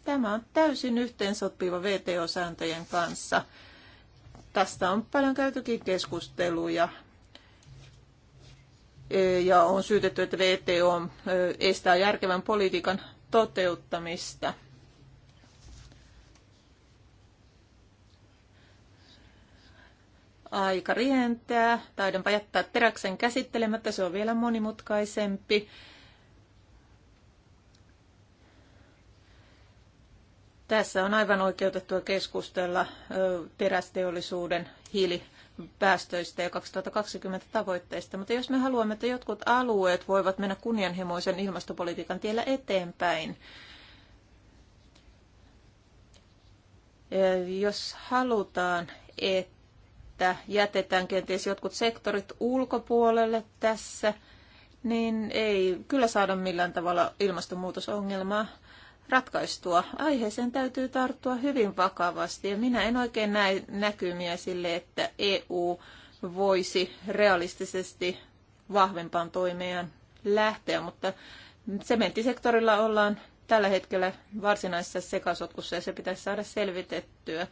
Tämä on täysin yhteensopiva VTO-sääntöjen kanssa. Tästä on paljon käytykin keskusteluja Eh, ja on syytetty, että VTO eh, estää järkevän politiikan toteuttamista. Aika rientää. Taidanpa jättää teräksen käsittelemättä. Se on vielä monimutkaisempi. Tässä on aivan oikeutettua keskustella eh, terästeollisuuden hiili päästöistä ja 2020 tavoitteista, mutta jos me haluamme, että jotkut alueet voivat mennä kunnianhimoisen ilmastopolitiikan tiellä eteenpäin, e, jos halutaan, että jätetään kenties jotkut sektorit ulkopuolelle tässä, niin ei kyllä saada millään tavalla ilmastonmuutosongelmaa ratkaistua. Aiheeseen täytyy tarttua hyvin vakavasti ja minä en oikein näe näkymiä sille, että EU voisi realistisesti vahvempaan toimeen lähteä, mutta sementtisektorilla ollaan tällä hetkellä varsinaisessa sekasotkussa ja se pitäisi saada selvitettyä.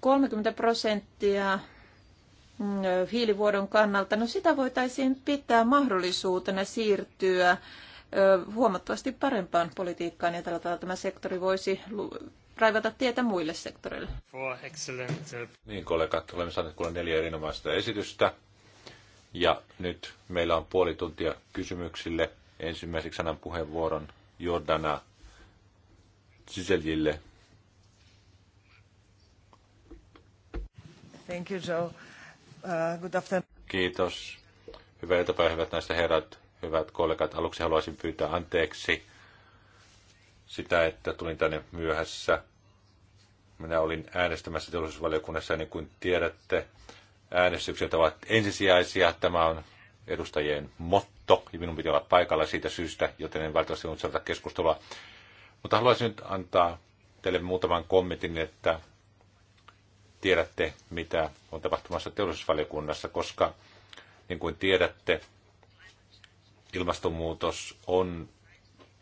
30 prosenttia mm, hiilivuodon kannalta, no sitä voitaisiin pitää mahdollisuutena siirtyä huomattavasti parempaan politiikkaan ja tällä tavalla tämä sektori voisi raivata tietä muille sektoreille. Uh, niin kollegat, olemme saaneet kuulla neljä erinomaista esitystä. Ja nyt meillä on puoli tuntia kysymyksille. Ensimmäiseksi sanan puheenvuoron Jordana Zizeljille. Thank you, Joe. Uh, good afternoon. Kiitos. Hyvää iltapäivää, hyvät näistä herrat. Hyvät kollegat, aluksi haluaisin pyytää anteeksi sitä, että tulin tänne myöhässä. Minä olin äänestämässä teollisuusvaliokunnassa, niin kuin tiedätte. Äänestykset ovat ensisijaisia. Tämä on edustajien motto, ja minun piti olla paikalla siitä syystä, joten en välttämättä voinut seurata keskustelua. Mutta haluaisin nyt antaa teille muutaman kommentin, että tiedätte, mitä on tapahtumassa teollisuusvaliokunnassa, koska niin kuin tiedätte, ilmastonmuutos on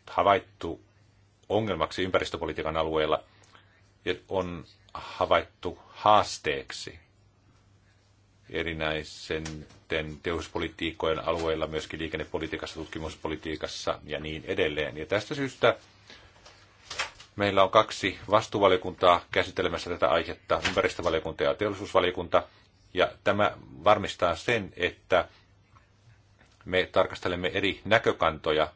havaittu ongelmaksi ympäristöpolitiikan alueella ja on havaittu haasteeksi erinäisen teollisuuspolitiikkojen alueilla, myöskin liikennepolitiikassa, tutkimuspolitiikassa ja niin edelleen. Ja tästä syystä meillä on kaksi vastuuvaliokuntaa käsittelemässä tätä aihetta, ympäristövaliokunta ja teollisuusvaliokunta. Ja tämä varmistaa sen, että me tarkastelemme eri näkökantoja,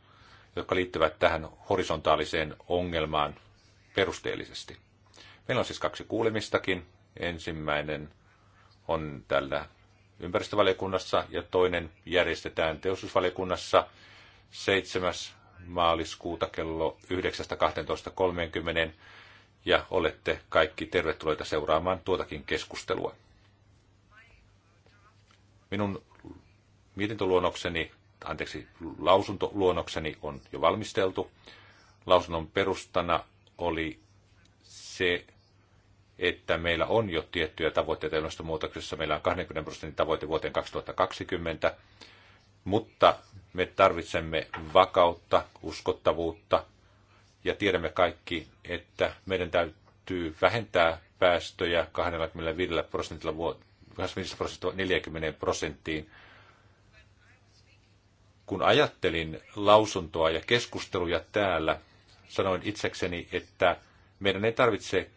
jotka liittyvät tähän horisontaaliseen ongelmaan perusteellisesti. Meillä on siis kaksi kuulemistakin. Ensimmäinen on tällä ympäristövaliokunnassa ja toinen järjestetään teollisuusvaliokunnassa 7. maaliskuuta kello 9.12.30 ja olette kaikki tervetulleita seuraamaan tuotakin keskustelua. Minun Mietintöluonnokseni, anteeksi, lausuntoluonnokseni on jo valmisteltu. Lausunnon perustana oli se, että meillä on jo tiettyjä tavoitteita ilmastonmuutoksessa. Meillä on 20 prosentin tavoite vuoteen 2020, mutta me tarvitsemme vakautta, uskottavuutta ja tiedämme kaikki, että meidän täytyy vähentää päästöjä 25 prosentilla vuoteen 40 prosenttiin kun ajattelin lausuntoa ja keskusteluja täällä, sanoin itsekseni, että meidän ei tarvitse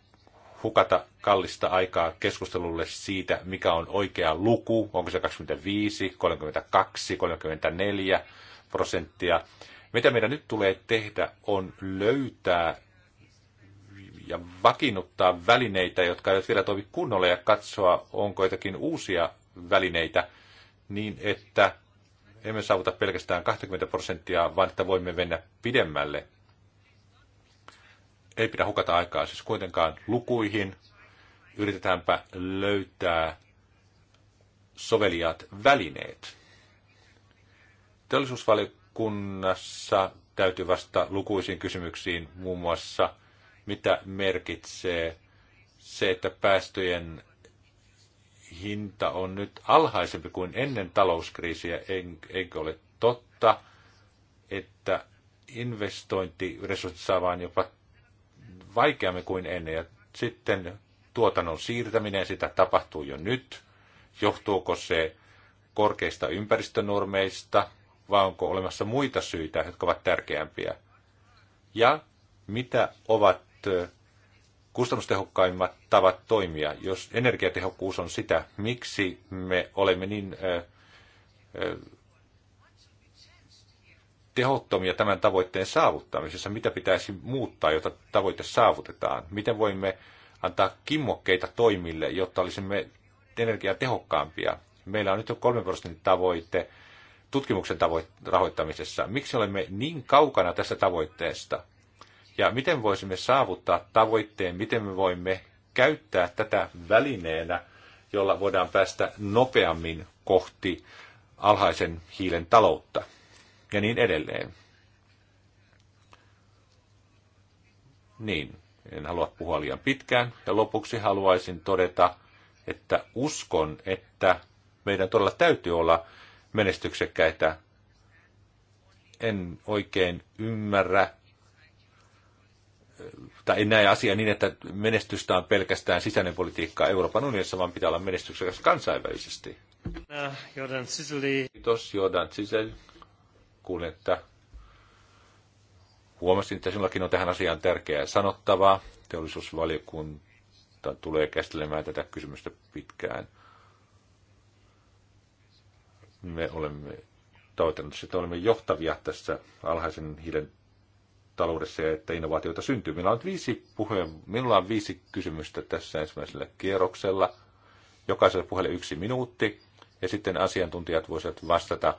hukata kallista aikaa keskustelulle siitä, mikä on oikea luku, onko se 25, 32, 34 prosenttia. Mitä meidän nyt tulee tehdä on löytää ja vakiinnuttaa välineitä, jotka eivät vielä toimi kunnolla ja katsoa, onko jotakin uusia välineitä niin, että emme saavuta pelkästään 20 prosenttia, vaan että voimme mennä pidemmälle. Ei pidä hukata aikaa siis kuitenkaan lukuihin. Yritetäänpä löytää soveliaat välineet. Teollisuusvaliokunnassa täytyy vastata lukuisiin kysymyksiin, muun muassa mitä merkitsee se, että päästöjen hinta on nyt alhaisempi kuin ennen talouskriisiä, eikö ole totta, että investointiresurssit saa vain jopa vaikeammin kuin ennen. Ja sitten tuotannon siirtäminen, sitä tapahtuu jo nyt. Johtuuko se korkeista ympäristönormeista vai onko olemassa muita syitä, jotka ovat tärkeämpiä? Ja mitä ovat kustannustehokkaimmat tavat toimia. Jos energiatehokkuus on sitä, miksi me olemme niin äh, tehottomia tämän tavoitteen saavuttamisessa, mitä pitäisi muuttaa, jotta tavoite saavutetaan, miten voimme antaa kimmokkeita toimille, jotta olisimme energiatehokkaampia. Meillä on nyt jo 3 prosentin tavoite tutkimuksen tavoit- rahoittamisessa. Miksi olemme niin kaukana tästä tavoitteesta? ja miten voisimme saavuttaa tavoitteen, miten me voimme käyttää tätä välineenä, jolla voidaan päästä nopeammin kohti alhaisen hiilen taloutta ja niin edelleen. Niin, en halua puhua liian pitkään. Ja lopuksi haluaisin todeta, että uskon, että meidän todella täytyy olla menestyksekkäitä. En oikein ymmärrä, tai en näe asiaa niin, että menestystä on pelkästään sisäinen politiikka Euroopan unionissa, vaan pitää olla menestyksekäs kansainvälisesti. Äh, Jordan Siseli. Kiitos Jordan Siseli. Kuulin, että huomasin, että sinullakin on tähän asiaan tärkeää sanottavaa. Teollisuusvaliokunta tulee käsittelemään tätä kysymystä pitkään. Me olemme tavoitelleet, että olemme johtavia tässä alhaisen hiilen taloudessa ja että innovaatioita syntyy. Meillä on viisi, puhe, minulla on viisi kysymystä tässä ensimmäisellä kierroksella. Jokaiselle puheelle yksi minuutti ja sitten asiantuntijat voisivat vastata,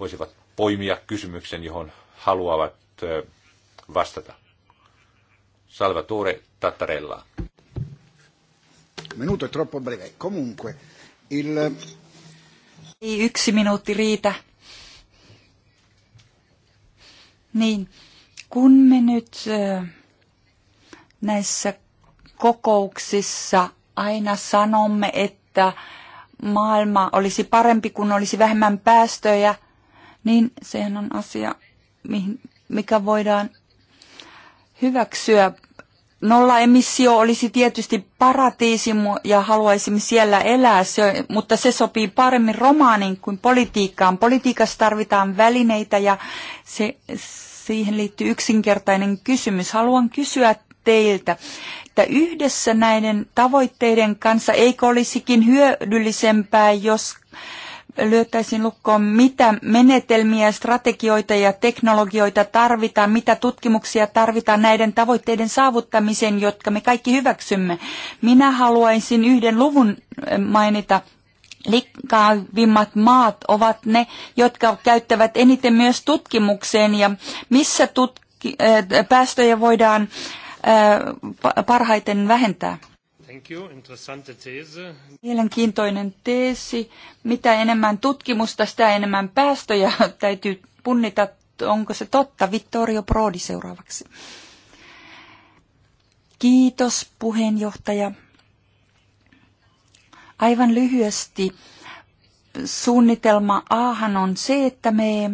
voisivat poimia kysymyksen, johon haluavat vastata. Salvatore Tattarella. Minuutti troppo breve. Comunque, il... Ei yksi minuutti riitä. Niin, kun me nyt näissä kokouksissa aina sanomme, että maailma olisi parempi, kun olisi vähemmän päästöjä, niin sehän on asia, mikä voidaan hyväksyä Nollaemissio olisi tietysti paratiisi ja haluaisimme siellä elää, se, mutta se sopii paremmin romaanin kuin politiikkaan. Politiikassa tarvitaan välineitä ja se, siihen liittyy yksinkertainen kysymys. Haluan kysyä teiltä, että yhdessä näiden tavoitteiden kanssa eikö olisikin hyödyllisempää, jos lyöttäisiin lukkoon, mitä menetelmiä, strategioita ja teknologioita tarvitaan, mitä tutkimuksia tarvitaan näiden tavoitteiden saavuttamiseen, jotka me kaikki hyväksymme. Minä haluaisin yhden luvun eh, mainita. Likkaavimmat maat ovat ne, jotka käyttävät eniten myös tutkimukseen ja missä tutki, eh, päästöjä voidaan eh, parhaiten vähentää. Thank you. Interessante These. Mielenkiintoinen teesi. Mitä enemmän tutkimusta, sitä enemmän päästöjä täytyy punnita. Onko se totta? Vittorio Prodi seuraavaksi. Kiitos puheenjohtaja. Aivan lyhyesti. Suunnitelma Ahan on se, että me,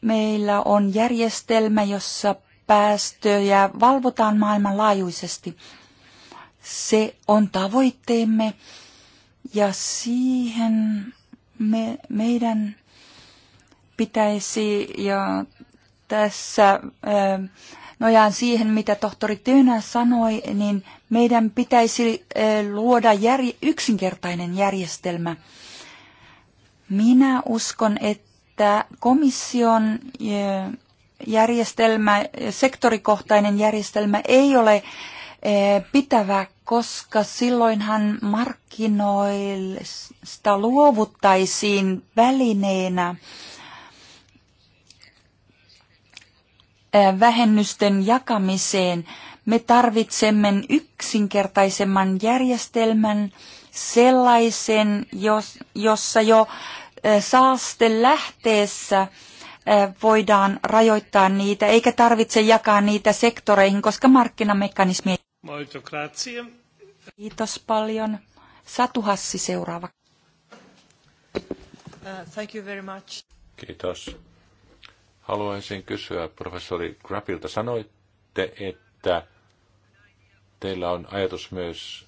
meillä on järjestelmä, jossa päästöjä valvotaan maailmanlaajuisesti. Se on tavoitteemme ja siihen me, meidän pitäisi ja tässä ähm, nojaan siihen, mitä tohtori Tönä sanoi, niin meidän pitäisi äh, luoda järj- yksinkertainen järjestelmä. Minä uskon, että komission äh, järjestelmä, sektorikohtainen järjestelmä ei ole pitävä, koska silloinhan markkinoista luovuttaisiin välineenä vähennysten jakamiseen. Me tarvitsemme yksinkertaisemman järjestelmän sellaisen, jossa jo saaste lähteessä voidaan rajoittaa niitä, eikä tarvitse jakaa niitä sektoreihin, koska markkinamekanismi ei grazie. Kiitos paljon. Satu Hassi seuraava. Uh, thank you very much. Kiitos. Haluaisin kysyä professori Grappilta. Sanoitte, että teillä on ajatus myös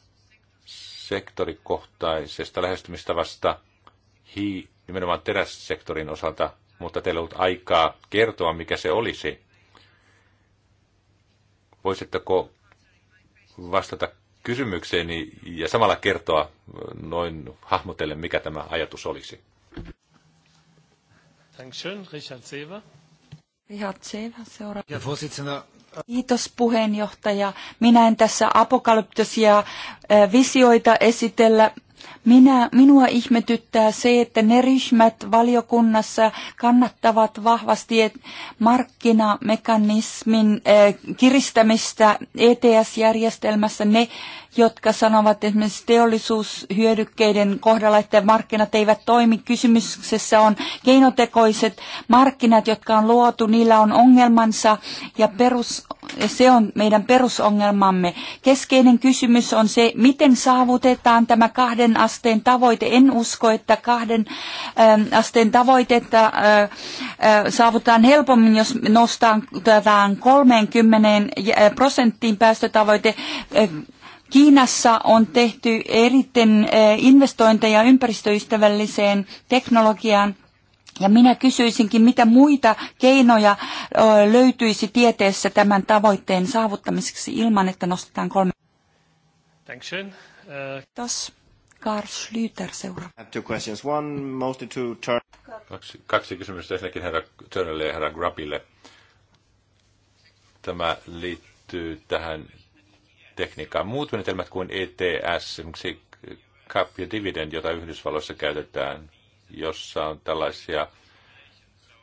sektorikohtaisesta lähestymistavasta hii, nimenomaan terässektorin osalta, mutta teillä on ollut aikaa kertoa, mikä se olisi. Voisitteko vastata kysymykseeni ja samalla kertoa noin hahmotellen, mikä tämä ajatus olisi. Dankeschön, Richard Seva. Richard Seva seuraava. Eh, Kiitos puheenjohtaja. Minä en tässä apokalyptisia eh, visioita esitellä, minä, minua ihmetyttää se, että ne ryhmät valiokunnassa kannattavat vahvasti markkinamekanismin eh, kiristämistä ETS-järjestelmässä. Ne, jotka sanovat esimerkiksi teollisuushyödykkeiden kohdalla, että markkinat eivät toimi. Kysymyksessä on keinotekoiset markkinat, jotka on luotu, niillä on ongelmansa ja perus se on meidän perusongelmamme. Keskeinen kysymys on se, miten saavutetaan tämä kahden asteen tavoite. En usko, että kahden ähm, asteen tavoitetta äh, äh, saavutetaan helpommin, jos nostetaan 30 äh, prosenttiin päästötavoite. Kiinassa on tehty erittäin investointeja ympäristöystävälliseen teknologiaan ja minä kysyisinkin, mitä muita keinoja löytyisi tieteessä tämän tavoitteen saavuttamiseksi ilman, että nostetaan kolme. Dankeschön. Uh, Kiitos. Karl Schlüter seuraa. Two questions. One, mostly to Kaksi, kaksi kysymystä ensinnäkin herra Törnölle ja herra Grappille. Tämä liittyy tähän tekniikkaan. Muut menetelmät kuin ETS, esimerkiksi CAP ja dividend, jota Yhdysvalloissa käytetään – jossa on tällaisia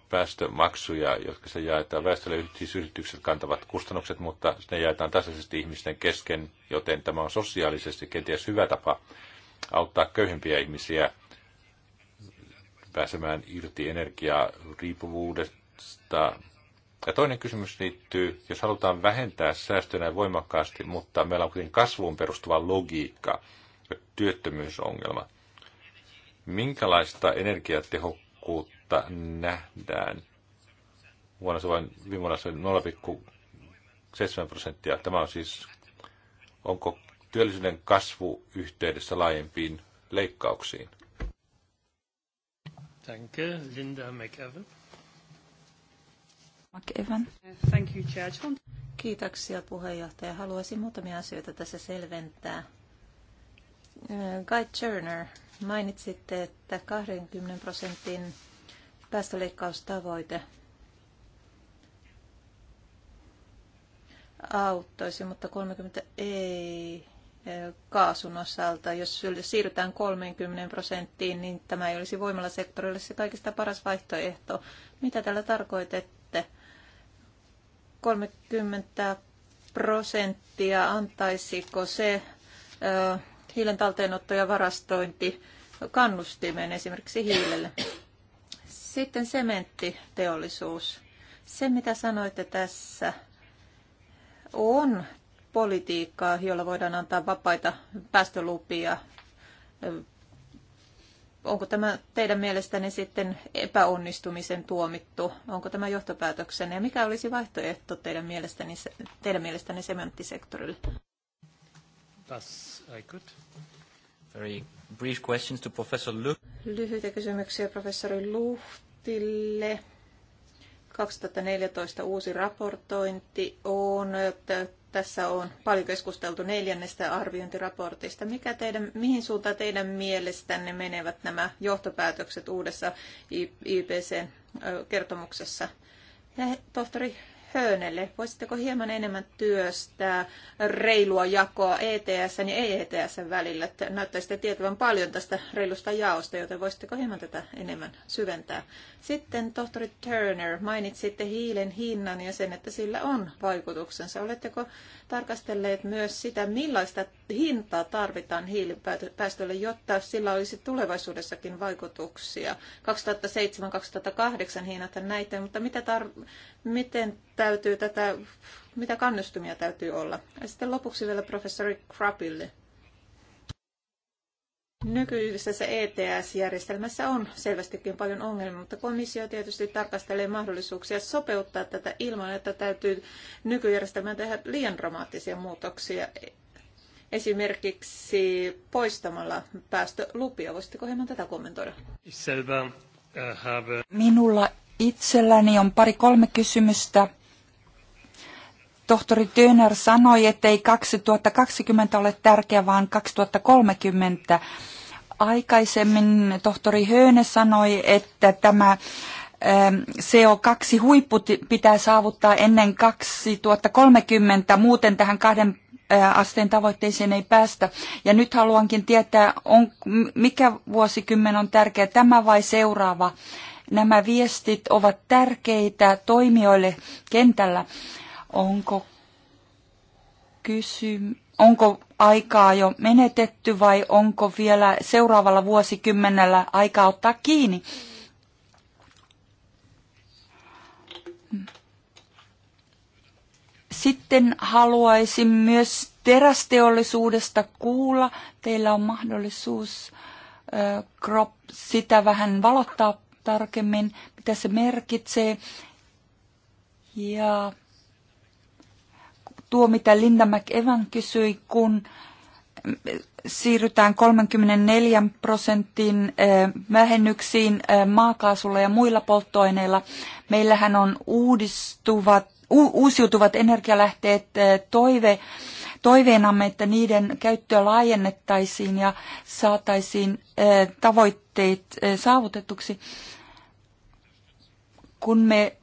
päästömaksuja, jotka se jaetaan väestölle, siis yritykset kantavat kustannukset, mutta ne jaetaan tasaisesti ihmisten kesken, joten tämä on sosiaalisesti kenties hyvä tapa auttaa köyhempiä ihmisiä pääsemään irti energiariippuvuudesta. Ja toinen kysymys liittyy, jos halutaan vähentää säästöjä voimakkaasti, mutta meillä on kuitenkin kasvuun perustuva logiikka ja työttömyysongelma – Minkälaista energiatehokkuutta nähdään? Vuonna se vain, viime se 0,7 prosenttia. Tämä on siis, onko työllisyyden kasvu yhteydessä laajempiin leikkauksiin? Danke, Linda McEvan. McEvan. Thank you, Chair. Kiitoksia puheenjohtaja. Haluaisin muutamia asioita tässä selventää. Guy Turner Mainitsitte, että 20 prosentin päästöleikkaustavoite auttaisi, mutta 30 ei eh, kaasun osalta. Jos siirrytään 30 prosenttiin, niin tämä ei olisi voimalasektorille sektorille se kaikista paras vaihtoehto. Mitä tällä tarkoitette? 30 prosenttia antaisiko se eh, hiilen talteenotto ja varastointi kannustimeen esimerkiksi hiilelle. Sitten sementtiteollisuus. Se, mitä sanoitte tässä, on politiikkaa, jolla voidaan antaa vapaita päästölupia. Onko tämä teidän mielestänne sitten epäonnistumisen tuomittu? Onko tämä johtopäätöksenne? Ja mikä olisi vaihtoehto teidän mielestänne, teidän mielestänne sementtisektorille? That's I could. Very brief questions to Professor Luh. Lyhyitä kysymyksiä professori Luhtille. 2014 uusi raportointi on, että tässä on paljon keskusteltu neljännestä arviointiraportista. Mikä teidän, mihin suuntaan teidän mielestänne menevät nämä johtopäätökset uudessa ipc kertomuksessa? Ja tohtori Höönelle. Voisitteko hieman enemmän työstää reilua jakoa ETS ja EETS välillä? Näyttäisitte tietävän paljon tästä reilusta jaosta, joten voisitteko hieman tätä enemmän syventää. Sitten tohtori Turner, mainitsitte hiilen hinnan ja sen, että sillä on vaikutuksensa. Oletteko tarkastelleet myös sitä, millaista hintaa tarvitaan hiilipäästölle, jotta sillä olisi tulevaisuudessakin vaikutuksia? 2007-2008 hinnat näitä, mutta mitä tar- miten täytyy tätä, mitä kannustumia täytyy olla. Ja sitten lopuksi vielä professori Krapille. Nykyisessä ETS-järjestelmässä e on selvästikin paljon ongelmia, mutta komissio tietysti tarkastelee mahdollisuuksia sopeuttaa tätä ilman, että täytyy nykyjärjestelmään tehdä liian dramaattisia muutoksia. Esimerkiksi poistamalla päästölupia. Voisitteko hieman tätä kommentoida? Äh, Minulla itselläni on pari-kolme kysymystä tohtori Töner sanoi, että ei 2020 ole tärkeä, vaan 2030. Aikaisemmin tohtori Höne sanoi, että tämä ähm, CO2-huippu pitää saavuttaa ennen 2030, muuten tähän kahden äh, asteen tavoitteeseen ei päästä. Ja nyt haluankin tietää, on, mikä vuosikymmen on tärkeä, tämä vai seuraava. Nämä viestit ovat tärkeitä toimijoille kentällä onko, kysy, onko aikaa jo menetetty vai onko vielä seuraavalla vuosikymmenellä aikaa ottaa kiinni? Sitten haluaisin myös terästeollisuudesta kuulla. Teillä on mahdollisuus äh, crop, sitä vähän valottaa tarkemmin, mitä se merkitsee. Ja tuo, mitä Linda McEvan kysyi, kun siirrytään 34 prosentin eh, vähennyksiin eh, maakaasulla ja muilla polttoaineilla. Meillähän on uudistuvat, uusiutuvat energialähteet eh, toive, toiveenamme, että niiden käyttöä laajennettaisiin ja saataisiin tavoitteet saavutetuksi. Kun me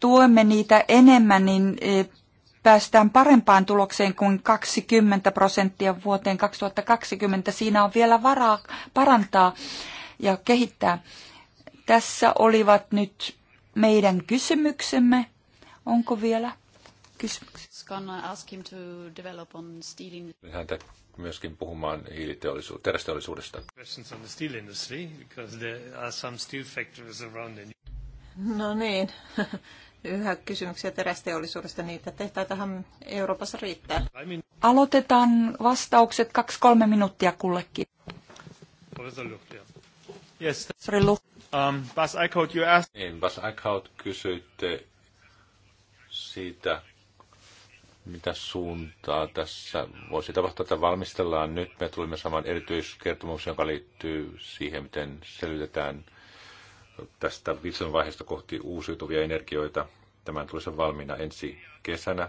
tuemme niitä enemmän, niin päästään parempaan tulokseen kuin 20 prosenttia vuoteen 2020. Siinä on vielä varaa parantaa ja kehittää. Tässä olivat nyt meidän kysymyksemme. Onko vielä kysymyksiä? Häntä myöskin puhumaan hiiliteollisuudesta, terästeollisuudesta. No niin, yhä kysymyksiä terästeollisuudesta. Niitä tehtaitahan Euroopassa riittää. Aloitetaan vastaukset kaksi kolme minuuttia kullekin. Yes. Sorry, Lu. Um, Bas Eichhout, you asked... Niin, Bas Eichhout kysyitte siitä, mitä suuntaa tässä voisi tapahtua, että valmistellaan nyt. Me tulimme saman erityiskertomuksen joka liittyy siihen, miten selvitetään – tästä vaiheesta kohti uusiutuvia energioita. Tämän tulisi valmiina ensi kesänä.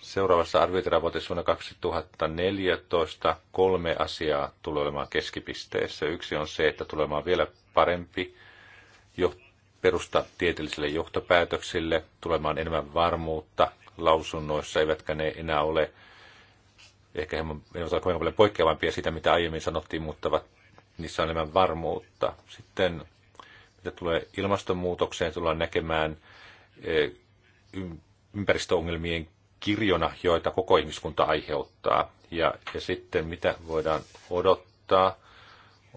Seuraavassa arviointiraportissa vuonna 2014 kolme asiaa tulee olemaan keskipisteessä. Yksi on se, että tulee olemaan vielä parempi jo perusta tieteellisille johtopäätöksille, tulemaan enemmän varmuutta lausunnoissa, eivätkä ne enää ole ehkä hieman, en kovin paljon poikkeavampia siitä, mitä aiemmin sanottiin, mutta niissä on enemmän varmuutta. Sitten mitä tulee ilmastonmuutokseen, tullaan näkemään e, ympäristöongelmien kirjona, joita koko ihmiskunta aiheuttaa. Ja, ja sitten mitä voidaan odottaa,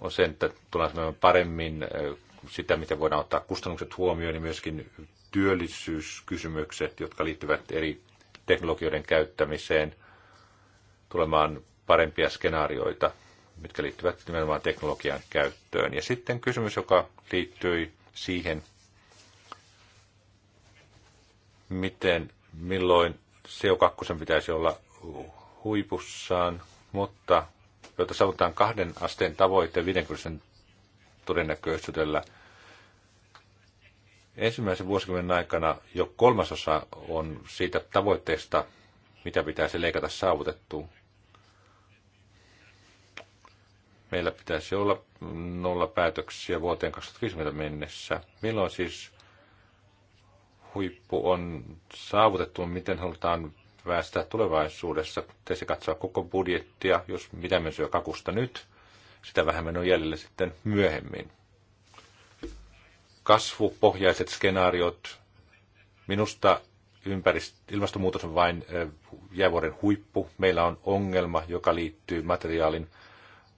on se, että tullaan paremmin e, sitä, miten voidaan ottaa kustannukset huomioon niin myöskin työllisyyskysymykset, jotka liittyvät eri teknologioiden käyttämiseen, tulemaan parempia skenaarioita, mitkä liittyvät nimenomaan teknologian käyttöön. Ja sitten kysymys, joka liittyi siihen, miten, milloin CO2 pitäisi olla huipussaan, mutta jotta saavutetaan kahden asteen tavoite 50 todennäköisyydellä. Ensimmäisen vuosikymmenen aikana jo kolmasosa on siitä tavoitteesta, mitä pitäisi leikata saavutettuun. meillä pitäisi olla nolla päätöksiä vuoteen 2050 mennessä. Milloin siis huippu on saavutettu, miten halutaan päästä tulevaisuudessa. Pitäisi katsoa koko budjettia, jos mitä me syö kakusta nyt, sitä vähemmän on jäljellä sitten myöhemmin. Kasvupohjaiset skenaariot. Minusta ympärist- ilmastonmuutos on vain jäävuoren huippu. Meillä on ongelma, joka liittyy materiaalin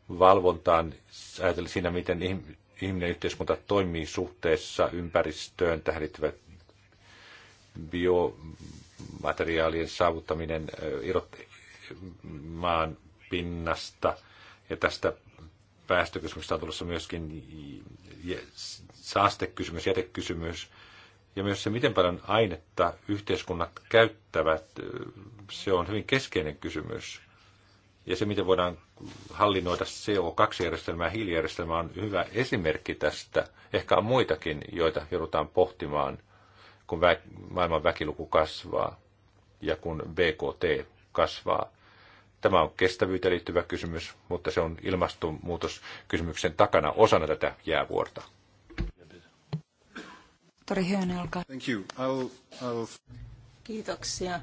valvontaan, ajatellen siinä, miten ihminen yhteiskunta toimii suhteessa ympäristöön, tähän liittyvät biomateriaalien saavuttaminen irrot, maan pinnasta. Ja tästä päästökysymyksestä on tulossa myöskin saastekysymys, jätekysymys. Ja myös se, miten paljon ainetta yhteiskunnat käyttävät, se on hyvin keskeinen kysymys. Ja se, miten voidaan hallinnoida CO2-järjestelmää, hiilijärjestelmää, on hyvä esimerkki tästä. Ehkä on muitakin, joita joudutaan pohtimaan, kun vä- maailman väkiluku kasvaa ja kun BKT kasvaa. Tämä on kestävyyteen liittyvä kysymys, mutta se on ilmastonmuutoskysymyksen takana osana tätä jäävuorta. Tori Hyön, olkaa. Thank you. I'll, I'll... Kiitoksia.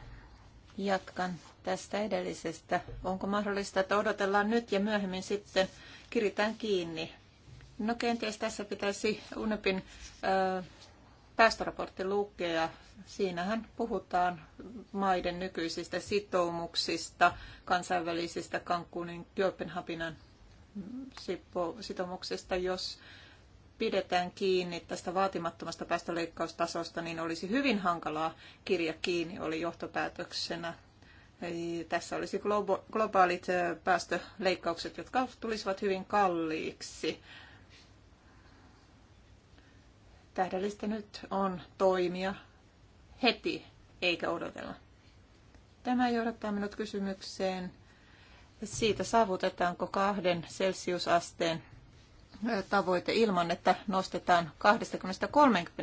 Jatkan tästä edellisestä. Onko mahdollista, että odotellaan nyt ja myöhemmin sitten kiritään kiinni? No kenties tässä pitäisi UNEPin päästöraportti lukea. Siinähän puhutaan maiden nykyisistä sitoumuksista, kansainvälisistä Cancunin, Kööpenhaminan sitoumuksista, jos pidetään kiinni tästä vaatimattomasta päästöleikkaustasosta, niin olisi hyvin hankalaa kirja kiinni, oli johtopäätöksenä. Tässä olisi globaalit päästöleikkaukset, jotka tulisivat hyvin kalliiksi. Tähdellistä nyt on toimia heti, eikä odotella. Tämä johdattaa minut kysymykseen siitä, saavutetaanko kahden celsiusasteen tavoite ilman, että nostetaan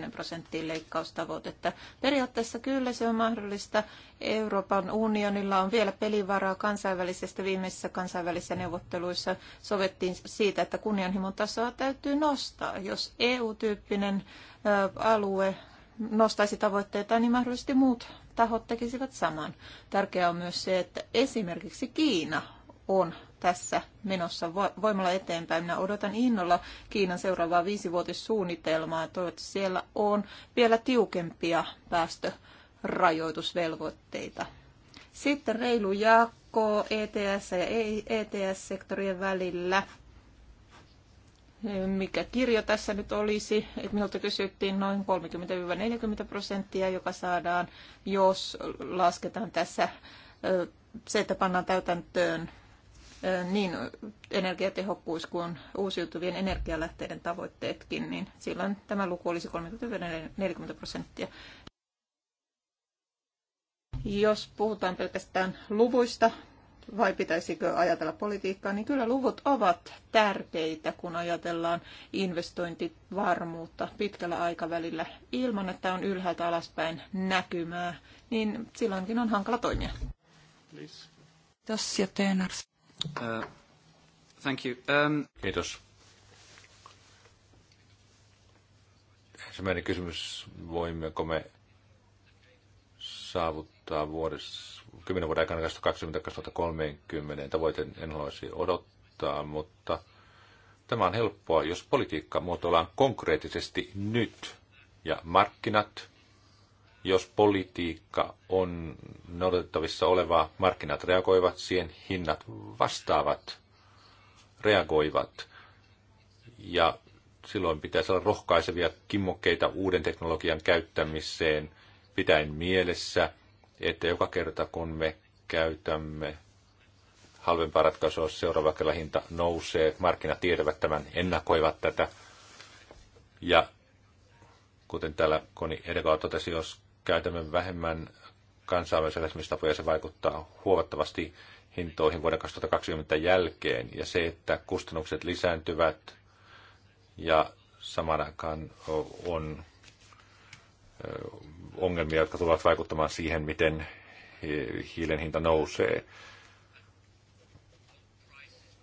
20-30 prosenttiin leikkaustavoitetta. Periaatteessa kyllä se on mahdollista. Euroopan unionilla on vielä pelivaraa kansainvälisestä. Viimeisissä kansainvälisissä neuvotteluissa sovittiin siitä, että kunnianhimon tasoa täytyy nostaa. Jos EU-tyyppinen alue nostaisi tavoitteita, niin mahdollisesti muut tahot tekisivät saman. Tärkeää on myös se, että esimerkiksi Kiina on tässä menossa voimalla eteenpäin. Minä odotan innolla Kiinan seuraavaa viisivuotissuunnitelmaa. Toivottavasti siellä on vielä tiukempia päästörajoitusvelvoitteita. Sitten reilu jako ETS- ja ETS-sektorien e välillä. Mikä kirjo tässä nyt olisi? Et minulta kysyttiin noin 30-40 prosenttia, joka saadaan, jos lasketaan tässä se, että pannaan täytäntöön niin energiatehokkuus kuin uusiutuvien energialähteiden tavoitteetkin, niin silloin tämä luku olisi 30-40 prosenttia. Jos puhutaan pelkästään luvuista, vai pitäisikö ajatella politiikkaa, niin kyllä luvut ovat tärkeitä, kun ajatellaan investointivarmuutta pitkällä aikavälillä. Ilman, että on ylhäältä alaspäin näkymää, niin silloinkin on hankala toimia. Please. Uh, thank you. Um... Kiitos. Ensimmäinen kysymys, voimmeko me saavuttaa vuodessa, 10 vuoden aikana 2020-2030 tavoitteen en haluaisi odottaa, mutta tämä on helppoa, jos politiikka muotoillaan konkreettisesti nyt ja markkinat jos politiikka on noudatettavissa olevaa, markkinat reagoivat siihen, hinnat vastaavat, reagoivat. Ja silloin pitäisi olla rohkaisevia kimmokkeita uuden teknologian käyttämiseen, pitäen mielessä, että joka kerta kun me käytämme halvempaa ratkaisua, seuraava kerralla hinta nousee, markkinat tietävät tämän, ennakoivat tätä. Ja kuten täällä Koni edekaa totesi, jos käytämme vähemmän kansainvälisiä lähestymistapoja, se vaikuttaa huomattavasti hintoihin vuoden 2020 jälkeen. Ja se, että kustannukset lisääntyvät ja samaan aikaan on ongelmia, jotka tulevat vaikuttamaan siihen, miten hiilen hinta nousee.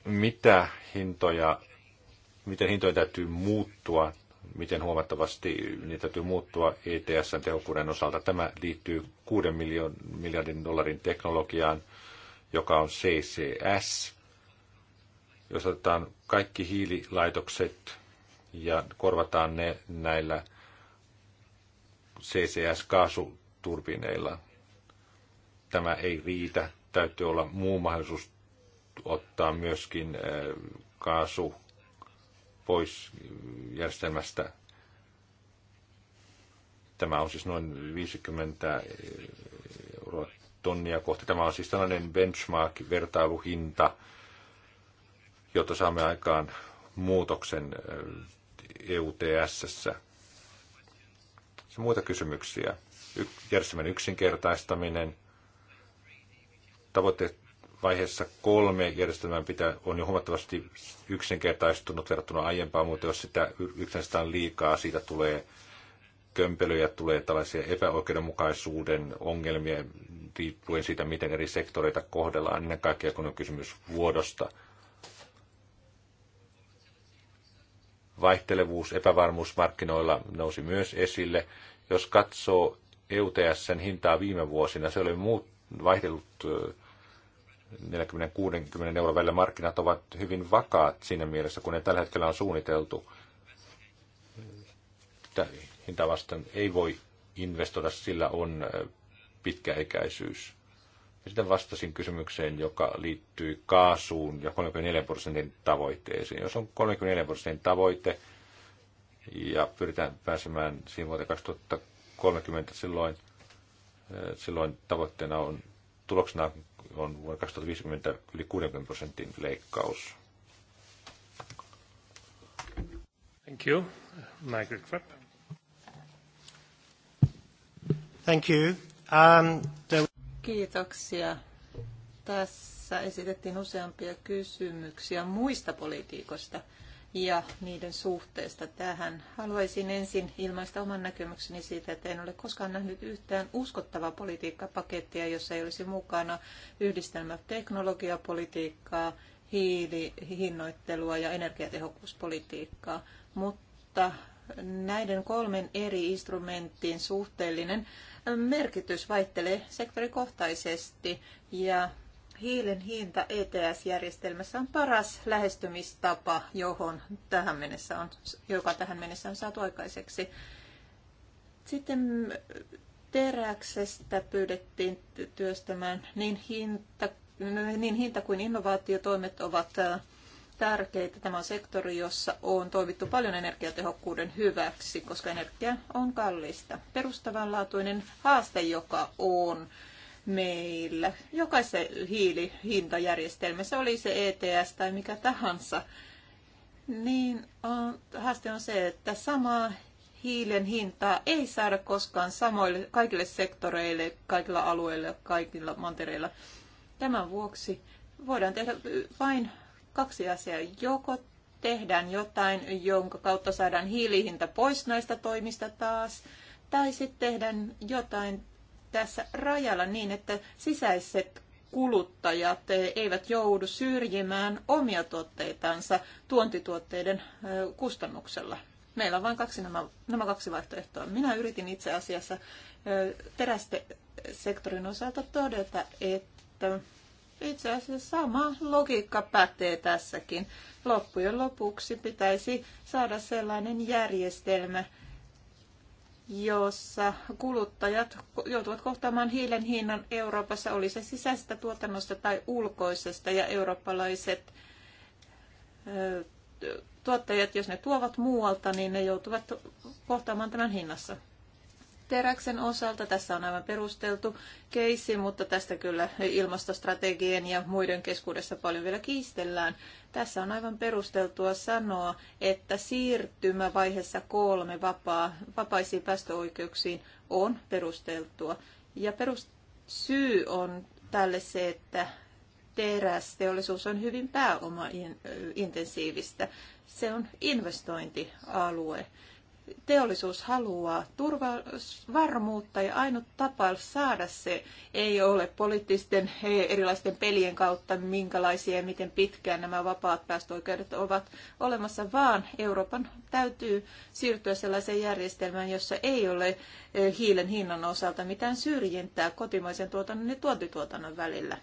Mitä hintoja, miten hintoja täytyy muuttua miten huomattavasti niitä täytyy muuttua ETSn tehokkuuden osalta. Tämä liittyy 6 miljardin dollarin teknologiaan, joka on CCS. Jos otetaan kaikki hiililaitokset ja korvataan ne näillä CCS-kaasuturbiineilla, tämä ei riitä. Täytyy olla muu mahdollisuus ottaa myöskin äh, kaasu pois järjestelmästä. Tämä on siis noin 50 euroa tonnia kohti. Tämä on siis tällainen benchmark-vertailuhinta, jotta saamme aikaan muutoksen EUTS. Eh, e muita kysymyksiä. Järjestelmän yksinkertaistaminen, tavoitteet vaiheessa kolme järjestelmää pitää, on jo huomattavasti yksinkertaistunut verrattuna aiempaan, mutta jos sitä yksinkertaistetaan liikaa, siitä tulee kömpelöjä, tulee tällaisia epäoikeudenmukaisuuden ongelmia riippuen siitä, miten eri sektoreita kohdellaan, ennen kaikkea kun on kysymys vuodosta. Vaihtelevuus, epävarmuus markkinoilla nousi myös esille. Jos katsoo EUTSn hintaa viime vuosina, se oli muut, vaihdellut 40-60 euron välillä markkinat ovat hyvin vakaat siinä mielessä, kun ne tällä hetkellä on suunniteltu. Hinta vastaan ei voi investoida, sillä on pitkäikäisyys. Ja sitten vastasin kysymykseen, joka liittyy kaasuun ja 34 prosentin tavoitteeseen. Jos on 34 prosentin tavoite ja pyritään pääsemään siihen vuoteen 2030, silloin, silloin tavoitteena on tuloksena on vuonna 2050 yli 60 prosentin leikkaus. Thank you. Michael Krapp. Thank you. Um, the... Kiitoksia. Tässä esitettiin useampia kysymyksiä muista politiikoista ja niiden suhteesta tähän. Haluaisin ensin ilmaista oman näkemykseni siitä, että en ole koskaan nähnyt yhtään uskottavaa politiikkapakettia, jossa ei olisi mukana yhdistelmä teknologiapolitiikkaa, hiilihinnoittelua ja energiatehokkuuspolitiikkaa. Mutta näiden kolmen eri instrumentin suhteellinen merkitys vaihtelee sektorikohtaisesti ja hiilen hinta ETS-järjestelmässä on paras lähestymistapa, johon tähän mennessä on, joka tähän mennessä on saatu aikaiseksi. Sitten teräksestä pyydettiin työstämään niin hinta, niin hinta kuin innovaatiotoimet ovat äh, tärkeitä. Tämä on sektori, jossa on toimittu paljon energiatehokkuuden hyväksi, koska energia on kallista. Perustavanlaatuinen haaste, joka on meillä. Jokaisessa hiilihintajärjestelmässä, oli se ETS tai mikä tahansa, niin on, haaste on se, että samaa hiilen hintaa ei saada koskaan samoille kaikille sektoreille, kaikilla alueilla, kaikilla mantereilla. Tämän vuoksi voidaan tehdä vain kaksi asiaa. Joko tehdään jotain, jonka kautta saadaan hiilihinta pois näistä toimista taas, tai sitten tehdään jotain tässä rajalla niin, että sisäiset kuluttajat eivät joudu syrjimään omia tuotteitansa tuontituotteiden kustannuksella. Meillä on vain kaksi nämä, nämä kaksi vaihtoehtoa. Minä yritin itse asiassa terästesektorin osalta todeta, että itse asiassa sama logiikka pätee tässäkin. Loppujen lopuksi pitäisi saada sellainen järjestelmä, jossa kuluttajat joutuvat kohtaamaan hiilen hinnan Euroopassa, oli se sisäisestä tuotannosta tai ulkoisesta, ja eurooppalaiset tuottajat, jos ne tuovat muualta, niin ne joutuvat kohtaamaan tämän hinnassa teräksen osalta. Tässä on aivan perusteltu keissi, mutta tästä kyllä ilmastostrategien ja muiden keskuudessa paljon vielä kiistellään. Tässä on aivan perusteltua sanoa, että siirtymä vaiheessa kolme vapaa, vapaisiin päästöoikeuksiin on perusteltua. Ja perussyy on tälle se, että terästeollisuus on hyvin pääoma-intensiivistä. Se on investointialue teollisuus haluaa turva, varmuutta ja ainut tapa saada se ei ole poliittisten erilaisten pelien kautta, minkälaisia ja miten pitkään nämä vapaat päästöoikeudet ovat olemassa, vaan Euroopan täytyy siirtyä sellaiseen järjestelmään, jossa ei ole eh, hiilen hinnan osalta mitään syrjintää kotimaisen tuotannon ja tuontituotannon välillä.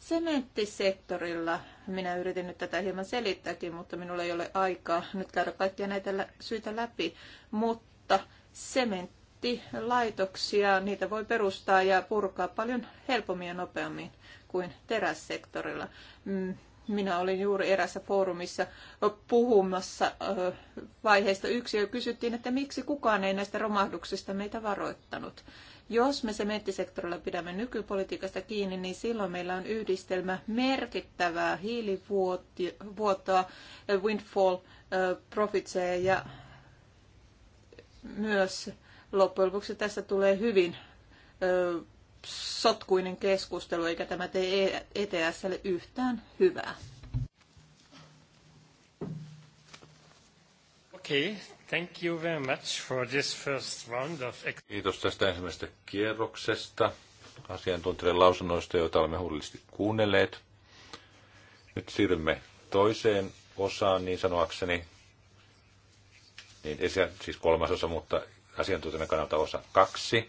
Sementtisektorilla, minä yritin nyt tätä hieman selittääkin, mutta minulla ei ole aikaa nyt käydä kaikkia näitä syitä läpi, mutta sementtilaitoksia, niitä voi perustaa ja purkaa paljon helpommin ja nopeammin kuin terässektorilla. Mm, minä olin juuri erässä foorumissa puhumassa vaiheesta yksi ja kysyttiin, että miksi kukaan ei näistä romahduksista meitä varoittanut. Jos me sementtisektorilla pidämme nykypolitiikasta kiinni, niin silloin meillä on yhdistelmä merkittävää hiilivuotoa, eh, windfall eh, profitseja ja myös loppujen lopuksi tässä tulee hyvin eh, sotkuinen keskustelu, eikä tämä tee ETSlle e yhtään hyvää. Okei, okay. Thank you very much for this first round of... Kiitos tästä ensimmäisestä kierroksesta asiantuntijan lausunnoista, joita olemme huolellisesti kuunnelleet. Nyt siirrymme toiseen osaan niin sanoakseni, niin esiä, siis kolmas osa, mutta asiantuntijan kannalta osa kaksi.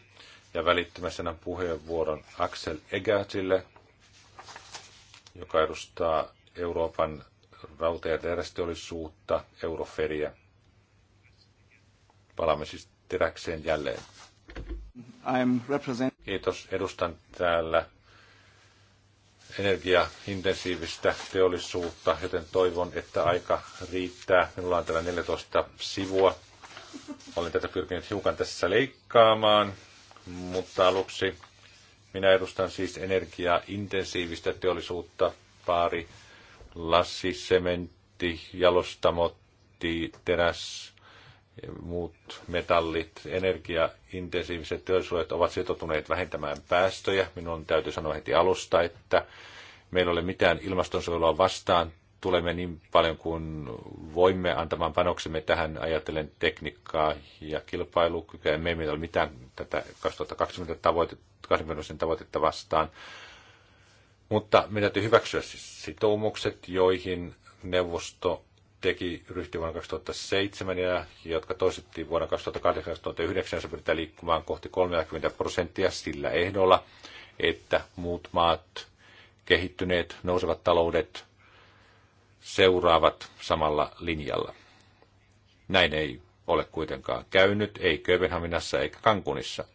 Ja välittömässä annan puheenvuoron Axel Egertille, joka edustaa Euroopan rauta- ja terästeollisuutta, Euroferiä palaamme siis teräkseen jälleen. I'm represent- Kiitos. Edustan täällä energiaintensiivistä teollisuutta, joten toivon, että aika riittää. Minulla on täällä 14 sivua. Olen tätä pyrkinyt hiukan tässä leikkaamaan, mutta aluksi minä edustan siis energiaintensiivistä teollisuutta, paari, lassi, sementti, jalostamotti teräs, muut metallit, energiaintensiiviset työsuojat ovat sitoutuneet vähentämään päästöjä. Minun täytyy sanoa heti alusta, että meillä ei ole mitään ilmastonsuojelua vastaan. Tulemme niin paljon kuin voimme antamaan panoksemme tähän ajatellen tekniikkaa ja kilpailukykyä. Me ei ole mitään tätä 2020 tavoitetta vastaan. Mutta meidän täytyy hyväksyä siis sitoumukset, joihin neuvosto teki ryhti vuonna 2007 ja jotka toistettiin vuonna 2008-2009, se pyritään liikkumaan kohti 30 prosenttia sillä ehdolla, että muut maat, kehittyneet, nousevat taloudet seuraavat samalla linjalla. Näin ei ole kuitenkaan käynyt, ei Kööpenhaminassa eikä Kankunissa.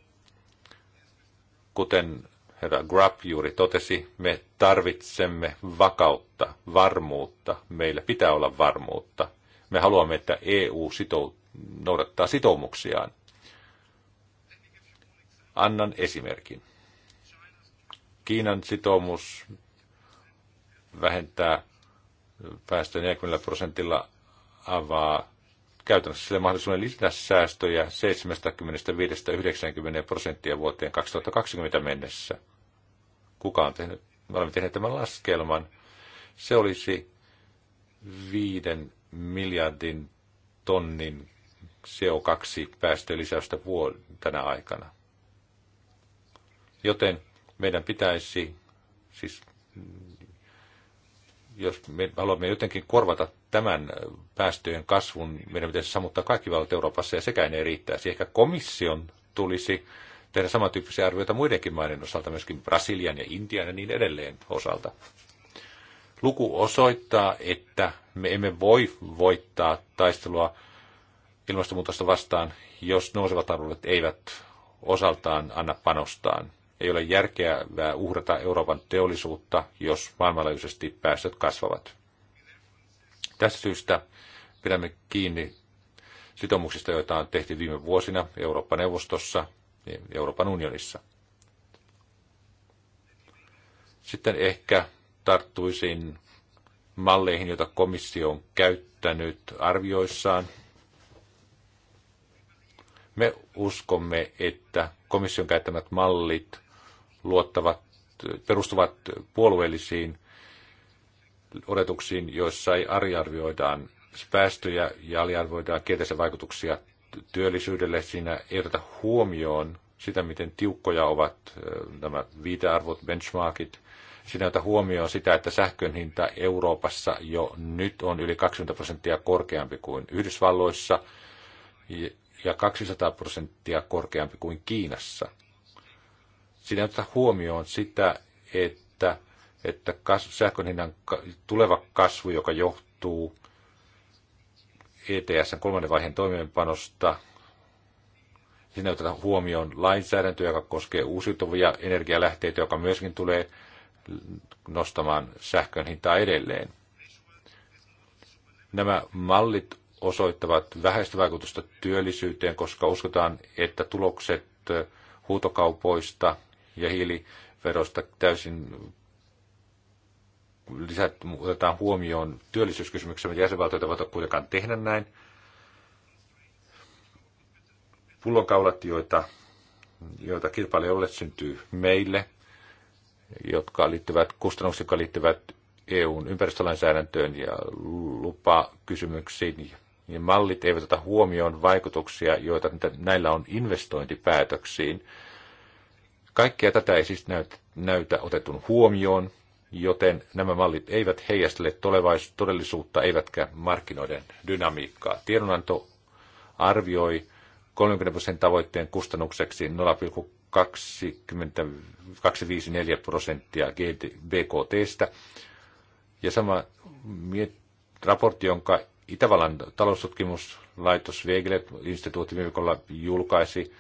Kuten herra Grapp juuri totesi, me tarvitsemme vakautta, varmuutta. Meillä pitää olla varmuutta. Me haluamme, että EU sitou- noudattaa sitoumuksiaan. Annan esimerkin. Kiinan sitoumus vähentää päästöjä 40 prosentilla avaa käytännössä sille mahdollisuuden lisätä säästöjä 75-90 prosenttia vuoteen 2020 mennessä kuka on tehnyt, me olemme tehneet tämän laskelman. Se olisi viiden miljardin tonnin CO2-päästölisäystä tänä aikana. Joten meidän pitäisi, siis jos me haluamme jotenkin korvata tämän päästöjen kasvun, meidän pitäisi sammuttaa kaikki valtiot Euroopassa ja sekään ei riittäisi. Ehkä komission tulisi tehdä samantyyppisiä arvioita muidenkin maiden osalta, myöskin Brasilian ja Intian ja niin edelleen osalta. Luku osoittaa, että me emme voi voittaa taistelua ilmastonmuutosta vastaan, jos nousevat arvot eivät osaltaan anna panostaan. Ei ole järkeä uhrata Euroopan teollisuutta, jos maailmanlaajuisesti päästöt kasvavat. Tästä syystä pidämme kiinni sitoumuksista, joita on tehty viime vuosina Eurooppa-neuvostossa niin Euroopan unionissa. Sitten ehkä tarttuisin malleihin, joita komissio on käyttänyt arvioissaan. Me uskomme, että komission käyttämät mallit luottavat, perustuvat puolueellisiin odotuksiin, joissa ei aliarvioidaan päästöjä ja aliarvioidaan kielteisiä vaikutuksia työllisyydelle. Siinä ei oteta huomioon sitä, miten tiukkoja ovat nämä viitearvot, benchmarkit. Siinä ei oteta huomioon sitä, että sähkön hinta Euroopassa jo nyt on yli 20 prosenttia korkeampi kuin Yhdysvalloissa ja 200 prosenttia korkeampi kuin Kiinassa. Siinä ei oteta huomioon sitä, että, että sähkön hinnan tuleva kasvu, joka johtuu ETSn kolmannen vaiheen toimeenpanosta. Siinä otetaan huomioon lainsäädäntö, joka koskee uusiutuvia energialähteitä, joka myöskin tulee nostamaan sähkön hintaa edelleen. Nämä mallit osoittavat vähäistä vaikutusta työllisyyteen, koska uskotaan, että tulokset huutokaupoista ja hiiliverosta täysin lisät otetaan huomioon työllisyyskysymyksiä, mutta jäsenvaltiot eivät kuitenkaan tehdä näin. Pullonkaulat, joita, joita kilpailijoille syntyy meille, jotka liittyvät, kustannuksiin, jotka liittyvät EUn ympäristölainsäädäntöön ja lupakysymyksiin, ja niin mallit eivät ota huomioon vaikutuksia, joita näillä on investointipäätöksiin. Kaikkea tätä ei siis näytä, näytä otetun huomioon, joten nämä mallit eivät heijastele todellisuutta eivätkä markkinoiden dynamiikkaa. Tiedonanto arvioi 30 prosentin tavoitteen kustannukseksi 0,254 prosenttia BKTstä. Ja sama raportti, jonka Itävallan taloustutkimuslaitos Wegelet instituutti viikolla julkaisi,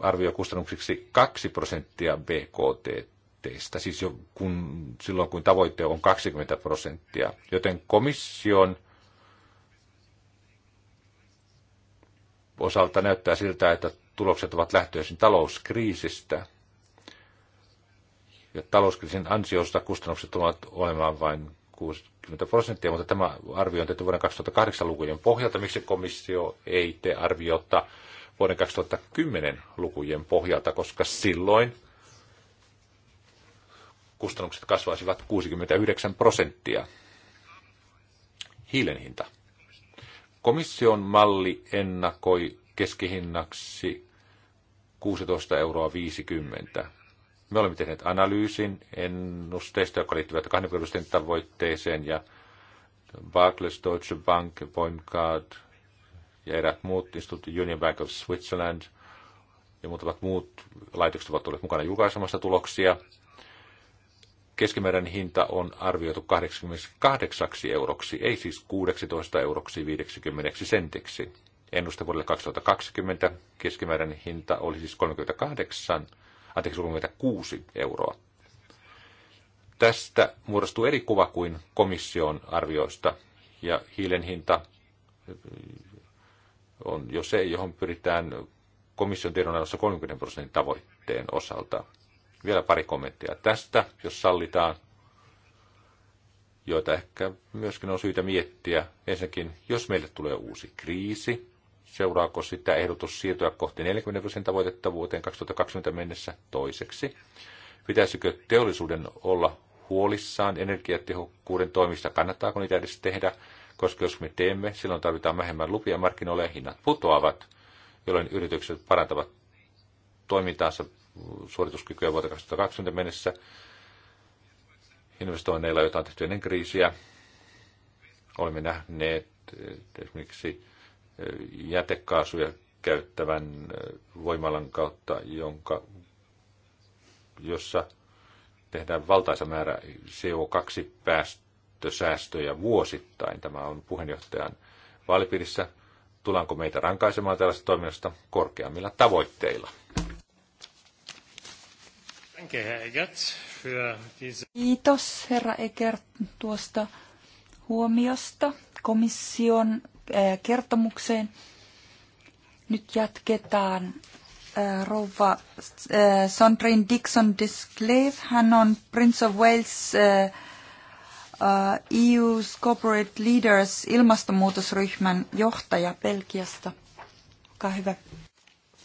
arvio kustannuksiksi 2 prosenttia BKT tavoitteista, siis jo kun, silloin kun tavoitte on 20 prosenttia. Joten komission osalta näyttää siltä, että tulokset ovat lähtöisin talouskriisistä. Ja talouskriisin ansiosta kustannukset tulevat olemaan vain 60 prosenttia, mutta tämä arvio on tehty vuoden 2008 lukujen pohjalta. Miksi komissio ei tee arviota vuoden 2010 lukujen pohjalta, koska silloin kustannukset kasvaisivat 69 prosenttia. Hiilen hinta. Komission malli ennakoi keskihinnaksi 16,50 euroa 50. Me olemme tehneet analyysin ennusteista, jotka liittyvät kahden tavoitteeseen ja Barclays, Deutsche Bank, Pointcard ja erät muut instituutit, Union Bank of Switzerland ja muutamat muut laitokset ovat olleet mukana julkaisemassa tuloksia keskimääräinen hinta on arvioitu 88 euroksi, ei siis 16 euroksi 50 sentiksi. Ennuste vuodelle 2020 keskimääräinen hinta oli siis 38, anteeksi 36 euroa. Tästä muodostuu eri kuva kuin komission arvioista, ja hiilen hinta on jo se, johon pyritään komission tiedonannossa 30 prosentin tavoitteen osalta. Vielä pari kommenttia tästä, jos sallitaan, joita ehkä myöskin on syytä miettiä. Ensinnäkin, jos meille tulee uusi kriisi, seuraako sitä ehdotus siirtyä kohti 40 prosentin tavoitetta vuoteen 2020 mennessä toiseksi? Pitäisikö teollisuuden olla huolissaan energiatehokkuuden toimista, kannattaako niitä edes tehdä, koska jos me teemme, silloin tarvitaan vähemmän lupia markkinoille ja hinnat putoavat, jolloin yritykset parantavat toimintaansa suorituskykyä vuoteen 2020 mennessä. Investoinneilla, joita on tehty ennen kriisiä, olemme nähneet esimerkiksi eh, jätekaasuja käyttävän eh, voimalan kautta, jonka, jossa tehdään valtaisa määrä CO2-päästösäästöjä vuosittain. Tämä on puheenjohtajan vaalipiirissä. Tullaanko meitä rankaisemaan tällaista toiminnasta korkeammilla tavoitteilla? Kiitos herra Eker, tuosta huomiosta komission äh, kertomukseen. Nyt jatketaan äh, rouva äh, Sondrin Dixon Disclave. Hän on Prince of Wales EU's Corporate Leaders ilmastonmuutosryhmän johtaja Belgiasta. Olkaa hyvä.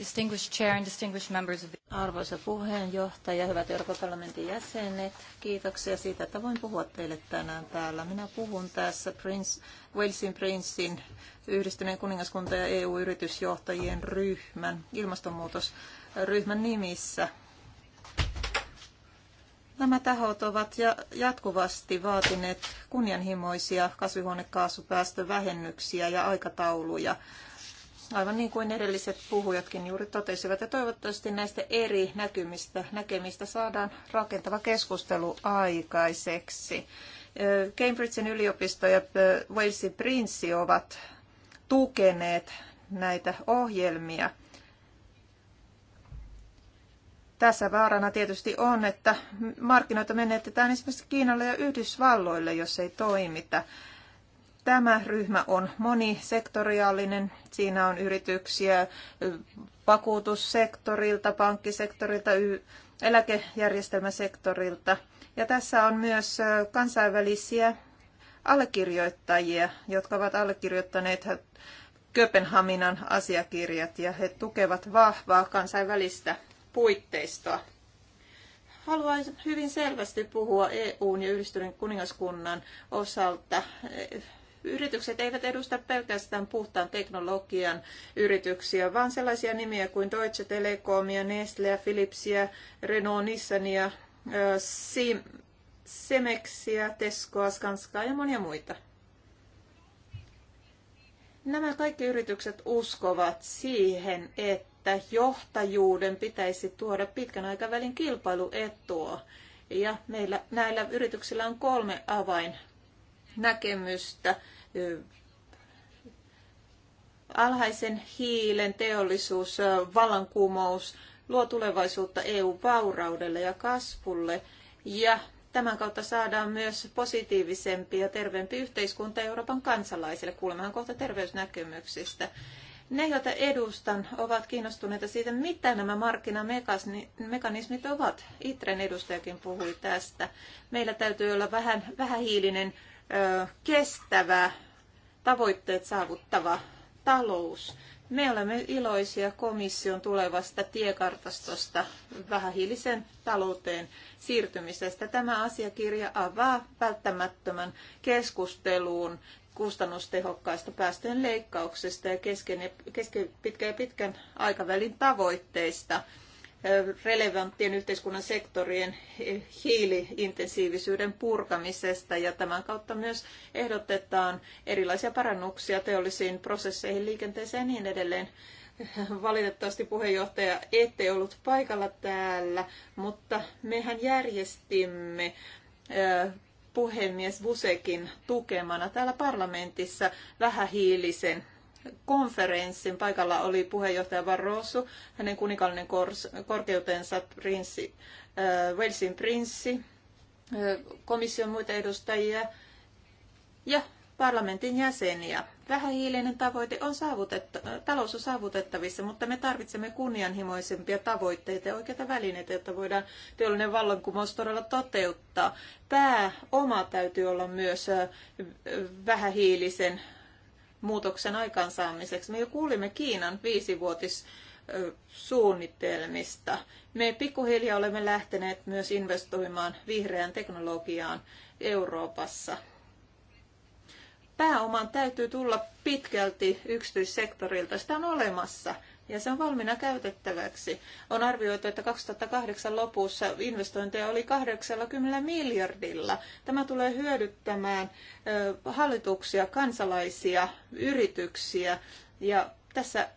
Distinguished chair and distinguished members of the... Arvoisa puheenjohtaja, hyvät Euroopan parlamentin jäsenet, kiitoksia siitä, että voin puhua teille tänään täällä. Minä puhun tässä Prince, Walesin Princein yhdistyneen kuningaskunta ja EU-yritysjohtajien ryhmän, ilmastonmuutosryhmän nimissä. Nämä tahot ovat jatkuvasti vaatineet kunnianhimoisia kasvihuonekaasupäästövähennyksiä ja aikatauluja aivan niin kuin edelliset puhujatkin juuri totesivat. Ja toivottavasti näistä eri näkymistä, näkemistä saadaan rakentava keskustelu aikaiseksi. Cambridgein yliopisto ja Walesin prinssi ovat tukeneet näitä ohjelmia. Tässä vaarana tietysti on, että markkinoita menetetään esimerkiksi Kiinalle ja Yhdysvalloille, jos ei toimita. Tämä ryhmä on monisektoriaalinen. Siinä on yrityksiä vakuutussektorilta, pankkisektorilta, eläkejärjestelmäsektorilta. Ja tässä on myös kansainvälisiä allekirjoittajia, jotka ovat allekirjoittaneet Kööpenhaminan asiakirjat ja he tukevat vahvaa kansainvälistä puitteistoa. Haluan hyvin selvästi puhua EUn ja yhdistyneen kuningaskunnan osalta Yritykset eivät edusta pelkästään puhtaan teknologian yrityksiä, vaan sellaisia nimiä kuin Deutsche Telekomia, Nestleä, Philipsia, Renault, Nissania, Semeksiä, Teskoa, Skanskaa ja monia muita. Nämä kaikki yritykset uskovat siihen, että johtajuuden pitäisi tuoda pitkän aikavälin kilpailuetua. Ja meillä, näillä yrityksillä on kolme avain näkemystä. Alhaisen hiilen teollisuus, vallankumous luo tulevaisuutta EU-vauraudelle ja kasvulle ja tämän kautta saadaan myös positiivisempi ja terveempi yhteiskunta Euroopan kansalaisille. Kuulemahan kohta terveysnäkemyksistä. Ne, joita edustan, ovat kiinnostuneita siitä, mitä nämä markkinamekanismit ovat. Itren edustajakin puhui tästä. Meillä täytyy olla vähän, vähähiilinen kestävä, tavoitteet saavuttava talous. Me olemme iloisia komission tulevasta tiekartastosta vähähiilisen talouteen siirtymisestä. Tämä asiakirja avaa välttämättömän keskusteluun kustannustehokkaista päästöjen leikkauksesta ja kesken kesken, pitkän ja pitkän aikavälin tavoitteista relevanttien yhteiskunnan sektorien hiiliintensiivisyyden purkamisesta ja tämän kautta myös ehdotetaan erilaisia parannuksia teollisiin prosesseihin, liikenteeseen ja niin edelleen. Valitettavasti puheenjohtaja ette ollut paikalla täällä, mutta mehän järjestimme puhemies Vusekin tukemana täällä parlamentissa vähähiilisen konferenssin. Paikalla oli puheenjohtaja Barroso, hänen kuninkaallinen korkeutensa prinssi, äh, Walesin prinssi, äh, komission muita edustajia ja parlamentin jäseniä. Vähähiilinen tavoite on saavutetta, talous on saavutettavissa, mutta me tarvitsemme kunnianhimoisempia tavoitteita ja oikeita välineitä, jotta voidaan teollinen vallankumous todella toteuttaa. Pääoma täytyy olla myös äh, vähähiilisen muutoksen aikaansaamiseksi. Me jo kuulimme Kiinan viisivuotis suunnitelmista. Me pikkuhiljaa olemme lähteneet myös investoimaan vihreään teknologiaan Euroopassa. Pääoman täytyy tulla pitkälti yksityissektorilta. Sitä on olemassa – ja se on valmiina käytettäväksi. On arvioitu, että 2008 lopussa investointeja oli 80 miljardilla. Tämä tulee hyödyttämään hallituksia, kansalaisia, yrityksiä ja tässä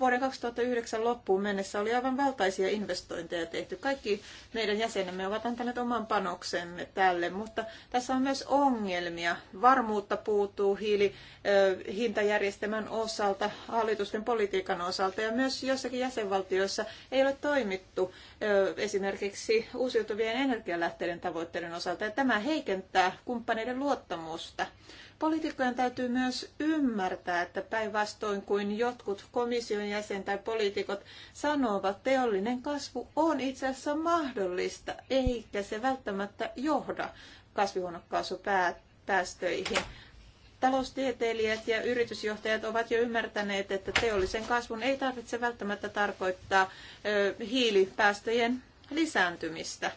vuoden 2009 loppuun mennessä oli aivan valtaisia investointeja tehty. Kaikki meidän jäsenemme ovat antaneet oman panoksemme tälle, mutta tässä on myös ongelmia. Varmuutta puuttuu hiilihintajärjestelmän osalta, hallitusten politiikan osalta ja myös jossakin jäsenvaltioissa ei ole toimittu esimerkiksi uusiutuvien energialähteiden tavoitteiden osalta ja tämä heikentää kumppaneiden luottamusta. Poliitikkojen täytyy myös ymmärtää, että päinvastoin kuin jotkut komission jäsen tai poliitikot sanovat, teollinen kasvu on itse asiassa mahdollista, eikä se välttämättä johda kasvihuonekaasupäästöihin. Taloustieteilijät ja yritysjohtajat ovat jo ymmärtäneet, että teollisen kasvun ei tarvitse välttämättä tarkoittaa hiilipäästöjen lisääntymistä.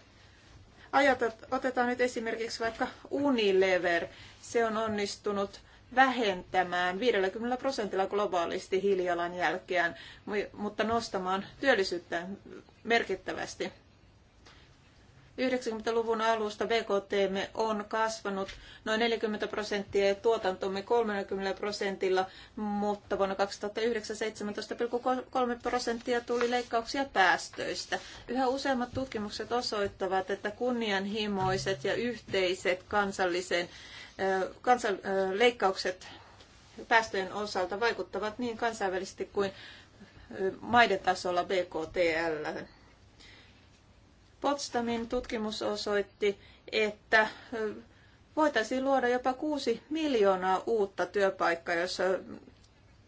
Ajata, otetaan nyt esimerkiksi vaikka Unilever. Se on onnistunut vähentämään 50 prosentilla globaalisti hiilijalanjälkeään, mutta nostamaan työllisyyttä merkittävästi. 90-luvun alusta BKTmme on kasvanut noin 40 prosenttia ja tuotantomme 30 prosentilla, mutta vuonna 2009 17,3 prosenttia tuli leikkauksia päästöistä. Yhä useammat tutkimukset osoittavat, että kunnianhimoiset ja yhteiset kansallisen, kansan, leikkaukset päästöjen osalta vaikuttavat niin kansainvälisesti kuin maiden tasolla BKTL. Potsdamin tutkimus osoitti, että voitaisiin luoda jopa 6 miljoonaa uutta työpaikkaa, jos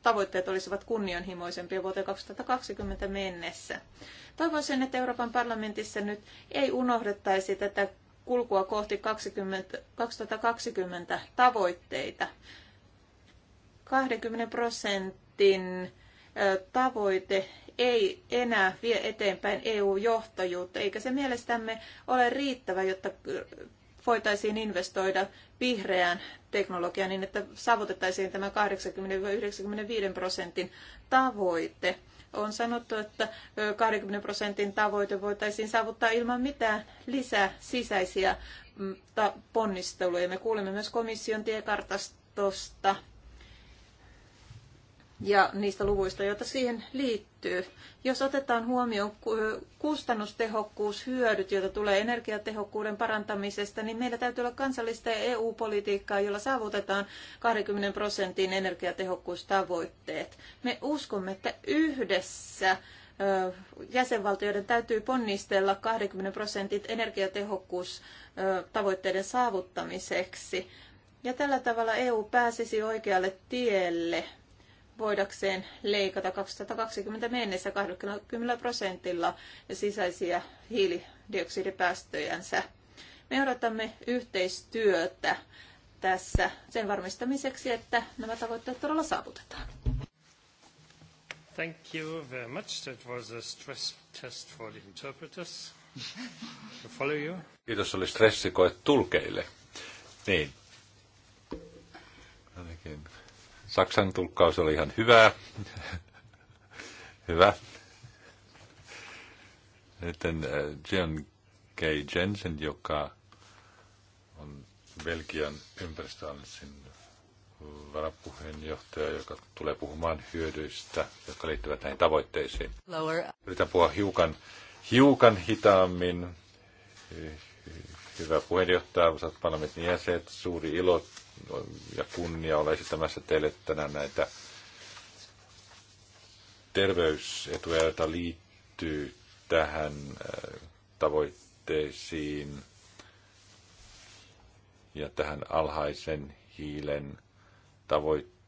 tavoitteet olisivat kunnianhimoisempia vuoteen 2020 mennessä. Toivoisin, että Euroopan parlamentissa nyt ei unohdettaisi tätä kulkua kohti 20, 2020 tavoitteita. 20 prosentin tavoite ei enää vie eteenpäin EU-johtajuutta, eikä se mielestämme ole riittävä, jotta voitaisiin investoida vihreään teknologiaan niin, että saavutettaisiin tämä 80-95 prosentin tavoite. On sanottu, että 20 prosentin tavoite voitaisiin saavuttaa ilman mitään lisää sisäisiä mm, ponnisteluja. Me kuulemme myös komission tiekartastosta ja niistä luvuista, joita siihen liittyy. Jos otetaan huomioon kustannustehokkuus, hyödyt, joita tulee energiatehokkuuden parantamisesta, niin meillä täytyy olla kansallista EU-politiikkaa, jolla saavutetaan 20 prosentin energiatehokkuustavoitteet. Me uskomme, että yhdessä jäsenvaltioiden täytyy ponnistella 20 prosentin energiatehokkuustavoitteiden saavuttamiseksi. Ja tällä tavalla EU pääsisi oikealle tielle voidakseen leikata 2020 mennessä 20 prosentilla sisäisiä hiilidioksidipäästöjänsä. Me odotamme yhteistyötä tässä sen varmistamiseksi, että nämä tavoitteet todella saavutetaan. Thank you very much. That was a stress test for the interpreters. To follow you. Kiitos, oli stressikoe tulkeille. Niin. Ainakin Saksan tulkkaus oli ihan hyvää. Hyvä. Sitten äh, John K. Jensen, joka on Belgian ympäristöallisin varapuheenjohtaja, joka tulee puhumaan hyödyistä, jotka liittyvät näihin tavoitteisiin. Lower. Yritän puhua hiukan, hiukan hitaammin. Hyvä puheenjohtaja, osat parlamentin jäsenet, suuri ilo ja kunnia olla esittämässä teille tänään näitä terveysetuja, joita liittyy tähän äh, tavoitteisiin ja tähän alhaisen hiilen tavoitteeseen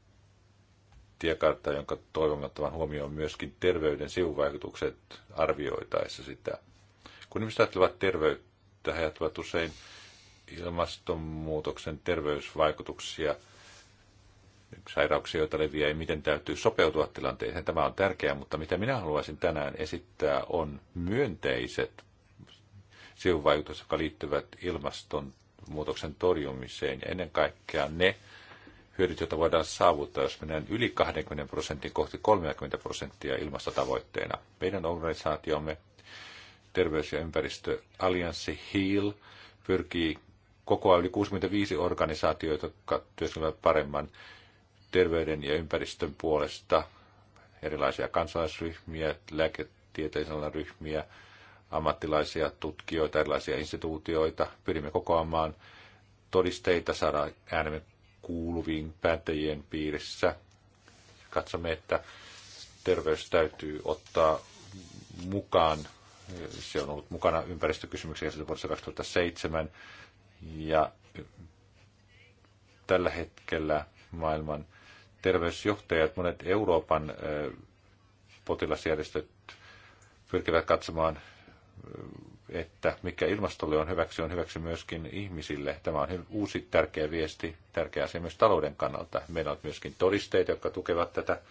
tiekartta, jonka toivomme huomioon myöskin terveyden sivuvaikutukset arvioitaessa sitä. Kun ihmiset ajattelevat terveyttä, he ajattelevat usein ilmastonmuutoksen terveysvaikutuksia, sairauksia, joita leviää, ja miten täytyy sopeutua tilanteeseen. Tämä on tärkeää, mutta mitä minä haluaisin tänään esittää on myönteiset sivuvaikutukset, jotka liittyvät ilmastonmuutoksen torjumiseen, ja ennen kaikkea ne hyödyt, joita voidaan saavuttaa, jos mennään yli 20 prosentin kohti 30 prosenttia ilmastotavoitteena. Meidän organisaatiomme terveys- ja ympäristöallianssi HEAL pyrkii kokoaa yli 65 organisaatioita, jotka työskentelevät paremman terveyden ja ympäristön puolesta, erilaisia kansalaisryhmiä, lääketieteellisellä ryhmiä, ammattilaisia, tutkijoita, erilaisia instituutioita. Pyrimme kokoamaan todisteita, saada äänemme kuuluviin päättäjien piirissä. Katsomme, että terveys täytyy ottaa mukaan. Se on ollut mukana ympäristökysymyksiä vuodessa 2007 ja tällä hetkellä maailman terveysjohtajat, monet Euroopan potilasjärjestöt pyrkivät katsomaan, että mikä ilmastolle on hyväksi, on hyväksi myöskin ihmisille. Tämä on uusi tärkeä viesti, tärkeä asia myös talouden kannalta. Meillä on myöskin todisteita, jotka tukevat tätä.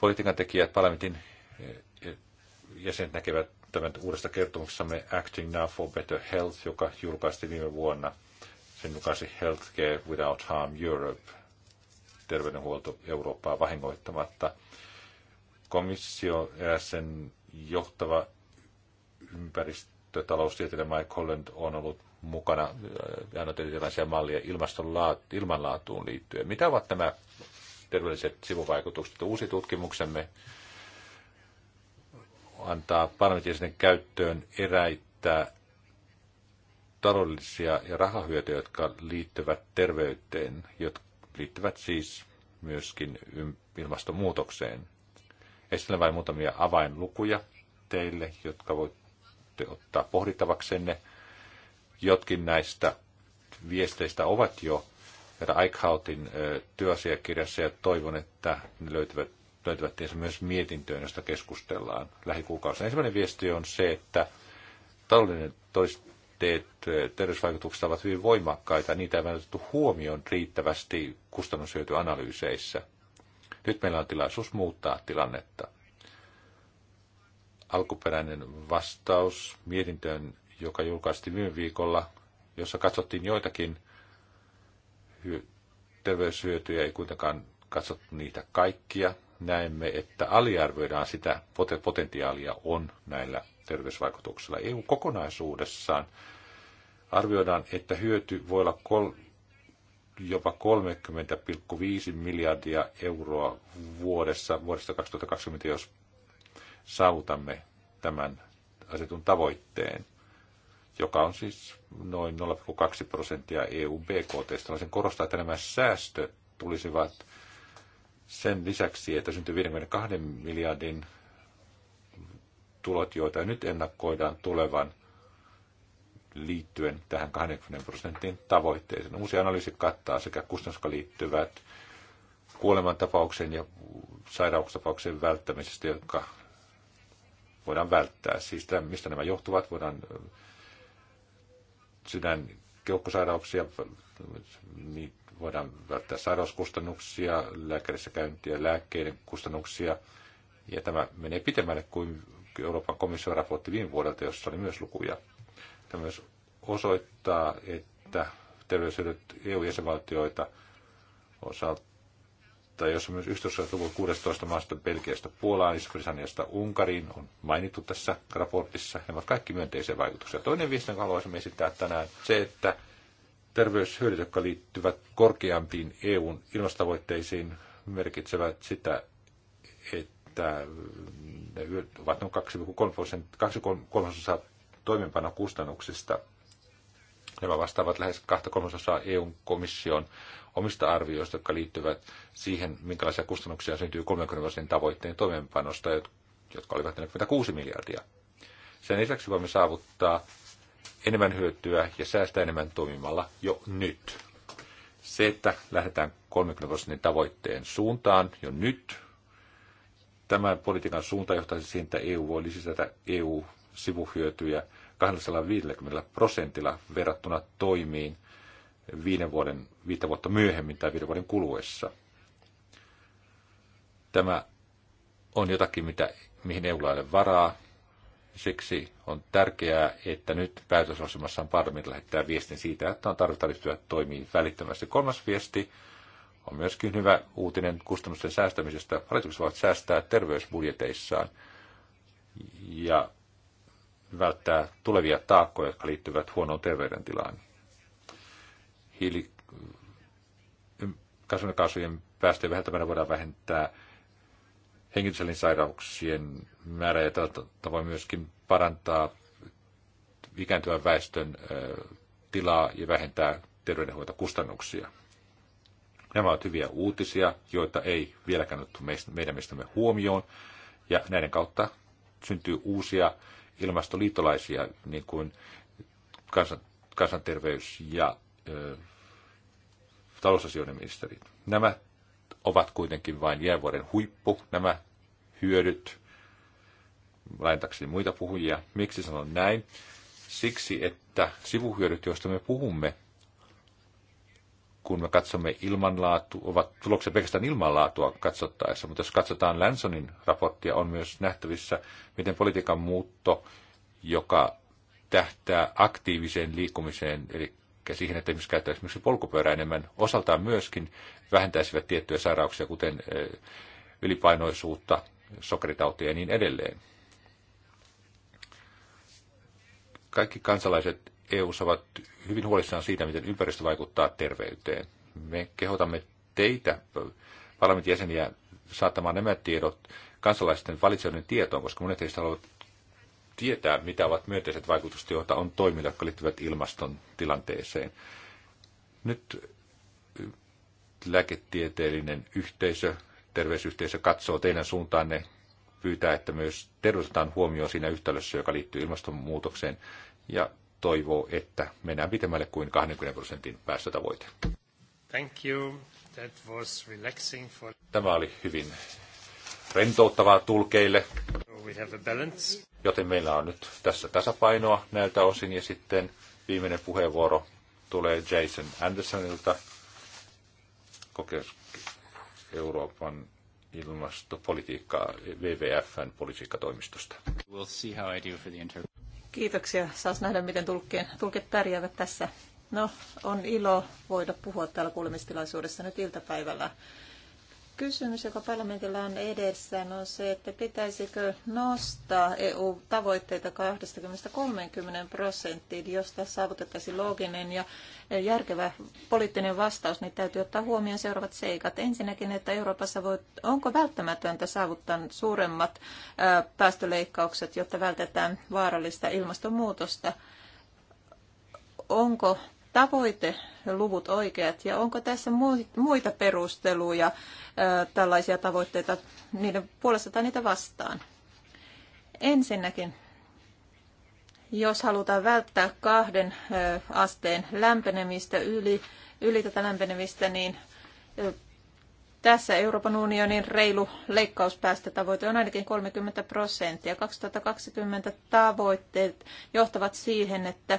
Politiikan tekijät, parlamentin jäsenet näkevät tämän uudesta kertomuksessamme Acting Now for Better Health, joka julkaistiin viime vuonna. Sen julkaisi Healthcare Without Harm Europe, terveydenhuolto Eurooppaa vahingoittamatta. Komissio ja sen johtava ympäristötaloustieteilijä Mike Holland on ollut mukana äh, ja annettu erilaisia mallia ilmanlaatuun liittyen. Mitä ovat nämä terveelliset sivuvaikutukset? Uusi tutkimuksemme antaa parlamentin käyttöön eräitä taloudellisia ja rahahyötyjä, jotka liittyvät terveyteen, jotka liittyvät siis myöskin ilmastonmuutokseen. Esitän vain muutamia avainlukuja teille, jotka voitte ottaa pohdittavaksenne. Jotkin näistä viesteistä ovat jo herra Eichhautin työasiakirjassa ja toivon, että ne löytyvät löytyvät myös mietintöön, josta keskustellaan lähikuukausina. Ensimmäinen viesti on se, että taloudellinen toisteet terveysvaikutukset ovat hyvin voimakkaita. Niitä ei ole otettu riittävästi kustannushyötyanalyyseissä. Nyt meillä on tilaisuus muuttaa tilannetta. Alkuperäinen vastaus mietintöön, joka julkaistiin viime viikolla, jossa katsottiin joitakin terveyshyötyjä, ei kuitenkaan katsottu niitä kaikkia näemme, että aliarvioidaan sitä potentiaalia on näillä terveysvaikutuksilla. EU kokonaisuudessaan arvioidaan, että hyöty voi olla kol- jopa 30,5 miljardia euroa vuodessa vuodesta 2020, jos saavutamme tämän asetun tavoitteen, joka on siis noin 0,2 prosenttia EU BKT. Haluaisin korostaa, että nämä säästöt tulisivat sen lisäksi, että syntyy 52 miljardin tulot, joita nyt ennakoidaan tulevan liittyen tähän 20 prosentin tavoitteeseen. Uusi analyysi kattaa sekä kustannuska liittyvät kuolemantapauksen ja sairauksetapauksen välttämisestä, jotka voidaan välttää. Siis tämän, mistä nämä johtuvat, voidaan äh, sydän keuhkosairauksia, voidaan välttää sairauskustannuksia, lääkärissä käyntiä, lääkkeiden kustannuksia. Ja tämä menee pitemmälle kuin Euroopan komission raportti viime vuodelta, jossa oli myös lukuja. Tämä myös osoittaa, että terveyshyödyt EU-jäsenvaltioita osalta, jos myös 11 luvun 16 maasta Belgiasta, Puolaan, Iso-Britanniasta, Unkariin on mainittu tässä raportissa. Nämä ovat kaikki myönteisiä vaikutuksia. Toinen viesti, jonka haluaisimme esittää tänään, se, että terveyshyödyt, jotka liittyvät korkeampiin EUn ilmastotavoitteisiin, merkitsevät sitä, että ne ovat noin 2,3 kolmasosaa toimeenpanokustannuksista. Nämä vastaavat lähes kahta kolmasosaa EUn komission omista arvioista, jotka liittyvät siihen, minkälaisia kustannuksia syntyy 30 prosentin tavoitteen toimeenpanosta, jotka olivat 46 miljardia. Sen lisäksi voimme saavuttaa enemmän hyötyä ja säästää enemmän toimimalla jo nyt. Se, että lähdetään 30 prosentin tavoitteen suuntaan jo nyt, tämä politiikan suunta johtaisi siihen, että EU voi lisätä EU-sivuhyötyjä 250 prosentilla verrattuna toimiin viiden vuoden, viittä vuotta myöhemmin tai viiden vuoden kuluessa. Tämä on jotakin, mitä, mihin EUlla ei ole varaa, Siksi on tärkeää, että nyt on parlamentti lähettää viestin siitä, että on tarvetta ryhtyä toimiin välittömästi. Kolmas viesti on myöskin hyvä uutinen kustannusten säästämisestä. Hallitukset voivat säästää terveysbudjeteissaan ja välttää tulevia taakkoja, jotka liittyvät huonoon terveydentilaan. Hiili kasvihuonekaasujen päästöjen vähentäminen voidaan vähentää sairauksien määrä ja tällä tavoin myöskin parantaa ikääntyvän väestön tilaa ja vähentää terveydenhoitokustannuksia. Nämä ovat hyviä uutisia, joita ei vieläkään otettu meidän mielestämme huomioon, ja näiden kautta syntyy uusia ilmastoliittolaisia, niin kuin kansan, kansanterveys ja ö, talousasioiden ministerit. Nämä ovat kuitenkin vain jäävuoren huippu. Nämä hyödyt, laitakseni muita puhujia. Miksi sanon näin? Siksi, että sivuhyödyt, joista me puhumme, kun me katsomme ilmanlaatu, ovat tulokset pelkästään ilmanlaatua katsottaessa, mutta jos katsotaan Länsonin raporttia, on myös nähtävissä, miten politiikan muutto, joka tähtää aktiiviseen liikkumiseen, eli siihen, että ihmiset käyttävät esimerkiksi polkupyörää enemmän, osaltaan myöskin vähentäisivät tiettyjä sairauksia, kuten ylipainoisuutta sokeritautia ja niin edelleen. Kaikki kansalaiset EU ovat hyvin huolissaan siitä, miten ympäristö vaikuttaa terveyteen. Me kehotamme teitä, parlamentin jäseniä, saattamaan nämä tiedot kansalaisten valitsijoiden tietoon, koska monet heistä haluavat tietää, mitä ovat myönteiset vaikutukset, joita on toimilla, jotka liittyvät ilmaston tilanteeseen. Nyt lääketieteellinen yhteisö terveysyhteisö katsoo teidän suuntaanne, pyytää, että myös terveysotetaan huomioon siinä yhtälössä, joka liittyy ilmastonmuutokseen, ja toivoo, että mennään pitemmälle kuin 20 prosentin päästötavoite. Thank you. That was relaxing for... Tämä oli hyvin rentouttavaa tulkeille. We have a balance. Joten meillä on nyt tässä tasapainoa näiltä osin, ja sitten viimeinen puheenvuoro tulee Jason Andersonilta Euroopan ilmastopolitiikkaa WWFn politiikkatoimistosta. We'll see how I do for the inter- Kiitoksia. Saas nähdä, miten tulkkeen, tulket pärjäävät tässä. No, on ilo voida puhua täällä kuulemistilaisuudessa nyt iltapäivällä. Kysymys, joka parlamentilla on edessään, on se, että pitäisikö nostaa EU-tavoitteita 20-30 prosenttiin, jos tässä saavutettaisiin looginen ja järkevä poliittinen vastaus, niin täytyy ottaa huomioon seuraavat seikat. Ensinnäkin, että Euroopassa voi, onko välttämätöntä saavuttaa suuremmat päästöleikkaukset, jotta vältetään vaarallista ilmastonmuutosta. Onko tavoiteluvut oikeat ja onko tässä muita perusteluja tällaisia tavoitteita niiden puolesta tai niitä vastaan? Ensinnäkin, jos halutaan välttää kahden asteen lämpenemistä yli, yli tätä lämpenemistä, niin tässä Euroopan unionin reilu leikkauspäästötavoite on ainakin 30 prosenttia. 2020 tavoitteet johtavat siihen, että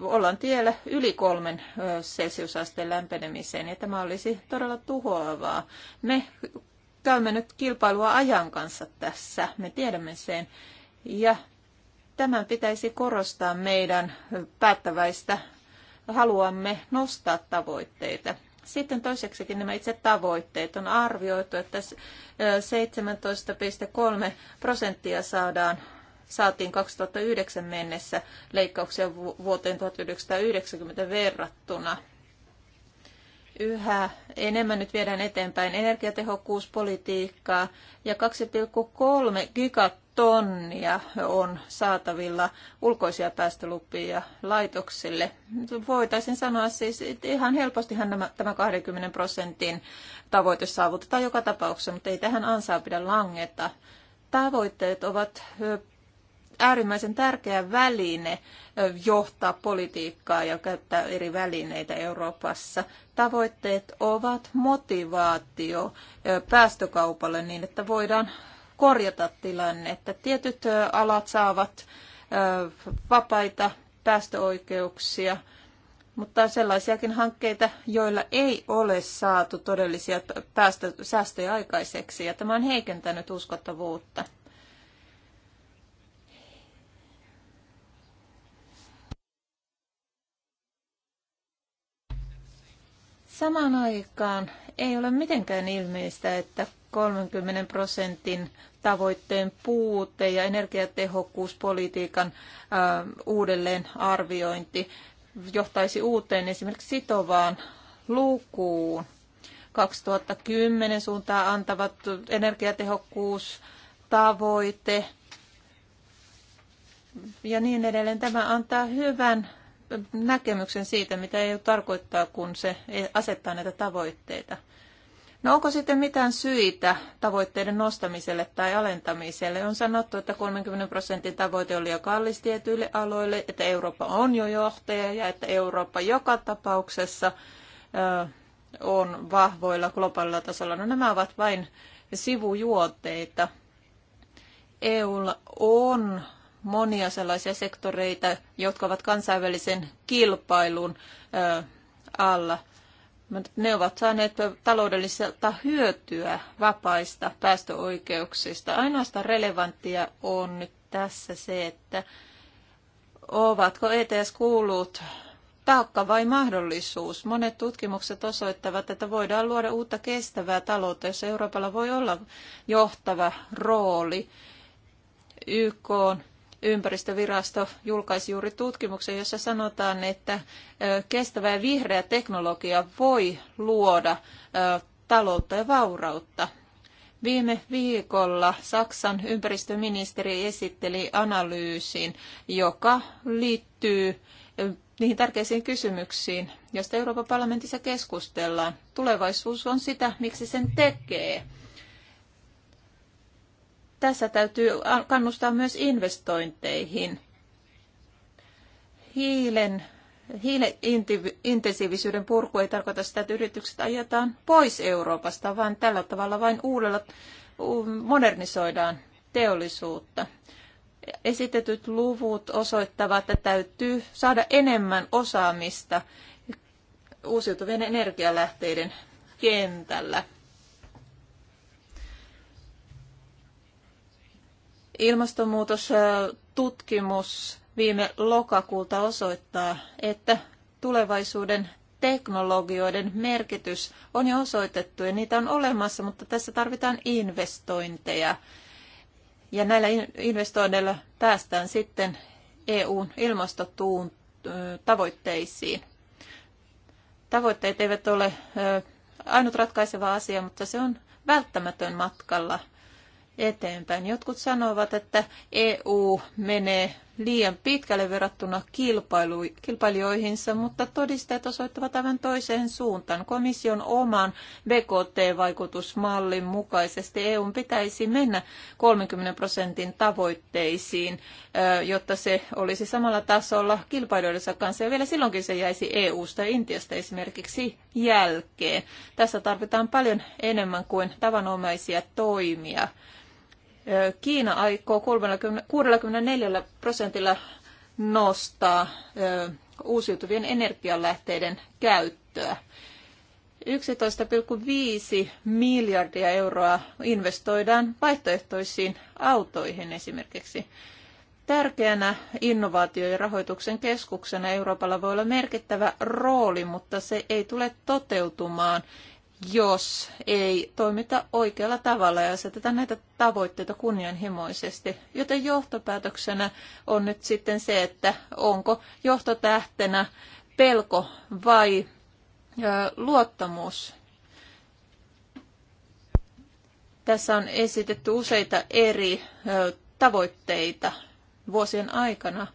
ollaan tiellä yli kolmen celsiusasteen lämpenemiseen ja tämä olisi todella tuhoavaa. Me käymme nyt kilpailua ajan kanssa tässä, me tiedämme sen. Ja tämän pitäisi korostaa meidän päättäväistä haluamme nostaa tavoitteita. Sitten toiseksikin nämä itse tavoitteet. On arvioitu, että 17,3 prosenttia saadaan saatiin 2009 mennessä leikkauksia vuoteen 1990 verrattuna. Yhä enemmän nyt viedään eteenpäin energiatehokkuuspolitiikkaa ja 2,3 gigat tonnia on saatavilla ulkoisia päästölupia laitoksille. Voitaisiin sanoa siis, että ihan helpostihan nämä, tämä 20 prosentin tavoite saavutetaan joka tapauksessa, mutta ei tähän ansaa pidä langeta. Tavoitteet ovat äärimmäisen tärkeä väline johtaa politiikkaa ja käyttää eri välineitä Euroopassa. Tavoitteet ovat motivaatio päästökaupalle niin, että voidaan korjata tilannetta. Tietyt alat saavat vapaita päästöoikeuksia, mutta sellaisiakin hankkeita, joilla ei ole saatu todellisia päästösäästöjä aikaiseksi, ja tämä on heikentänyt uskottavuutta. Samaan aikaan ei ole mitenkään ilmeistä, että 30 prosentin tavoitteen puute ja energiatehokkuuspolitiikan äh, uudelleen arviointi johtaisi uuteen esimerkiksi sitovaan lukuun. 2010 suuntaan antavat energiatehokkuustavoite ja niin edelleen. Tämä antaa hyvän näkemyksen siitä, mitä EU tarkoittaa, kun se asettaa näitä tavoitteita. No onko sitten mitään syitä tavoitteiden nostamiselle tai alentamiselle? On sanottu, että 30 prosentin tavoite oli jo kallis tietyille aloille, että Eurooppa on jo johtaja ja että Eurooppa joka tapauksessa on vahvoilla globaalilla tasolla. No nämä ovat vain sivujuotteita. EUlla on monia sellaisia sektoreita, jotka ovat kansainvälisen kilpailun alla – ne ovat saaneet taloudellista hyötyä vapaista päästöoikeuksista. Ainoastaan relevanttia on nyt tässä se, että ovatko ETS kuulut taakka vai mahdollisuus? Monet tutkimukset osoittavat, että voidaan luoda uutta kestävää taloutta, jossa Euroopalla voi olla johtava rooli YK Ympäristövirasto julkaisi juuri tutkimuksen, jossa sanotaan, että kestävä ja vihreä teknologia voi luoda taloutta ja vaurautta. Viime viikolla Saksan ympäristöministeri esitteli analyysin, joka liittyy niihin tärkeisiin kysymyksiin, joista Euroopan parlamentissa keskustellaan. Tulevaisuus on sitä, miksi sen tekee. Tässä täytyy kannustaa myös investointeihin. Hiilen intensiivisyyden purku ei tarkoita sitä, että yritykset ajetaan pois Euroopasta, vaan tällä tavalla vain uudella modernisoidaan teollisuutta. Esitetyt luvut osoittavat, että täytyy saada enemmän osaamista uusiutuvien energialähteiden kentällä. Ilmastonmuutostutkimus äh, viime lokakuulta osoittaa, että tulevaisuuden teknologioiden merkitys on jo osoitettu ja niitä on olemassa, mutta tässä tarvitaan investointeja. Ja näillä investoinneilla päästään sitten EUn ilmastotuun äh, tavoitteisiin. Tavoitteet eivät ole äh, ainut ratkaiseva asia, mutta se on välttämätön matkalla eteenpäin. Jotkut sanovat, että EU menee liian pitkälle verrattuna kilpailu, kilpailijoihinsa, mutta todisteet osoittavat aivan toiseen suuntaan. Komission oman BKT-vaikutusmallin mukaisesti EU pitäisi mennä 30 prosentin tavoitteisiin, jotta se olisi samalla tasolla kilpailijoidensa kanssa. Ja vielä silloinkin se jäisi EUsta ja Intiasta esimerkiksi jälkeen. Tässä tarvitaan paljon enemmän kuin tavanomaisia toimia. Kiina aikoo 64 prosentilla nostaa uusiutuvien energialähteiden käyttöä. 11,5 miljardia euroa investoidaan vaihtoehtoisiin autoihin esimerkiksi. Tärkeänä innovaatio- ja rahoituksen keskuksena Euroopalla voi olla merkittävä rooli, mutta se ei tule toteutumaan jos ei toimita oikealla tavalla ja aseteta näitä tavoitteita kunnianhimoisesti. Joten johtopäätöksenä on nyt sitten se, että onko johtotähtenä pelko vai luottamus. Tässä on esitetty useita eri tavoitteita vuosien aikana.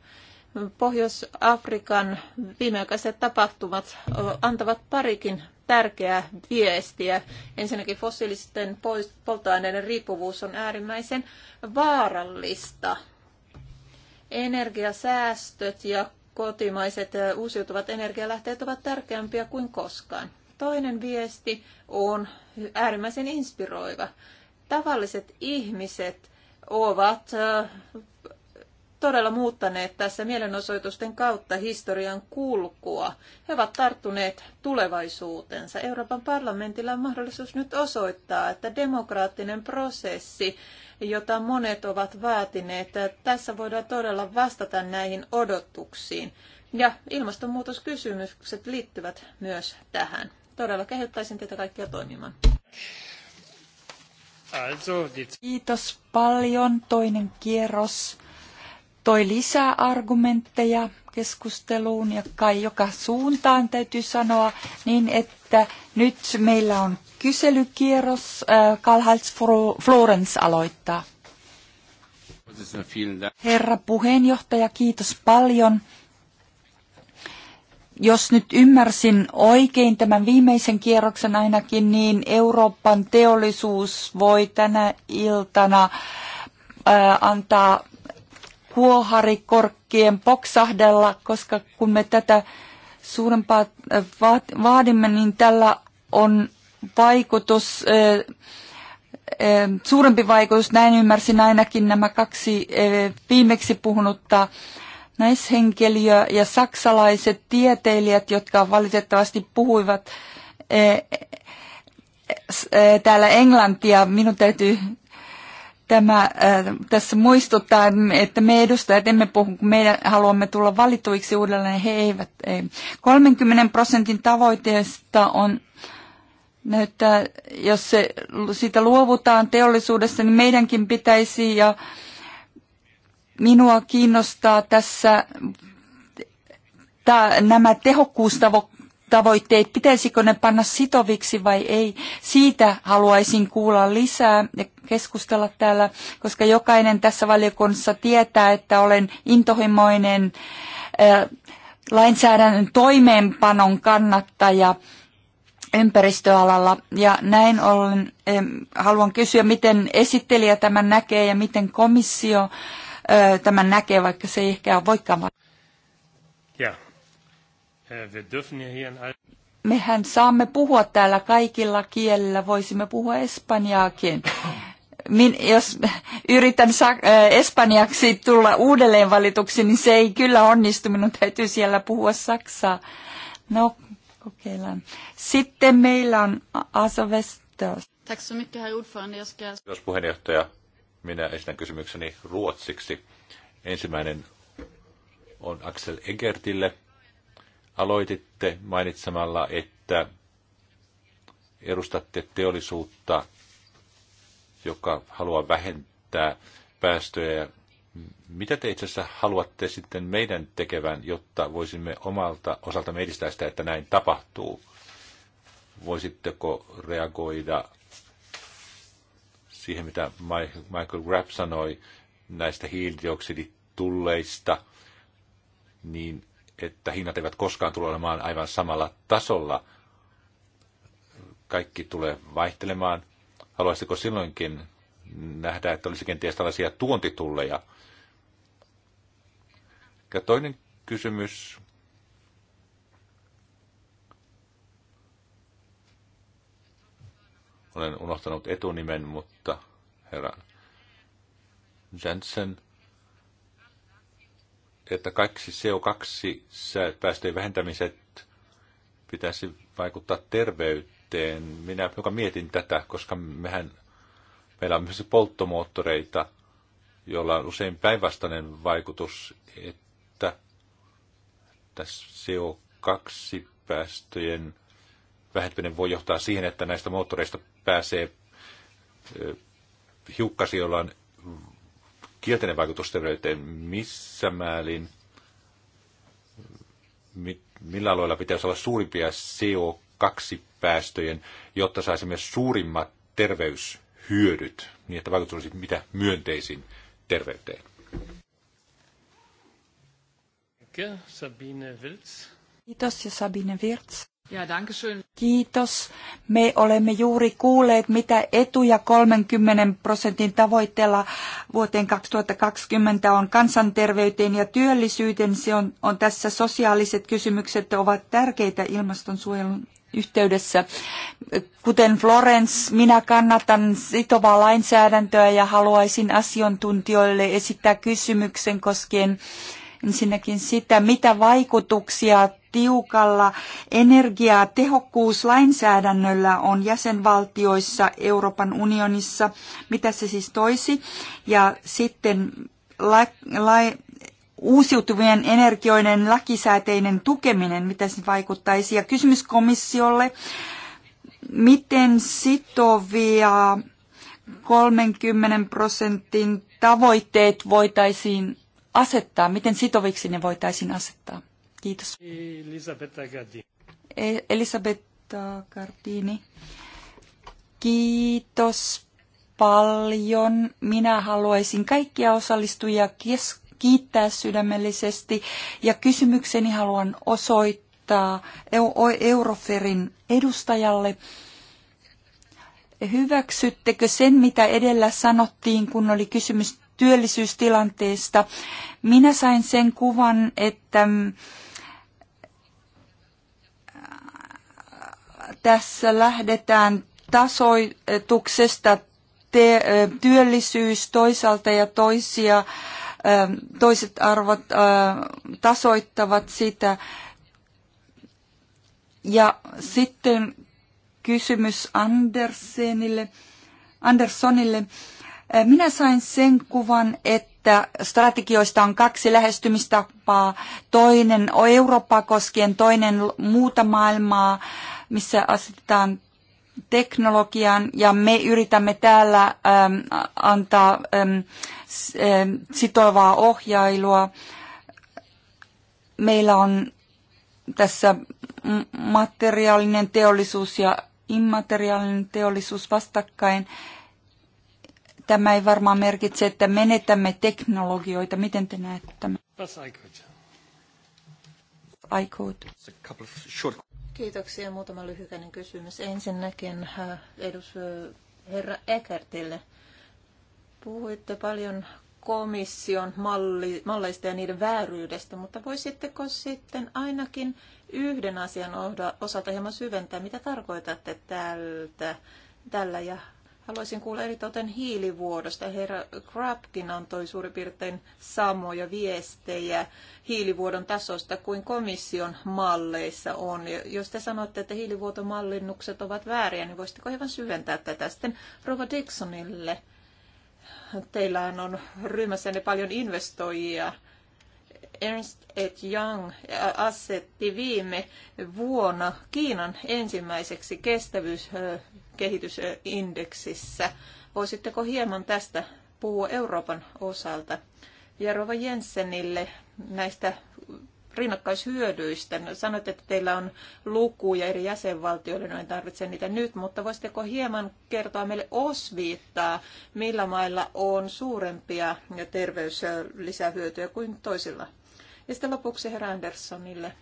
Pohjois-Afrikan viimeaikaiset tapahtumat antavat parikin tärkeää viestiä. Ensinnäkin fossiilisten polttoaineiden riippuvuus on äärimmäisen vaarallista. Energiasäästöt ja kotimaiset uusiutuvat energialähteet ovat tärkeämpiä kuin koskaan. Toinen viesti on äärimmäisen inspiroiva. Tavalliset ihmiset ovat todella muuttaneet tässä mielenosoitusten kautta historian kulkua. He ovat tarttuneet tulevaisuutensa. Euroopan parlamentilla on mahdollisuus nyt osoittaa, että demokraattinen prosessi, jota monet ovat vaatineet, että tässä voidaan todella vastata näihin odotuksiin. Ja ilmastonmuutoskysymykset liittyvät myös tähän. Todella kehittäisin teitä kaikkia toimimaan. Kiitos paljon. Toinen kierros toi lisää argumentteja keskusteluun ja kai joka suuntaan täytyy sanoa, niin että nyt meillä on kyselykierros. Äh, Karl-Heinz Florence aloittaa. Herra puheenjohtaja, kiitos paljon. Jos nyt ymmärsin oikein tämän viimeisen kierroksen ainakin, niin Euroopan teollisuus voi tänä iltana äh, antaa kuoharikorkkien poksahdella, koska kun me tätä suurempaa äh, vaadimme, niin tällä on vaikutus, äh, äh, suurempi vaikutus, näin ymmärsin ainakin nämä kaksi viimeksi puhunutta naishenkilöä ja saksalaiset tieteilijät, jotka valitettavasti puhuivat täällä englantia. Minun täytyy Tämä, äh, tässä muistuttaa, että me edustajat emme puhu, kun me haluamme tulla valituiksi uudelleen, he eivät. Ei. 30 prosentin tavoitteesta on näyttää, jos se, siitä luovutaan teollisuudessa, niin meidänkin pitäisi ja minua kiinnostaa tässä tää, nämä tehokkuustavo, tavoitteet, pitäisikö ne panna sitoviksi vai ei. Siitä haluaisin kuulla lisää ja keskustella täällä, koska jokainen tässä valiokunnassa tietää, että olen intohimoinen lainsäädännön toimeenpanon kannattaja ympäristöalalla. Ja näin ollen haluan kysyä, miten esittelijä tämän näkee ja miten komissio tämän näkee, vaikka se ei ehkä voikaan. Yeah. Äh, Mehän saamme puhua täällä kaikilla kielillä, voisimme puhua espanjaakin. Min, jos yritän sa- äh, espanjaksi tulla uudelleen valituksi, niin se ei kyllä onnistu, minun täytyy siellä puhua saksaa. No, kokeillaan. Sitten meillä on Aso Vestos. Kiitos puheenjohtaja. Minä esitän kysymykseni ruotsiksi. Ensimmäinen on Axel Egertille. Aloititte mainitsemalla, että edustatte teollisuutta, joka haluaa vähentää päästöjä. Mitä te itse asiassa haluatte sitten meidän tekevän, jotta voisimme omalta osaltamme edistää sitä, että näin tapahtuu? Voisitteko reagoida siihen, mitä Michael Grapp sanoi näistä hiilidioksiditulleista, niin että hinnat eivät koskaan tule olemaan aivan samalla tasolla. Kaikki tulee vaihtelemaan. Haluaisitko silloinkin nähdä, että olisi kenties tällaisia tuontitulleja? Ja toinen kysymys. Olen unohtanut etunimen, mutta herra Jensen että kaikki CO2-päästöjen vähentämiset pitäisi vaikuttaa terveyteen. Minä joka mietin tätä, koska mehän, meillä on myös polttomoottoreita, joilla on usein päinvastainen vaikutus, että tässä CO2-päästöjen vähentäminen voi johtaa siihen, että näistä moottoreista pääsee hiukkasi, joilla on kielteinen vaikutus terveyteen, missä määrin, mit, millä aloilla pitäisi olla suurimpia CO2-päästöjen, jotta saisimme suurimmat terveyshyödyt, niin että vaikutus olisi mitä myönteisin terveyteen. Sabine Wilz. Kiitos ja Sabine Wirtz. Kiitos. Me olemme juuri kuulleet, mitä etuja 30 prosentin tavoitteella vuoteen 2020 on kansanterveyteen ja työllisyyteen. Se on, on tässä sosiaaliset kysymykset ovat tärkeitä ilmastonsuojelun yhteydessä. Kuten Florence, minä kannatan sitovaa lainsäädäntöä ja haluaisin asiantuntijoille esittää kysymyksen koskien ensinnäkin sitä, mitä vaikutuksia tiukalla energiatehokkuuslainsäädännöllä on jäsenvaltioissa Euroopan unionissa, mitä se siis toisi, ja sitten la, la, uusiutuvien energioiden lakisääteinen tukeminen, mitä se vaikuttaisi, ja kysymys komissiolle, miten sitovia 30 prosentin tavoitteet voitaisiin asettaa, miten sitoviksi ne voitaisiin asettaa. Kiitos. Elisabetta Gardini. E, Elisabetta Gardini. Kiitos paljon. Minä haluaisin kaikkia osallistujia kiittää sydämellisesti ja kysymykseni haluan osoittaa Euroferin edustajalle. Hyväksyttekö sen, mitä edellä sanottiin, kun oli kysymys työllisyystilanteesta. Minä sain sen kuvan, että mm, tässä lähdetään tasoituksesta te, työllisyys toisaalta ja toisia, toiset arvot tasoittavat sitä. Ja sitten kysymys Andersenille, Anderssonille. Minä sain sen kuvan, että strategioista on kaksi lähestymistapaa. Toinen on Eurooppaa koskien, toinen muuta maailmaa, missä asetetaan teknologian ja me yritämme täällä äm, antaa äm, sitovaa ohjailua. Meillä on tässä materiaalinen teollisuus ja immateriaalinen teollisuus vastakkain Tämä ei varmaan merkitse, että menetämme teknologioita. Miten te näette tämän? Kiitoksia. Muutama lyhykäinen kysymys. Ensinnäkin äh, edus herra Eckertille. Puhuitte paljon komission malli, malleista ja niiden vääryydestä, mutta voisitteko sitten ainakin yhden asian osalta hieman syventää, mitä tarkoitatte tältä, tällä ja Haluaisin kuulla eritoten hiilivuodosta. Herra Krapkin antoi suurin piirtein samoja viestejä hiilivuodon tasosta kuin komission malleissa on. Ja jos te sanotte, että hiilivuotomallinnukset ovat vääriä, niin voisitteko hieman syventää tätä sitten Rova Dixonille? Teillähän on ryhmässänne paljon investoijia. Ernst et Young asetti viime vuonna Kiinan ensimmäiseksi kestävyys kehitysindeksissä. Voisitteko hieman tästä puhua Euroopan osalta? Ja Rova Jensenille näistä rinnakkaishyödyistä. No, Sanoit, että teillä on lukuja eri jäsenvaltioille, noin en tarvitse niitä nyt, mutta voisitteko hieman kertoa meille osviittaa, millä mailla on suurempia ja terveyslisähyötyjä kuin toisilla? Ja sitten lopuksi herra Anderssonille.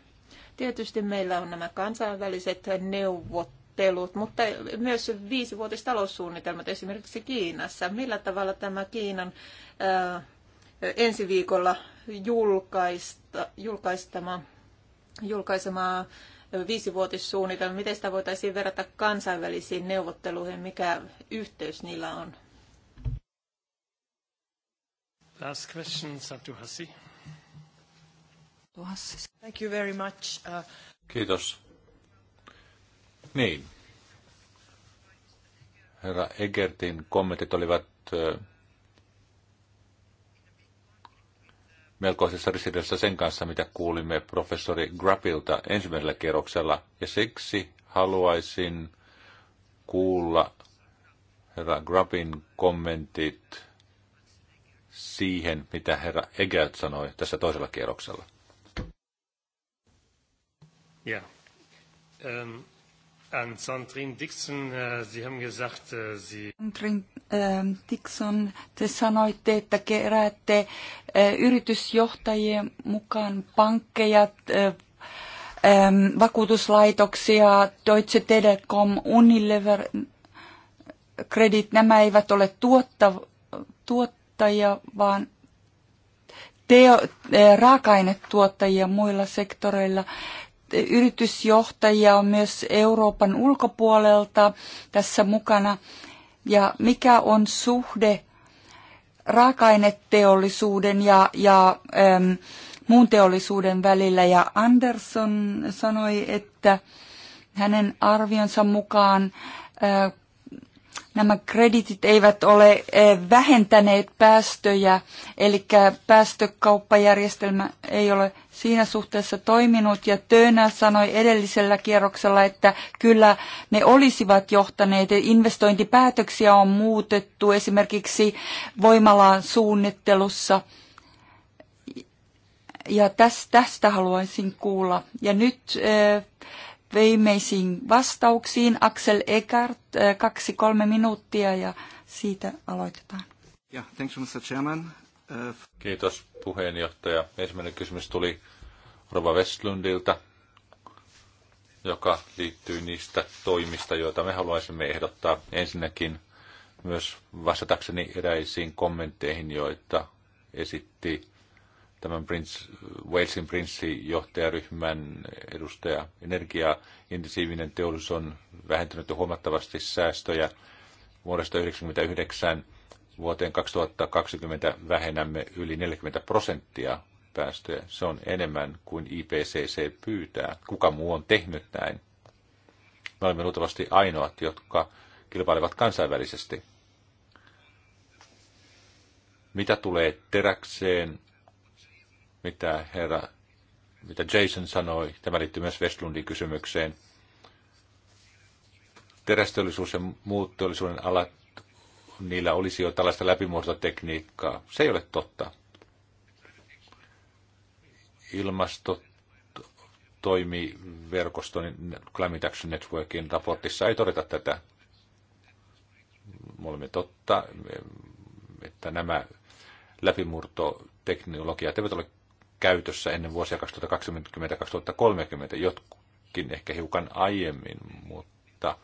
Tietysti meillä on nämä kansainväliset neuvot suunnittelut, mutta myös viisivuotistaloussuunnitelmat esimerkiksi Kiinassa. Millä tavalla tämä Kiinan ää, äh, ensi viikolla julkaista, julkaistama, julkaisema äh, viisivuotissuunnitelma, miten sitä voitaisiin verrata kansainvälisiin neuvotteluihin, mikä yhteys niillä on? Last question, Satu Hassi. Thank you very much. Uh... Kiitos. Niin. Herra Egertin kommentit olivat melkoisessa ristiriidassa sen kanssa, mitä kuulimme professori Grappilta ensimmäisellä kierroksella, ja siksi haluaisin kuulla herra Grappin kommentit siihen, mitä herra Egert sanoi tässä toisella kierroksella. Yeah. Um, An Sandrine Dixon, äh, Sie haben gesagt, äh, Sie... Ähm, Dixon, te sanoitte, että keräätte äh, yritysjohtajien mukaan pankkeja, ähm, vakuutuslaitoksia, Deutsche Telekom, Unilever, kredit, nämä eivät ole tuotta, tuottajia, vaan teo, raaka-ainetuottajia muilla sektoreilla yritysjohtajia on myös Euroopan ulkopuolelta tässä mukana. Ja mikä on suhde raaka-aineteollisuuden ja, ja äm, muun teollisuuden välillä? Ja Anderson sanoi, että hänen arvionsa mukaan äh, nämä kreditit eivät ole eh, vähentäneet päästöjä, eli päästökauppajärjestelmä ei ole siinä suhteessa toiminut. Ja Töönä sanoi edellisellä kierroksella, että kyllä ne olisivat johtaneet. Investointipäätöksiä on muutettu esimerkiksi voimalaan suunnittelussa. Ja tästä, tästä haluaisin kuulla. Ja nyt eh, viimeisiin vastauksiin. Axel Eckart, eh, kaksi kolme minuuttia ja siitä aloitetaan. Yeah, thanks, Mr. Chairman. Uh... Kiitos puheenjohtaja. Ensimmäinen kysymys tuli Rova Westlundilta, joka liittyy niistä toimista, joita me haluaisimme ehdottaa. Ensinnäkin myös vastatakseni eräisiin kommentteihin, joita esitti tämän Prince, Walesin prinssijohtajaryhmän edustaja. intensiivinen teollisuus on vähentynyt huomattavasti säästöjä vuodesta 1999 vuoteen 2020 vähennämme yli 40 prosenttia päästöjä. Se on enemmän kuin IPCC pyytää. Kuka muu on tehnyt näin? Me olemme luultavasti ainoat, jotka kilpailevat kansainvälisesti. Mitä tulee teräkseen, mitä herra, mitä Jason sanoi. Tämä liittyy myös Westlundin kysymykseen. Terästeollisuus ja muut alat, niillä olisi jo tällaista läpimuototekniikkaa. Se ei ole totta. Ilmasto toimii verkoston Climate Action Networkin raportissa. Ei todeta tätä. Me olemme totta, että nämä läpimurtoteknologiat eivät ole käytössä ennen vuosia 2020-2030, jotkin ehkä hiukan aiemmin, mutta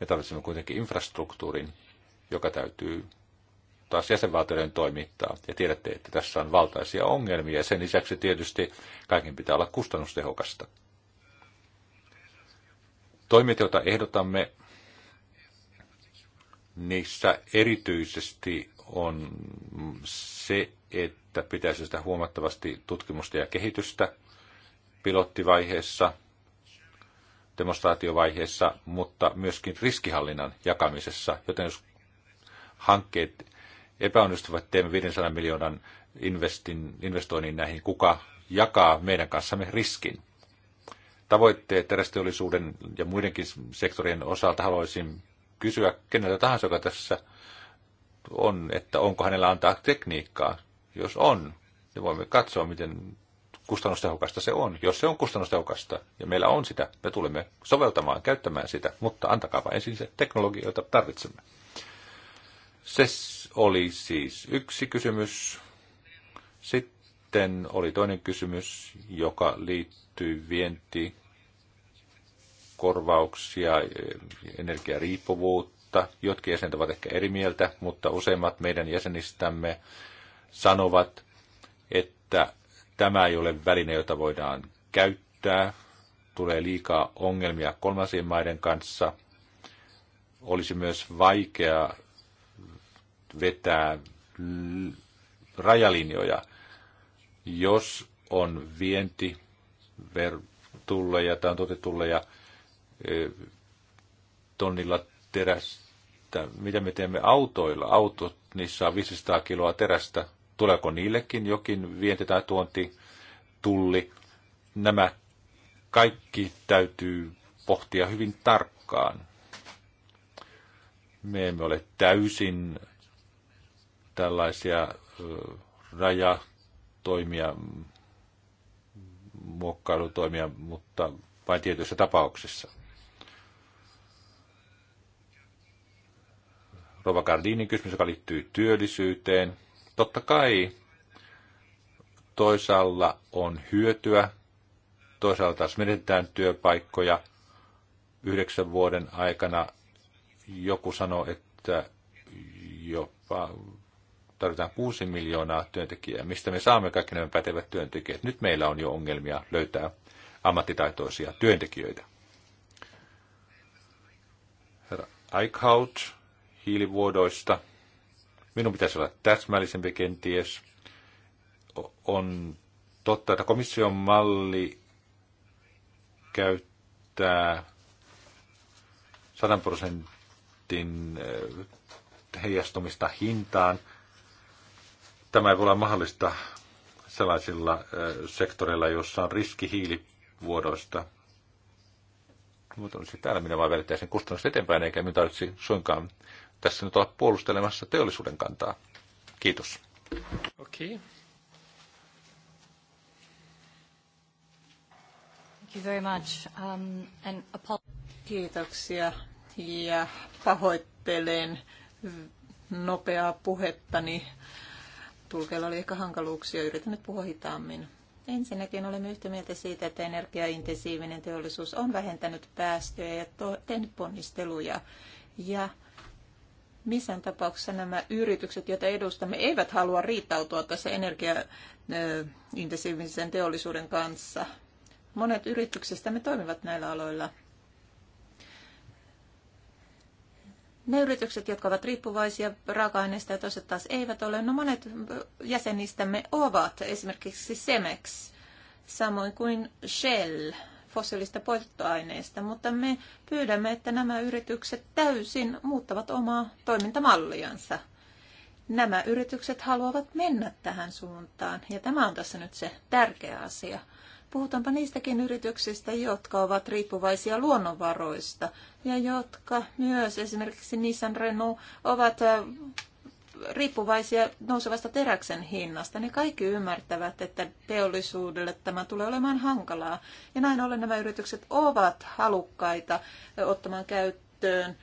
me tarvitsemme kuitenkin infrastruktuurin, joka täytyy taas jäsenvaltioiden toimittaa. Ja tiedätte, että tässä on valtaisia ongelmia. ja Sen lisäksi tietysti kaiken pitää olla kustannustehokasta. Toimet, joita ehdotamme, niissä erityisesti on se, että pitäisi sitä huomattavasti tutkimusta ja kehitystä pilottivaiheessa, demonstraatiovaiheessa, mutta myöskin riskihallinnan jakamisessa. Joten jos hankkeet epäonnistuvat, teemme 500 miljoonan investin, investoinnin näihin, kuka jakaa meidän kanssamme riskin. Tavoitteet terästeollisuuden ja muidenkin sektorien osalta haluaisin kysyä keneltä tahansa, joka tässä – on, että onko hänellä antaa tekniikkaa. Jos on, niin voimme katsoa, miten kustannustehokasta se on. Jos se on kustannustehokasta ja meillä on sitä, me tulemme soveltamaan, käyttämään sitä, mutta antakaapa ensin se teknologia, jota tarvitsemme. Se oli siis yksi kysymys. Sitten oli toinen kysymys, joka liittyy vientikorvauksia, korvauksia, energiariippuvuutta mutta Jotkin jäsenet ovat ehkä eri mieltä, mutta useimmat meidän jäsenistämme sanovat, että tämä ei ole väline, jota voidaan käyttää. Tulee liikaa ongelmia kolmansien maiden kanssa. Olisi myös vaikea vetää rajalinjoja, jos on vienti, ver, tulleja tai on tuotetulleja e, tonnilla terästä. Mitä me teemme autoilla? Autot, niissä on 500 kiloa terästä. Tuleeko niillekin jokin vienti- tai tuonti tulli? Nämä kaikki täytyy pohtia hyvin tarkkaan. Me emme ole täysin tällaisia rajatoimia, muokkailutoimia, mutta vain tietyissä tapauksissa. Rova Gardinin kysymys, joka liittyy työllisyyteen. Totta kai toisaalla on hyötyä, toisaalta taas menetetään työpaikkoja. Yhdeksän vuoden aikana joku sanoi, että jopa tarvitaan kuusi miljoonaa työntekijää. Mistä me saamme kaikki nämä pätevät työntekijät? Nyt meillä on jo ongelmia löytää ammattitaitoisia työntekijöitä. Herra Eichhout hiilivuodoista. Minun pitäisi olla täsmällisempi kenties. On totta, että komission malli käyttää 100 prosentin heijastumista hintaan. Tämä ei voi olla mahdollista sellaisilla sektoreilla, jossa on riski hiilivuodoista. Mutta sitten täällä minä vaan välittäisin kustannukset eteenpäin, eikä minun tarvitse suinkaan tässä nyt olla puolustelemassa teollisuuden kantaa. Kiitos. Okei. Okay. Thank you very much. Um, and Kiitoksia ja pahoittelen nopeaa puhettani. Tulkeilla oli ehkä hankaluuksia, yritän nyt puhua hitaammin. Ensinnäkin olemme yhtä mieltä siitä, että energiaintensiivinen teollisuus on vähentänyt päästöjä ja tehnyt ponnisteluja. Ja Missään tapauksessa nämä yritykset, joita edustamme, eivät halua riittautua tässä energiaintensiivisen teollisuuden kanssa. Monet yrityksistä me toimivat näillä aloilla. Ne yritykset, jotka ovat riippuvaisia raaka-aineista ja toiset taas eivät ole, no monet jäsenistämme ovat, esimerkiksi Semex, samoin kuin Shell fossiilista polttoaineista, mutta me pyydämme, että nämä yritykset täysin muuttavat omaa toimintamalliansa. Nämä yritykset haluavat mennä tähän suuntaan, ja tämä on tässä nyt se tärkeä asia. Puhutaanpa niistäkin yrityksistä, jotka ovat riippuvaisia luonnonvaroista ja jotka myös esimerkiksi Nissan Renault ovat äh, riippuvaisia nousevasta teräksen hinnasta, niin kaikki ymmärtävät, että teollisuudelle tämä tulee olemaan hankalaa. Ja näin ollen nämä yritykset ovat halukkaita ottamaan käyttöön käyttöön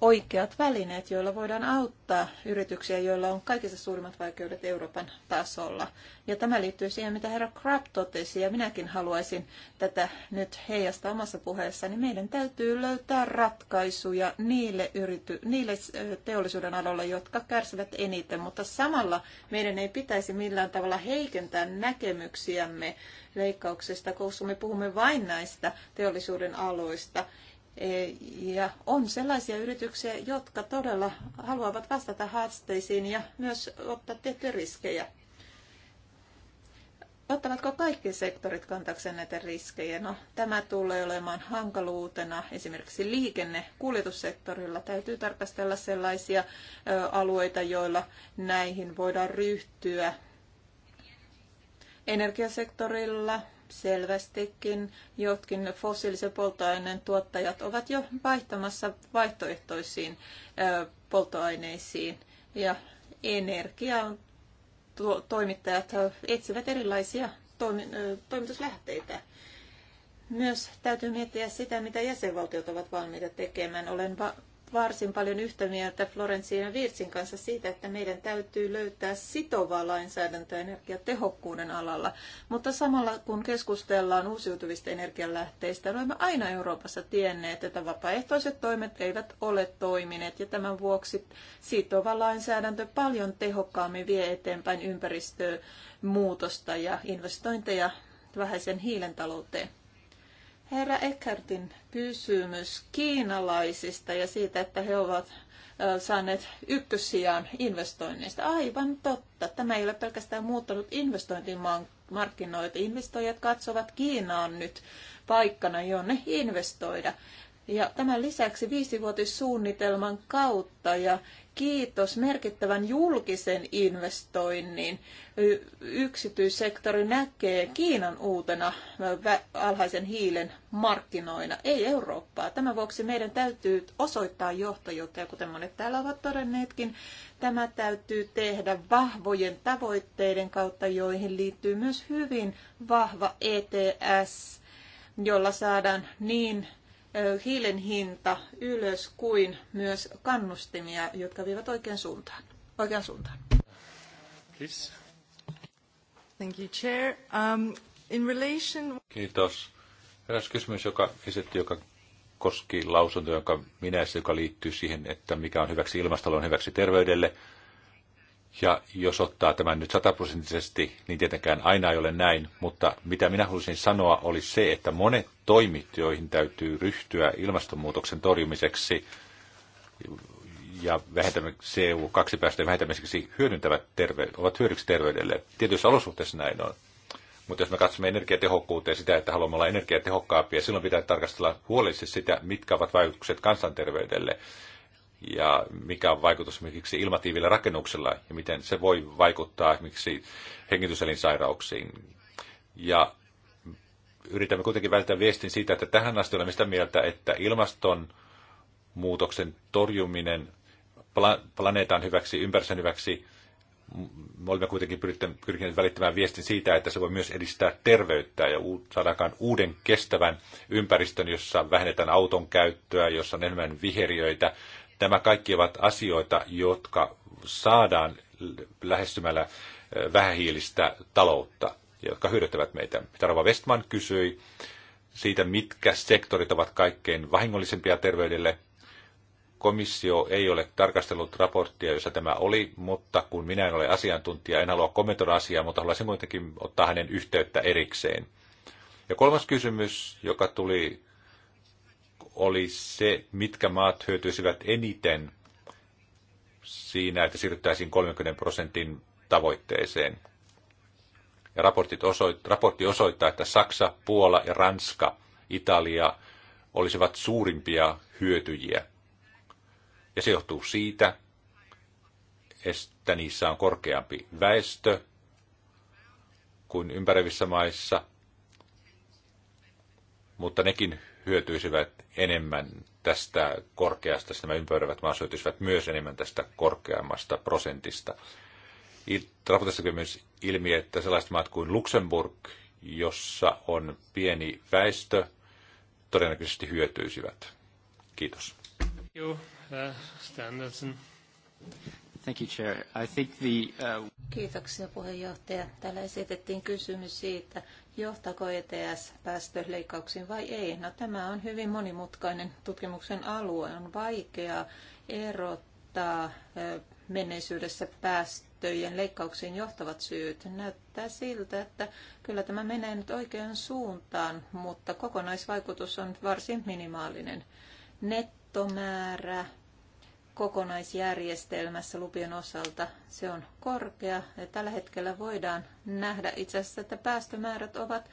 oikeat välineet, joilla voidaan auttaa yrityksiä, joilla on kaikista suurimmat vaikeudet Euroopan tasolla. Ja tämä liittyy siihen, mitä herra Crab totesi, ja minäkin haluaisin tätä nyt heijastaa omassa puheessani. Meidän täytyy löytää ratkaisuja niille, yrity- niille teollisuuden aloilla, jotka kärsivät eniten, mutta samalla meidän ei pitäisi millään tavalla heikentää näkemyksiämme leikkauksesta, koska me puhumme vain näistä teollisuuden aloista, E, ja on sellaisia yrityksiä, jotka todella haluavat vastata haasteisiin ja myös ottaa tiettyjä riskejä. Ottavatko kaikki sektorit kantakseen näitä riskejä? No, tämä tulee olemaan hankaluutena. Esimerkiksi liikenne- kuljetussektorilla täytyy tarkastella sellaisia alueita, joilla näihin voidaan ryhtyä. Energiasektorilla selvästikin jotkin fossiilisen polttoaineen tuottajat ovat jo vaihtamassa vaihtoehtoisiin polttoaineisiin ja energian toimittajat etsivät erilaisia toimituslähteitä. Myös täytyy miettiä sitä, mitä jäsenvaltiot ovat valmiita tekemään. Olen va- varsin paljon yhtä mieltä Florenssiin ja Virtsin kanssa siitä, että meidän täytyy löytää sitovaa lainsäädäntöä energiatehokkuuden alalla. Mutta samalla kun keskustellaan uusiutuvista energialähteistä, olemme aina Euroopassa tienneet, että vapaaehtoiset toimet eivät ole toimineet ja tämän vuoksi sitova lainsäädäntö paljon tehokkaammin vie eteenpäin ympäristömuutosta ja investointeja vähäisen hiilen talouteen. Herra Eckertin kysymys kiinalaisista ja siitä, että he ovat saaneet ykkössijaan investoinneista. Aivan totta. Tämä ei ole pelkästään muuttanut investointimarkkinoita. Investoijat katsovat Kiinaan nyt paikkana, jonne investoida. Ja tämän lisäksi viisivuotissuunnitelman kautta ja kiitos merkittävän julkisen investoinnin yksityissektori näkee Kiinan uutena alhaisen hiilen markkinoina, ei Eurooppaa. Tämän vuoksi meidän täytyy osoittaa johtajuutta, ja kuten monet täällä ovat todenneetkin, tämä täytyy tehdä vahvojen tavoitteiden kautta, joihin liittyy myös hyvin vahva ETS, jolla saadaan niin hiilen hinta ylös kuin myös kannustimia, jotka vievät oikeaan suuntaan. Oikeaan suuntaan. Please. Thank you, Chair. Um, in relation... Kiitos. Eräs kysymys, joka esitti, joka koski lausunto, joka minä joka liittyy siihen, että mikä on hyväksi ilmastolle, on hyväksi terveydelle. Ja jos ottaa tämän nyt sataprosenttisesti, niin tietenkään aina ei ole näin, mutta mitä minä haluaisin sanoa oli se, että monet toimit, joihin täytyy ryhtyä ilmastonmuutoksen torjumiseksi ja vähentämiseksi EU2 päästöjen vähentämiseksi hyödyntävät terve- ovat hyödyksi terveydelle. Tietyissä olosuhteissa näin on. Mutta jos me katsomme energiatehokkuutta ja sitä, että haluamme olla energiatehokkaampia, silloin pitää tarkastella huolellisesti sitä, mitkä ovat vaikutukset kansanterveydelle ja mikä on vaikutus esimerkiksi ilmatiivillä rakennuksella ja miten se voi vaikuttaa esimerkiksi hengityselinsairauksiin. Ja yritämme kuitenkin välttää viestin siitä, että tähän asti olemme sitä mieltä, että ilmastonmuutoksen torjuminen planeetan hyväksi, ympäristön hyväksi, me olemme kuitenkin pyrkineet välittämään viestin siitä, että se voi myös edistää terveyttä ja saadaan uuden kestävän ympäristön, jossa vähennetään auton käyttöä, jossa on enemmän viheriöitä, Tämä kaikki ovat asioita, jotka saadaan lähestymällä vähähiilistä taloutta, jotka hyödyttävät meitä. Tarva Westman kysyi siitä, mitkä sektorit ovat kaikkein vahingollisimpia terveydelle. Komissio ei ole tarkastellut raporttia, jossa tämä oli, mutta kun minä en ole asiantuntija, en halua kommentoida asiaa, mutta haluaisin kuitenkin ottaa hänen yhteyttä erikseen. Ja kolmas kysymys, joka tuli oli se, mitkä maat hyötyisivät eniten siinä, että siirryttäisiin 30 prosentin tavoitteeseen. Ja raportit osoit, raportti osoittaa, että Saksa, Puola ja Ranska, Italia olisivat suurimpia hyötyjiä. Ja se johtuu siitä, että niissä on korkeampi väestö kuin ympäröivissä maissa, mutta nekin hyötyisivät enemmän tästä korkeasta, siis nämä ympäröivät maat hyötyisivät myös enemmän tästä korkeammasta prosentista. Raportissa myös ilmi, että sellaiset maat kuin Luxemburg, jossa on pieni väestö, todennäköisesti hyötyisivät. Kiitos. Thank you, uh, uh, Kiitoksia puheenjohtaja. Täällä esitettiin kysymys siitä, Johtako ETS päästöleikkauksiin vai ei. No, tämä on hyvin monimutkainen tutkimuksen alue. On vaikea erottaa menneisyydessä päästöjen leikkauksiin johtavat syyt. Näyttää siltä, että kyllä tämä menee nyt oikeaan suuntaan, mutta kokonaisvaikutus on varsin minimaalinen. Nettomäärä kokonaisjärjestelmässä lupien osalta. Se on korkea ja tällä hetkellä voidaan nähdä itse asiassa, että päästömäärät ovat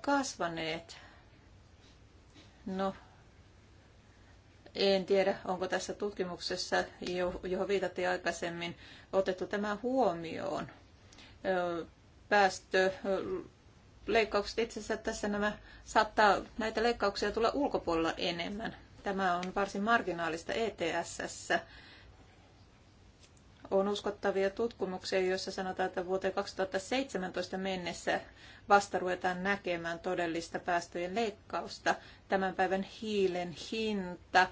kasvaneet. No, en tiedä, onko tässä tutkimuksessa, johon viitattiin aikaisemmin, otettu tämä huomioon. Päästö, leikkaukset itse asiassa tässä nämä saattaa näitä leikkauksia tulla ulkopuolella enemmän. Tämä on varsin marginaalista ETSssä. On uskottavia tutkimuksia, joissa sanotaan, että vuoteen 2017 mennessä vasta ruvetaan näkemään todellista päästöjen leikkausta. Tämän päivän hiilen hinta,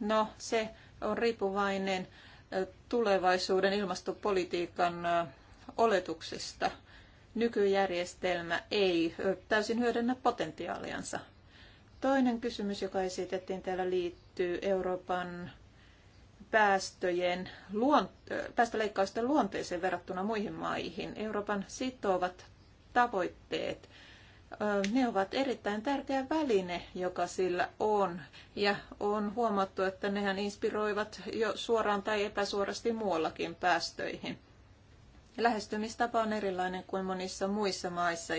no se on riippuvainen tulevaisuuden ilmastopolitiikan oletuksista. Nykyjärjestelmä ei täysin hyödynnä potentiaaliansa. Toinen kysymys, joka esitettiin täällä, liittyy Euroopan päästöjen luont päästöleikkausten luonteeseen verrattuna muihin maihin. Euroopan sitovat tavoitteet, ne ovat erittäin tärkeä väline, joka sillä on. Ja on huomattu, että nehän inspiroivat jo suoraan tai epäsuorasti muuallakin päästöihin. Lähestymistapa on erilainen kuin monissa muissa maissa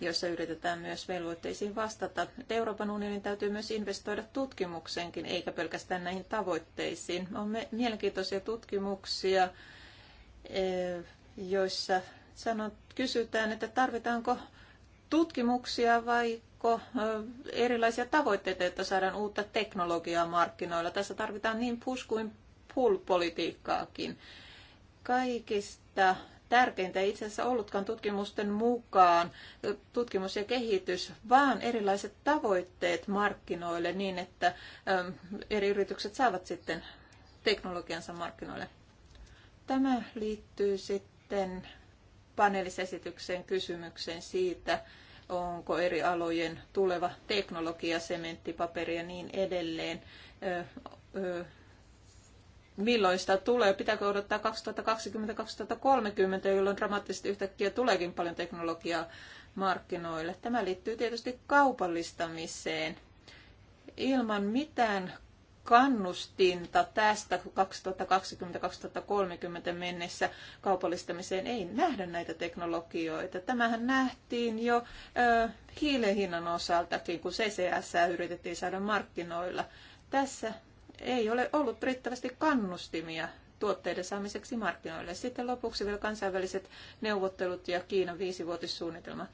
joissa yritetään myös velvoitteisiin vastata. Euroopan unionin täytyy myös investoida tutkimukseenkin, eikä pelkästään näihin tavoitteisiin. On mielenkiintoisia tutkimuksia, eh, joissa sanot, kysytään, että tarvitaanko tutkimuksia vai eh, erilaisia tavoitteita, että saadaan uutta teknologiaa markkinoilla. Tässä tarvitaan niin push kuin pull-politiikkaakin. Kaikista tärkeintä ei itse asiassa ollutkaan tutkimusten mukaan tutkimus ja kehitys, vaan erilaiset tavoitteet markkinoille niin, että ähm, eri yritykset saavat sitten teknologiansa markkinoille. Tämä liittyy sitten paneelisesitykseen kysymykseen siitä, onko eri alojen tuleva teknologia, sementti, paperi ja niin edelleen milloin sitä tulee. Pitääkö odottaa 2020-2030, jolloin dramaattisesti yhtäkkiä tuleekin paljon teknologiaa markkinoille. Tämä liittyy tietysti kaupallistamiseen. Ilman mitään kannustinta tästä 2020-2030 mennessä kaupallistamiseen ei nähdä näitä teknologioita. Tämähän nähtiin jo ö, hiilen hinnan osaltakin, kun CCS yritettiin saada markkinoilla. Tässä ei ole ollut riittävästi kannustimia tuotteiden saamiseksi markkinoille. Sitten lopuksi vielä kansainväliset neuvottelut ja Kiinan viisivuotissuunnitelma.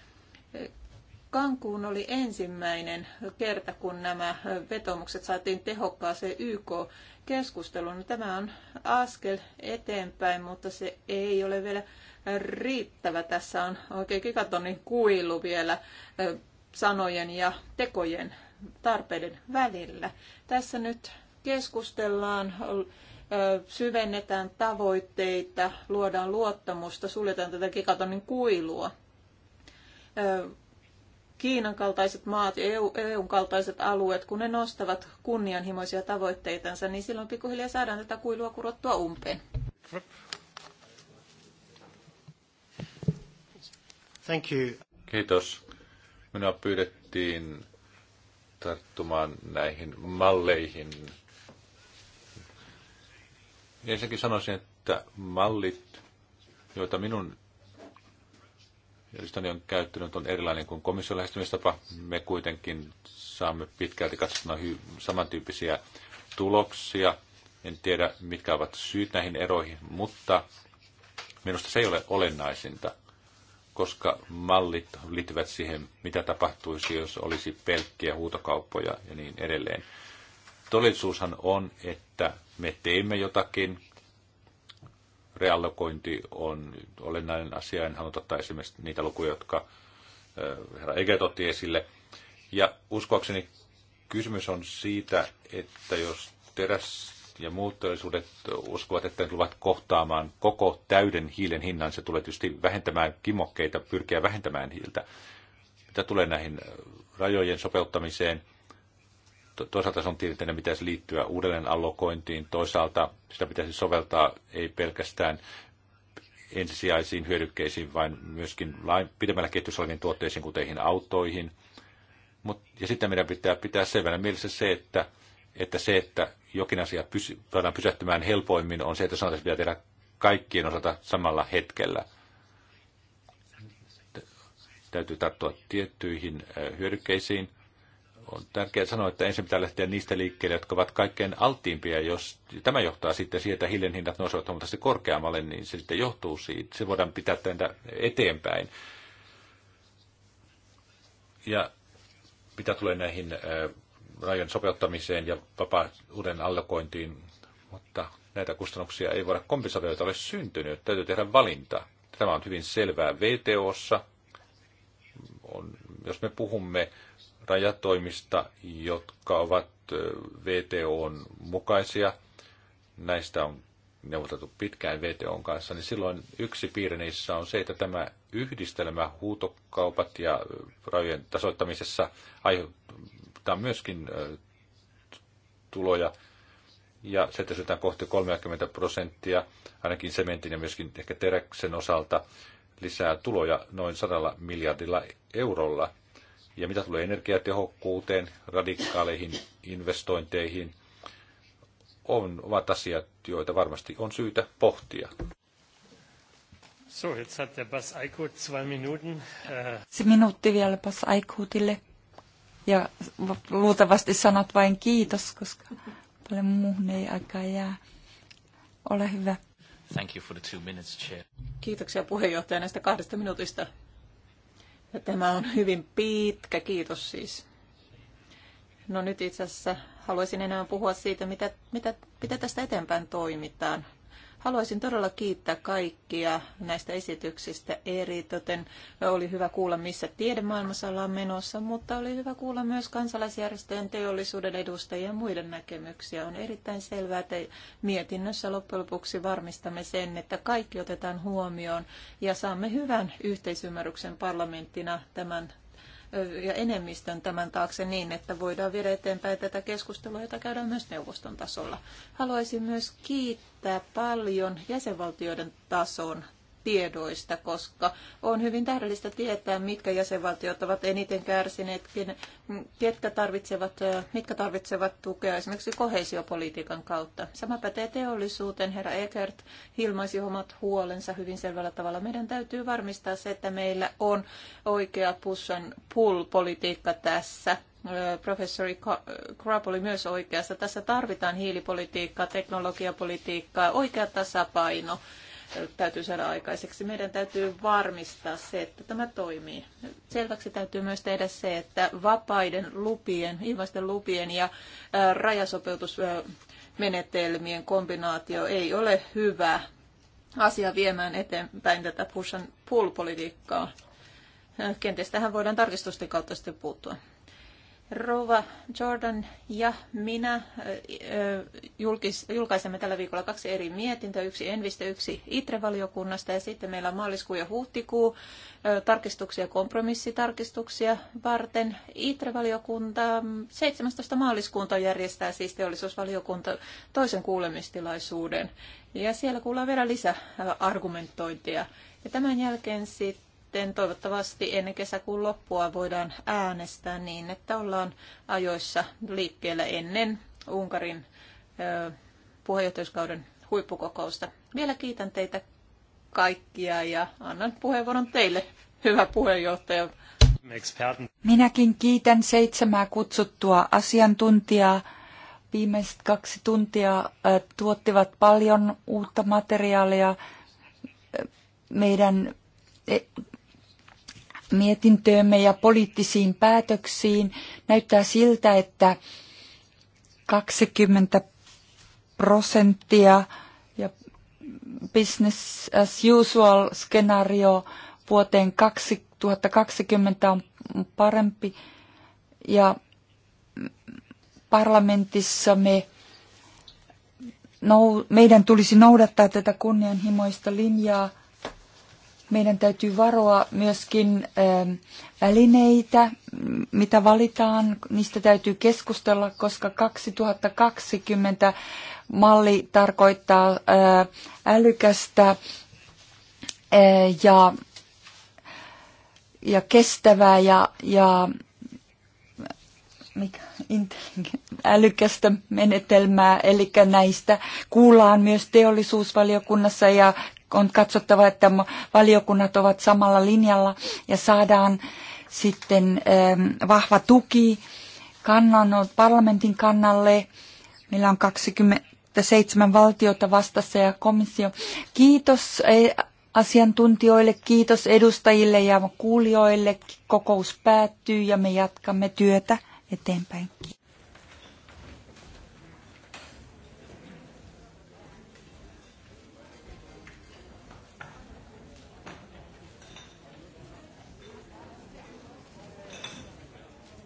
Kankuun oli ensimmäinen kerta, kun nämä vetomukset saatiin tehokkaaseen YK-keskusteluun. Tämä on askel eteenpäin, mutta se ei ole vielä riittävä. Tässä on oikein gigatonin kuilu vielä sanojen ja tekojen tarpeiden välillä. Tässä nyt keskustellaan, syvennetään tavoitteita, luodaan luottamusta, suljetaan tätä gigatonin kuilua. Kiinan kaltaiset maat ja EUn e kaltaiset alueet, kun ne nostavat kunnianhimoisia tavoitteitansa, niin silloin pikkuhiljaa saadaan tätä kuilua kurottua umpeen. Thank you. Kiitos. Minua pyydettiin tarttumaan näihin malleihin Ensinnäkin sanoisin, että mallit, joita minun Elistoni on käyttänyt, on erilainen kuin komission lähestymistapa. Me kuitenkin saamme pitkälti katsottuna samantyyppisiä tuloksia. En tiedä, mitkä ovat syyt näihin eroihin, mutta minusta se ei ole olennaisinta, koska mallit liittyvät siihen, mitä tapahtuisi, jos olisi pelkkiä huutokauppoja ja niin edelleen. Todellisuushan on, että me teemme jotakin. Reallokointi on olennainen asia. En halua ottaa esimerkiksi niitä lukuja, jotka herra Eget otti esille. Ja uskoakseni kysymys on siitä, että jos teräs ja muut teollisuudet uskovat, että ne tulevat kohtaamaan koko täyden hiilen hinnan, se tulee tietysti vähentämään kimokkeita, pyrkiä vähentämään hiiltä. Mitä tulee näihin rajojen sopeuttamiseen – toisaalta se on tietenkin pitäisi liittyä uudelleen allokointiin, toisaalta sitä pitäisi soveltaa ei pelkästään ensisijaisiin hyödykkeisiin, vaan myöskin pidemmällä ketjussa oleviin tuotteisiin, kuten autoihin. Mut, ja sitten meidän pitää pitää selvänä mielessä se, että, että se, että jokin asia pysy, saadaan pysähtymään helpoimmin, on se, että sanotaan, että pitää tehdä kaikkien osalta samalla hetkellä. Täytyy tarttua tiettyihin hyödykkeisiin, on tärkeää sanoa, että ensin pitää lähteä niistä liikkeelle, jotka ovat kaikkein alttiimpia. Jos tämä johtaa sitten siihen, että hiilen hinnat nousevat huomattavasti korkeammalle, niin se sitten johtuu siitä. Se voidaan pitää tänne eteenpäin. Ja mitä tulee näihin rajojen sopeuttamiseen ja uuden allokointiin, mutta näitä kustannuksia ei voida kompensoida, joita ole syntynyt. Täytyy tehdä valinta. Tämä on hyvin selvää VTOssa. On, jos me puhumme rajatoimista, jotka ovat VTOn mukaisia. Näistä on neuvoteltu pitkään VTOn kanssa, niin silloin yksi piirre niissä on se, että tämä yhdistelmä huutokaupat ja rajojen tasoittamisessa aiheuttaa myöskin tuloja. Ja se syötään kohti 30 prosenttia, ainakin sementin ja myöskin ehkä teräksen osalta lisää tuloja noin 100 miljardilla eurolla. Ja mitä tulee energiatehokkuuteen, radikaaleihin investointeihin, on, ovat asiat, joita varmasti on syytä pohtia. So, jetzt hat der Bas Aikut zwei Minuten. Äh, Se minuutti vielä Bas Aikutille. Ja luultavasti sanot vain kiitos, koska paljon muuhun ei aikaa jää. Ole hyvä. Thank you for the two minutes, chair. Kiitoksia puheenjohtaja näistä kahdesta minuutista. Tämä on hyvin pitkä, kiitos siis. No nyt itse asiassa haluaisin enemmän puhua siitä, mitä, mitä, mitä tästä eteenpäin toimitaan. Haluaisin todella kiittää kaikkia näistä esityksistä eritoten. Oli hyvä kuulla, missä tiedemaailmassa ollaan menossa, mutta oli hyvä kuulla myös kansalaisjärjestöjen, teollisuuden edustajien ja muiden näkemyksiä. On erittäin selvää, että mietinnössä loppujen lopuksi varmistamme sen, että kaikki otetaan huomioon ja saamme hyvän yhteisymmärryksen parlamenttina tämän ja enemmistön tämän taakse niin, että voidaan viedä eteenpäin tätä keskustelua, jota käydään myös neuvoston tasolla. Haluaisin myös kiittää paljon jäsenvaltioiden tason tiedoista, koska on hyvin tähdellistä tietää, mitkä jäsenvaltiot ovat eniten kärsineet, ketkä tarvitsevat, mitkä tarvitsevat tukea esimerkiksi kohesiopolitiikan kautta. Sama pätee teollisuuteen. Herra Eckert ilmaisi omat huolensa hyvin selvällä tavalla. Meidän täytyy varmistaa se, että meillä on oikea push and pull-politiikka tässä professori Krab oli myös oikeassa. Tässä tarvitaan hiilipolitiikkaa, teknologiapolitiikkaa, oikea tasapaino täytyy saada aikaiseksi. Meidän täytyy varmistaa se, että tämä toimii. Selväksi täytyy myös tehdä se, että vapaiden lupien, ihmisten lupien ja rajasopeutusmenetelmien kombinaatio ei ole hyvä asia viemään eteenpäin tätä and pull-politiikkaa. Kenties tähän voidaan tarkistusten kautta sitten puuttua. Rova Jordan ja minä julkis, julkaisemme tällä viikolla kaksi eri mietintöä, yksi Envistä, yksi ITRE-valiokunnasta ja sitten meillä on maaliskuu ja huhtikuu tarkistuksia ja kompromissitarkistuksia varten. ITRE-valiokunta 17. maaliskuunta järjestää siis teollisuusvaliokunta toisen kuulemistilaisuuden ja siellä kuullaan vielä lisäargumentointia. Ja tämän jälkeen sitten sitten toivottavasti ennen kesäkuun loppua voidaan äänestää niin, että ollaan ajoissa liikkeellä ennen Unkarin puheenjohtajuuskauden huippukokousta. Vielä kiitän teitä kaikkia ja annan puheenvuoron teille, hyvä puheenjohtaja. Minäkin kiitän seitsemää kutsuttua asiantuntijaa. Viimeiset kaksi tuntia tuottivat paljon uutta materiaalia meidän e, mietintöömme ja poliittisiin päätöksiin. Näyttää siltä, että 20 prosenttia ja business as usual skenaario vuoteen 2020 on parempi ja parlamentissa me meidän tulisi noudattaa tätä kunnianhimoista linjaa meidän täytyy varoa myöskin ähm, välineitä, mitä valitaan. Niistä täytyy keskustella, koska 2020 malli tarkoittaa äh, älykästä äh, ja, ja kestävää ja, ja mikä, älykästä menetelmää, eli näistä kuullaan myös teollisuusvaliokunnassa ja on katsottava, että valiokunnat ovat samalla linjalla ja saadaan sitten ähm, vahva tuki kannanot parlamentin kannalle. Meillä on 27 valtiota vastassa ja komissio. Kiitos eh, asiantuntijoille, kiitos edustajille ja kuulijoille. Kokous päättyy ja me jatkamme työtä eteenpäin.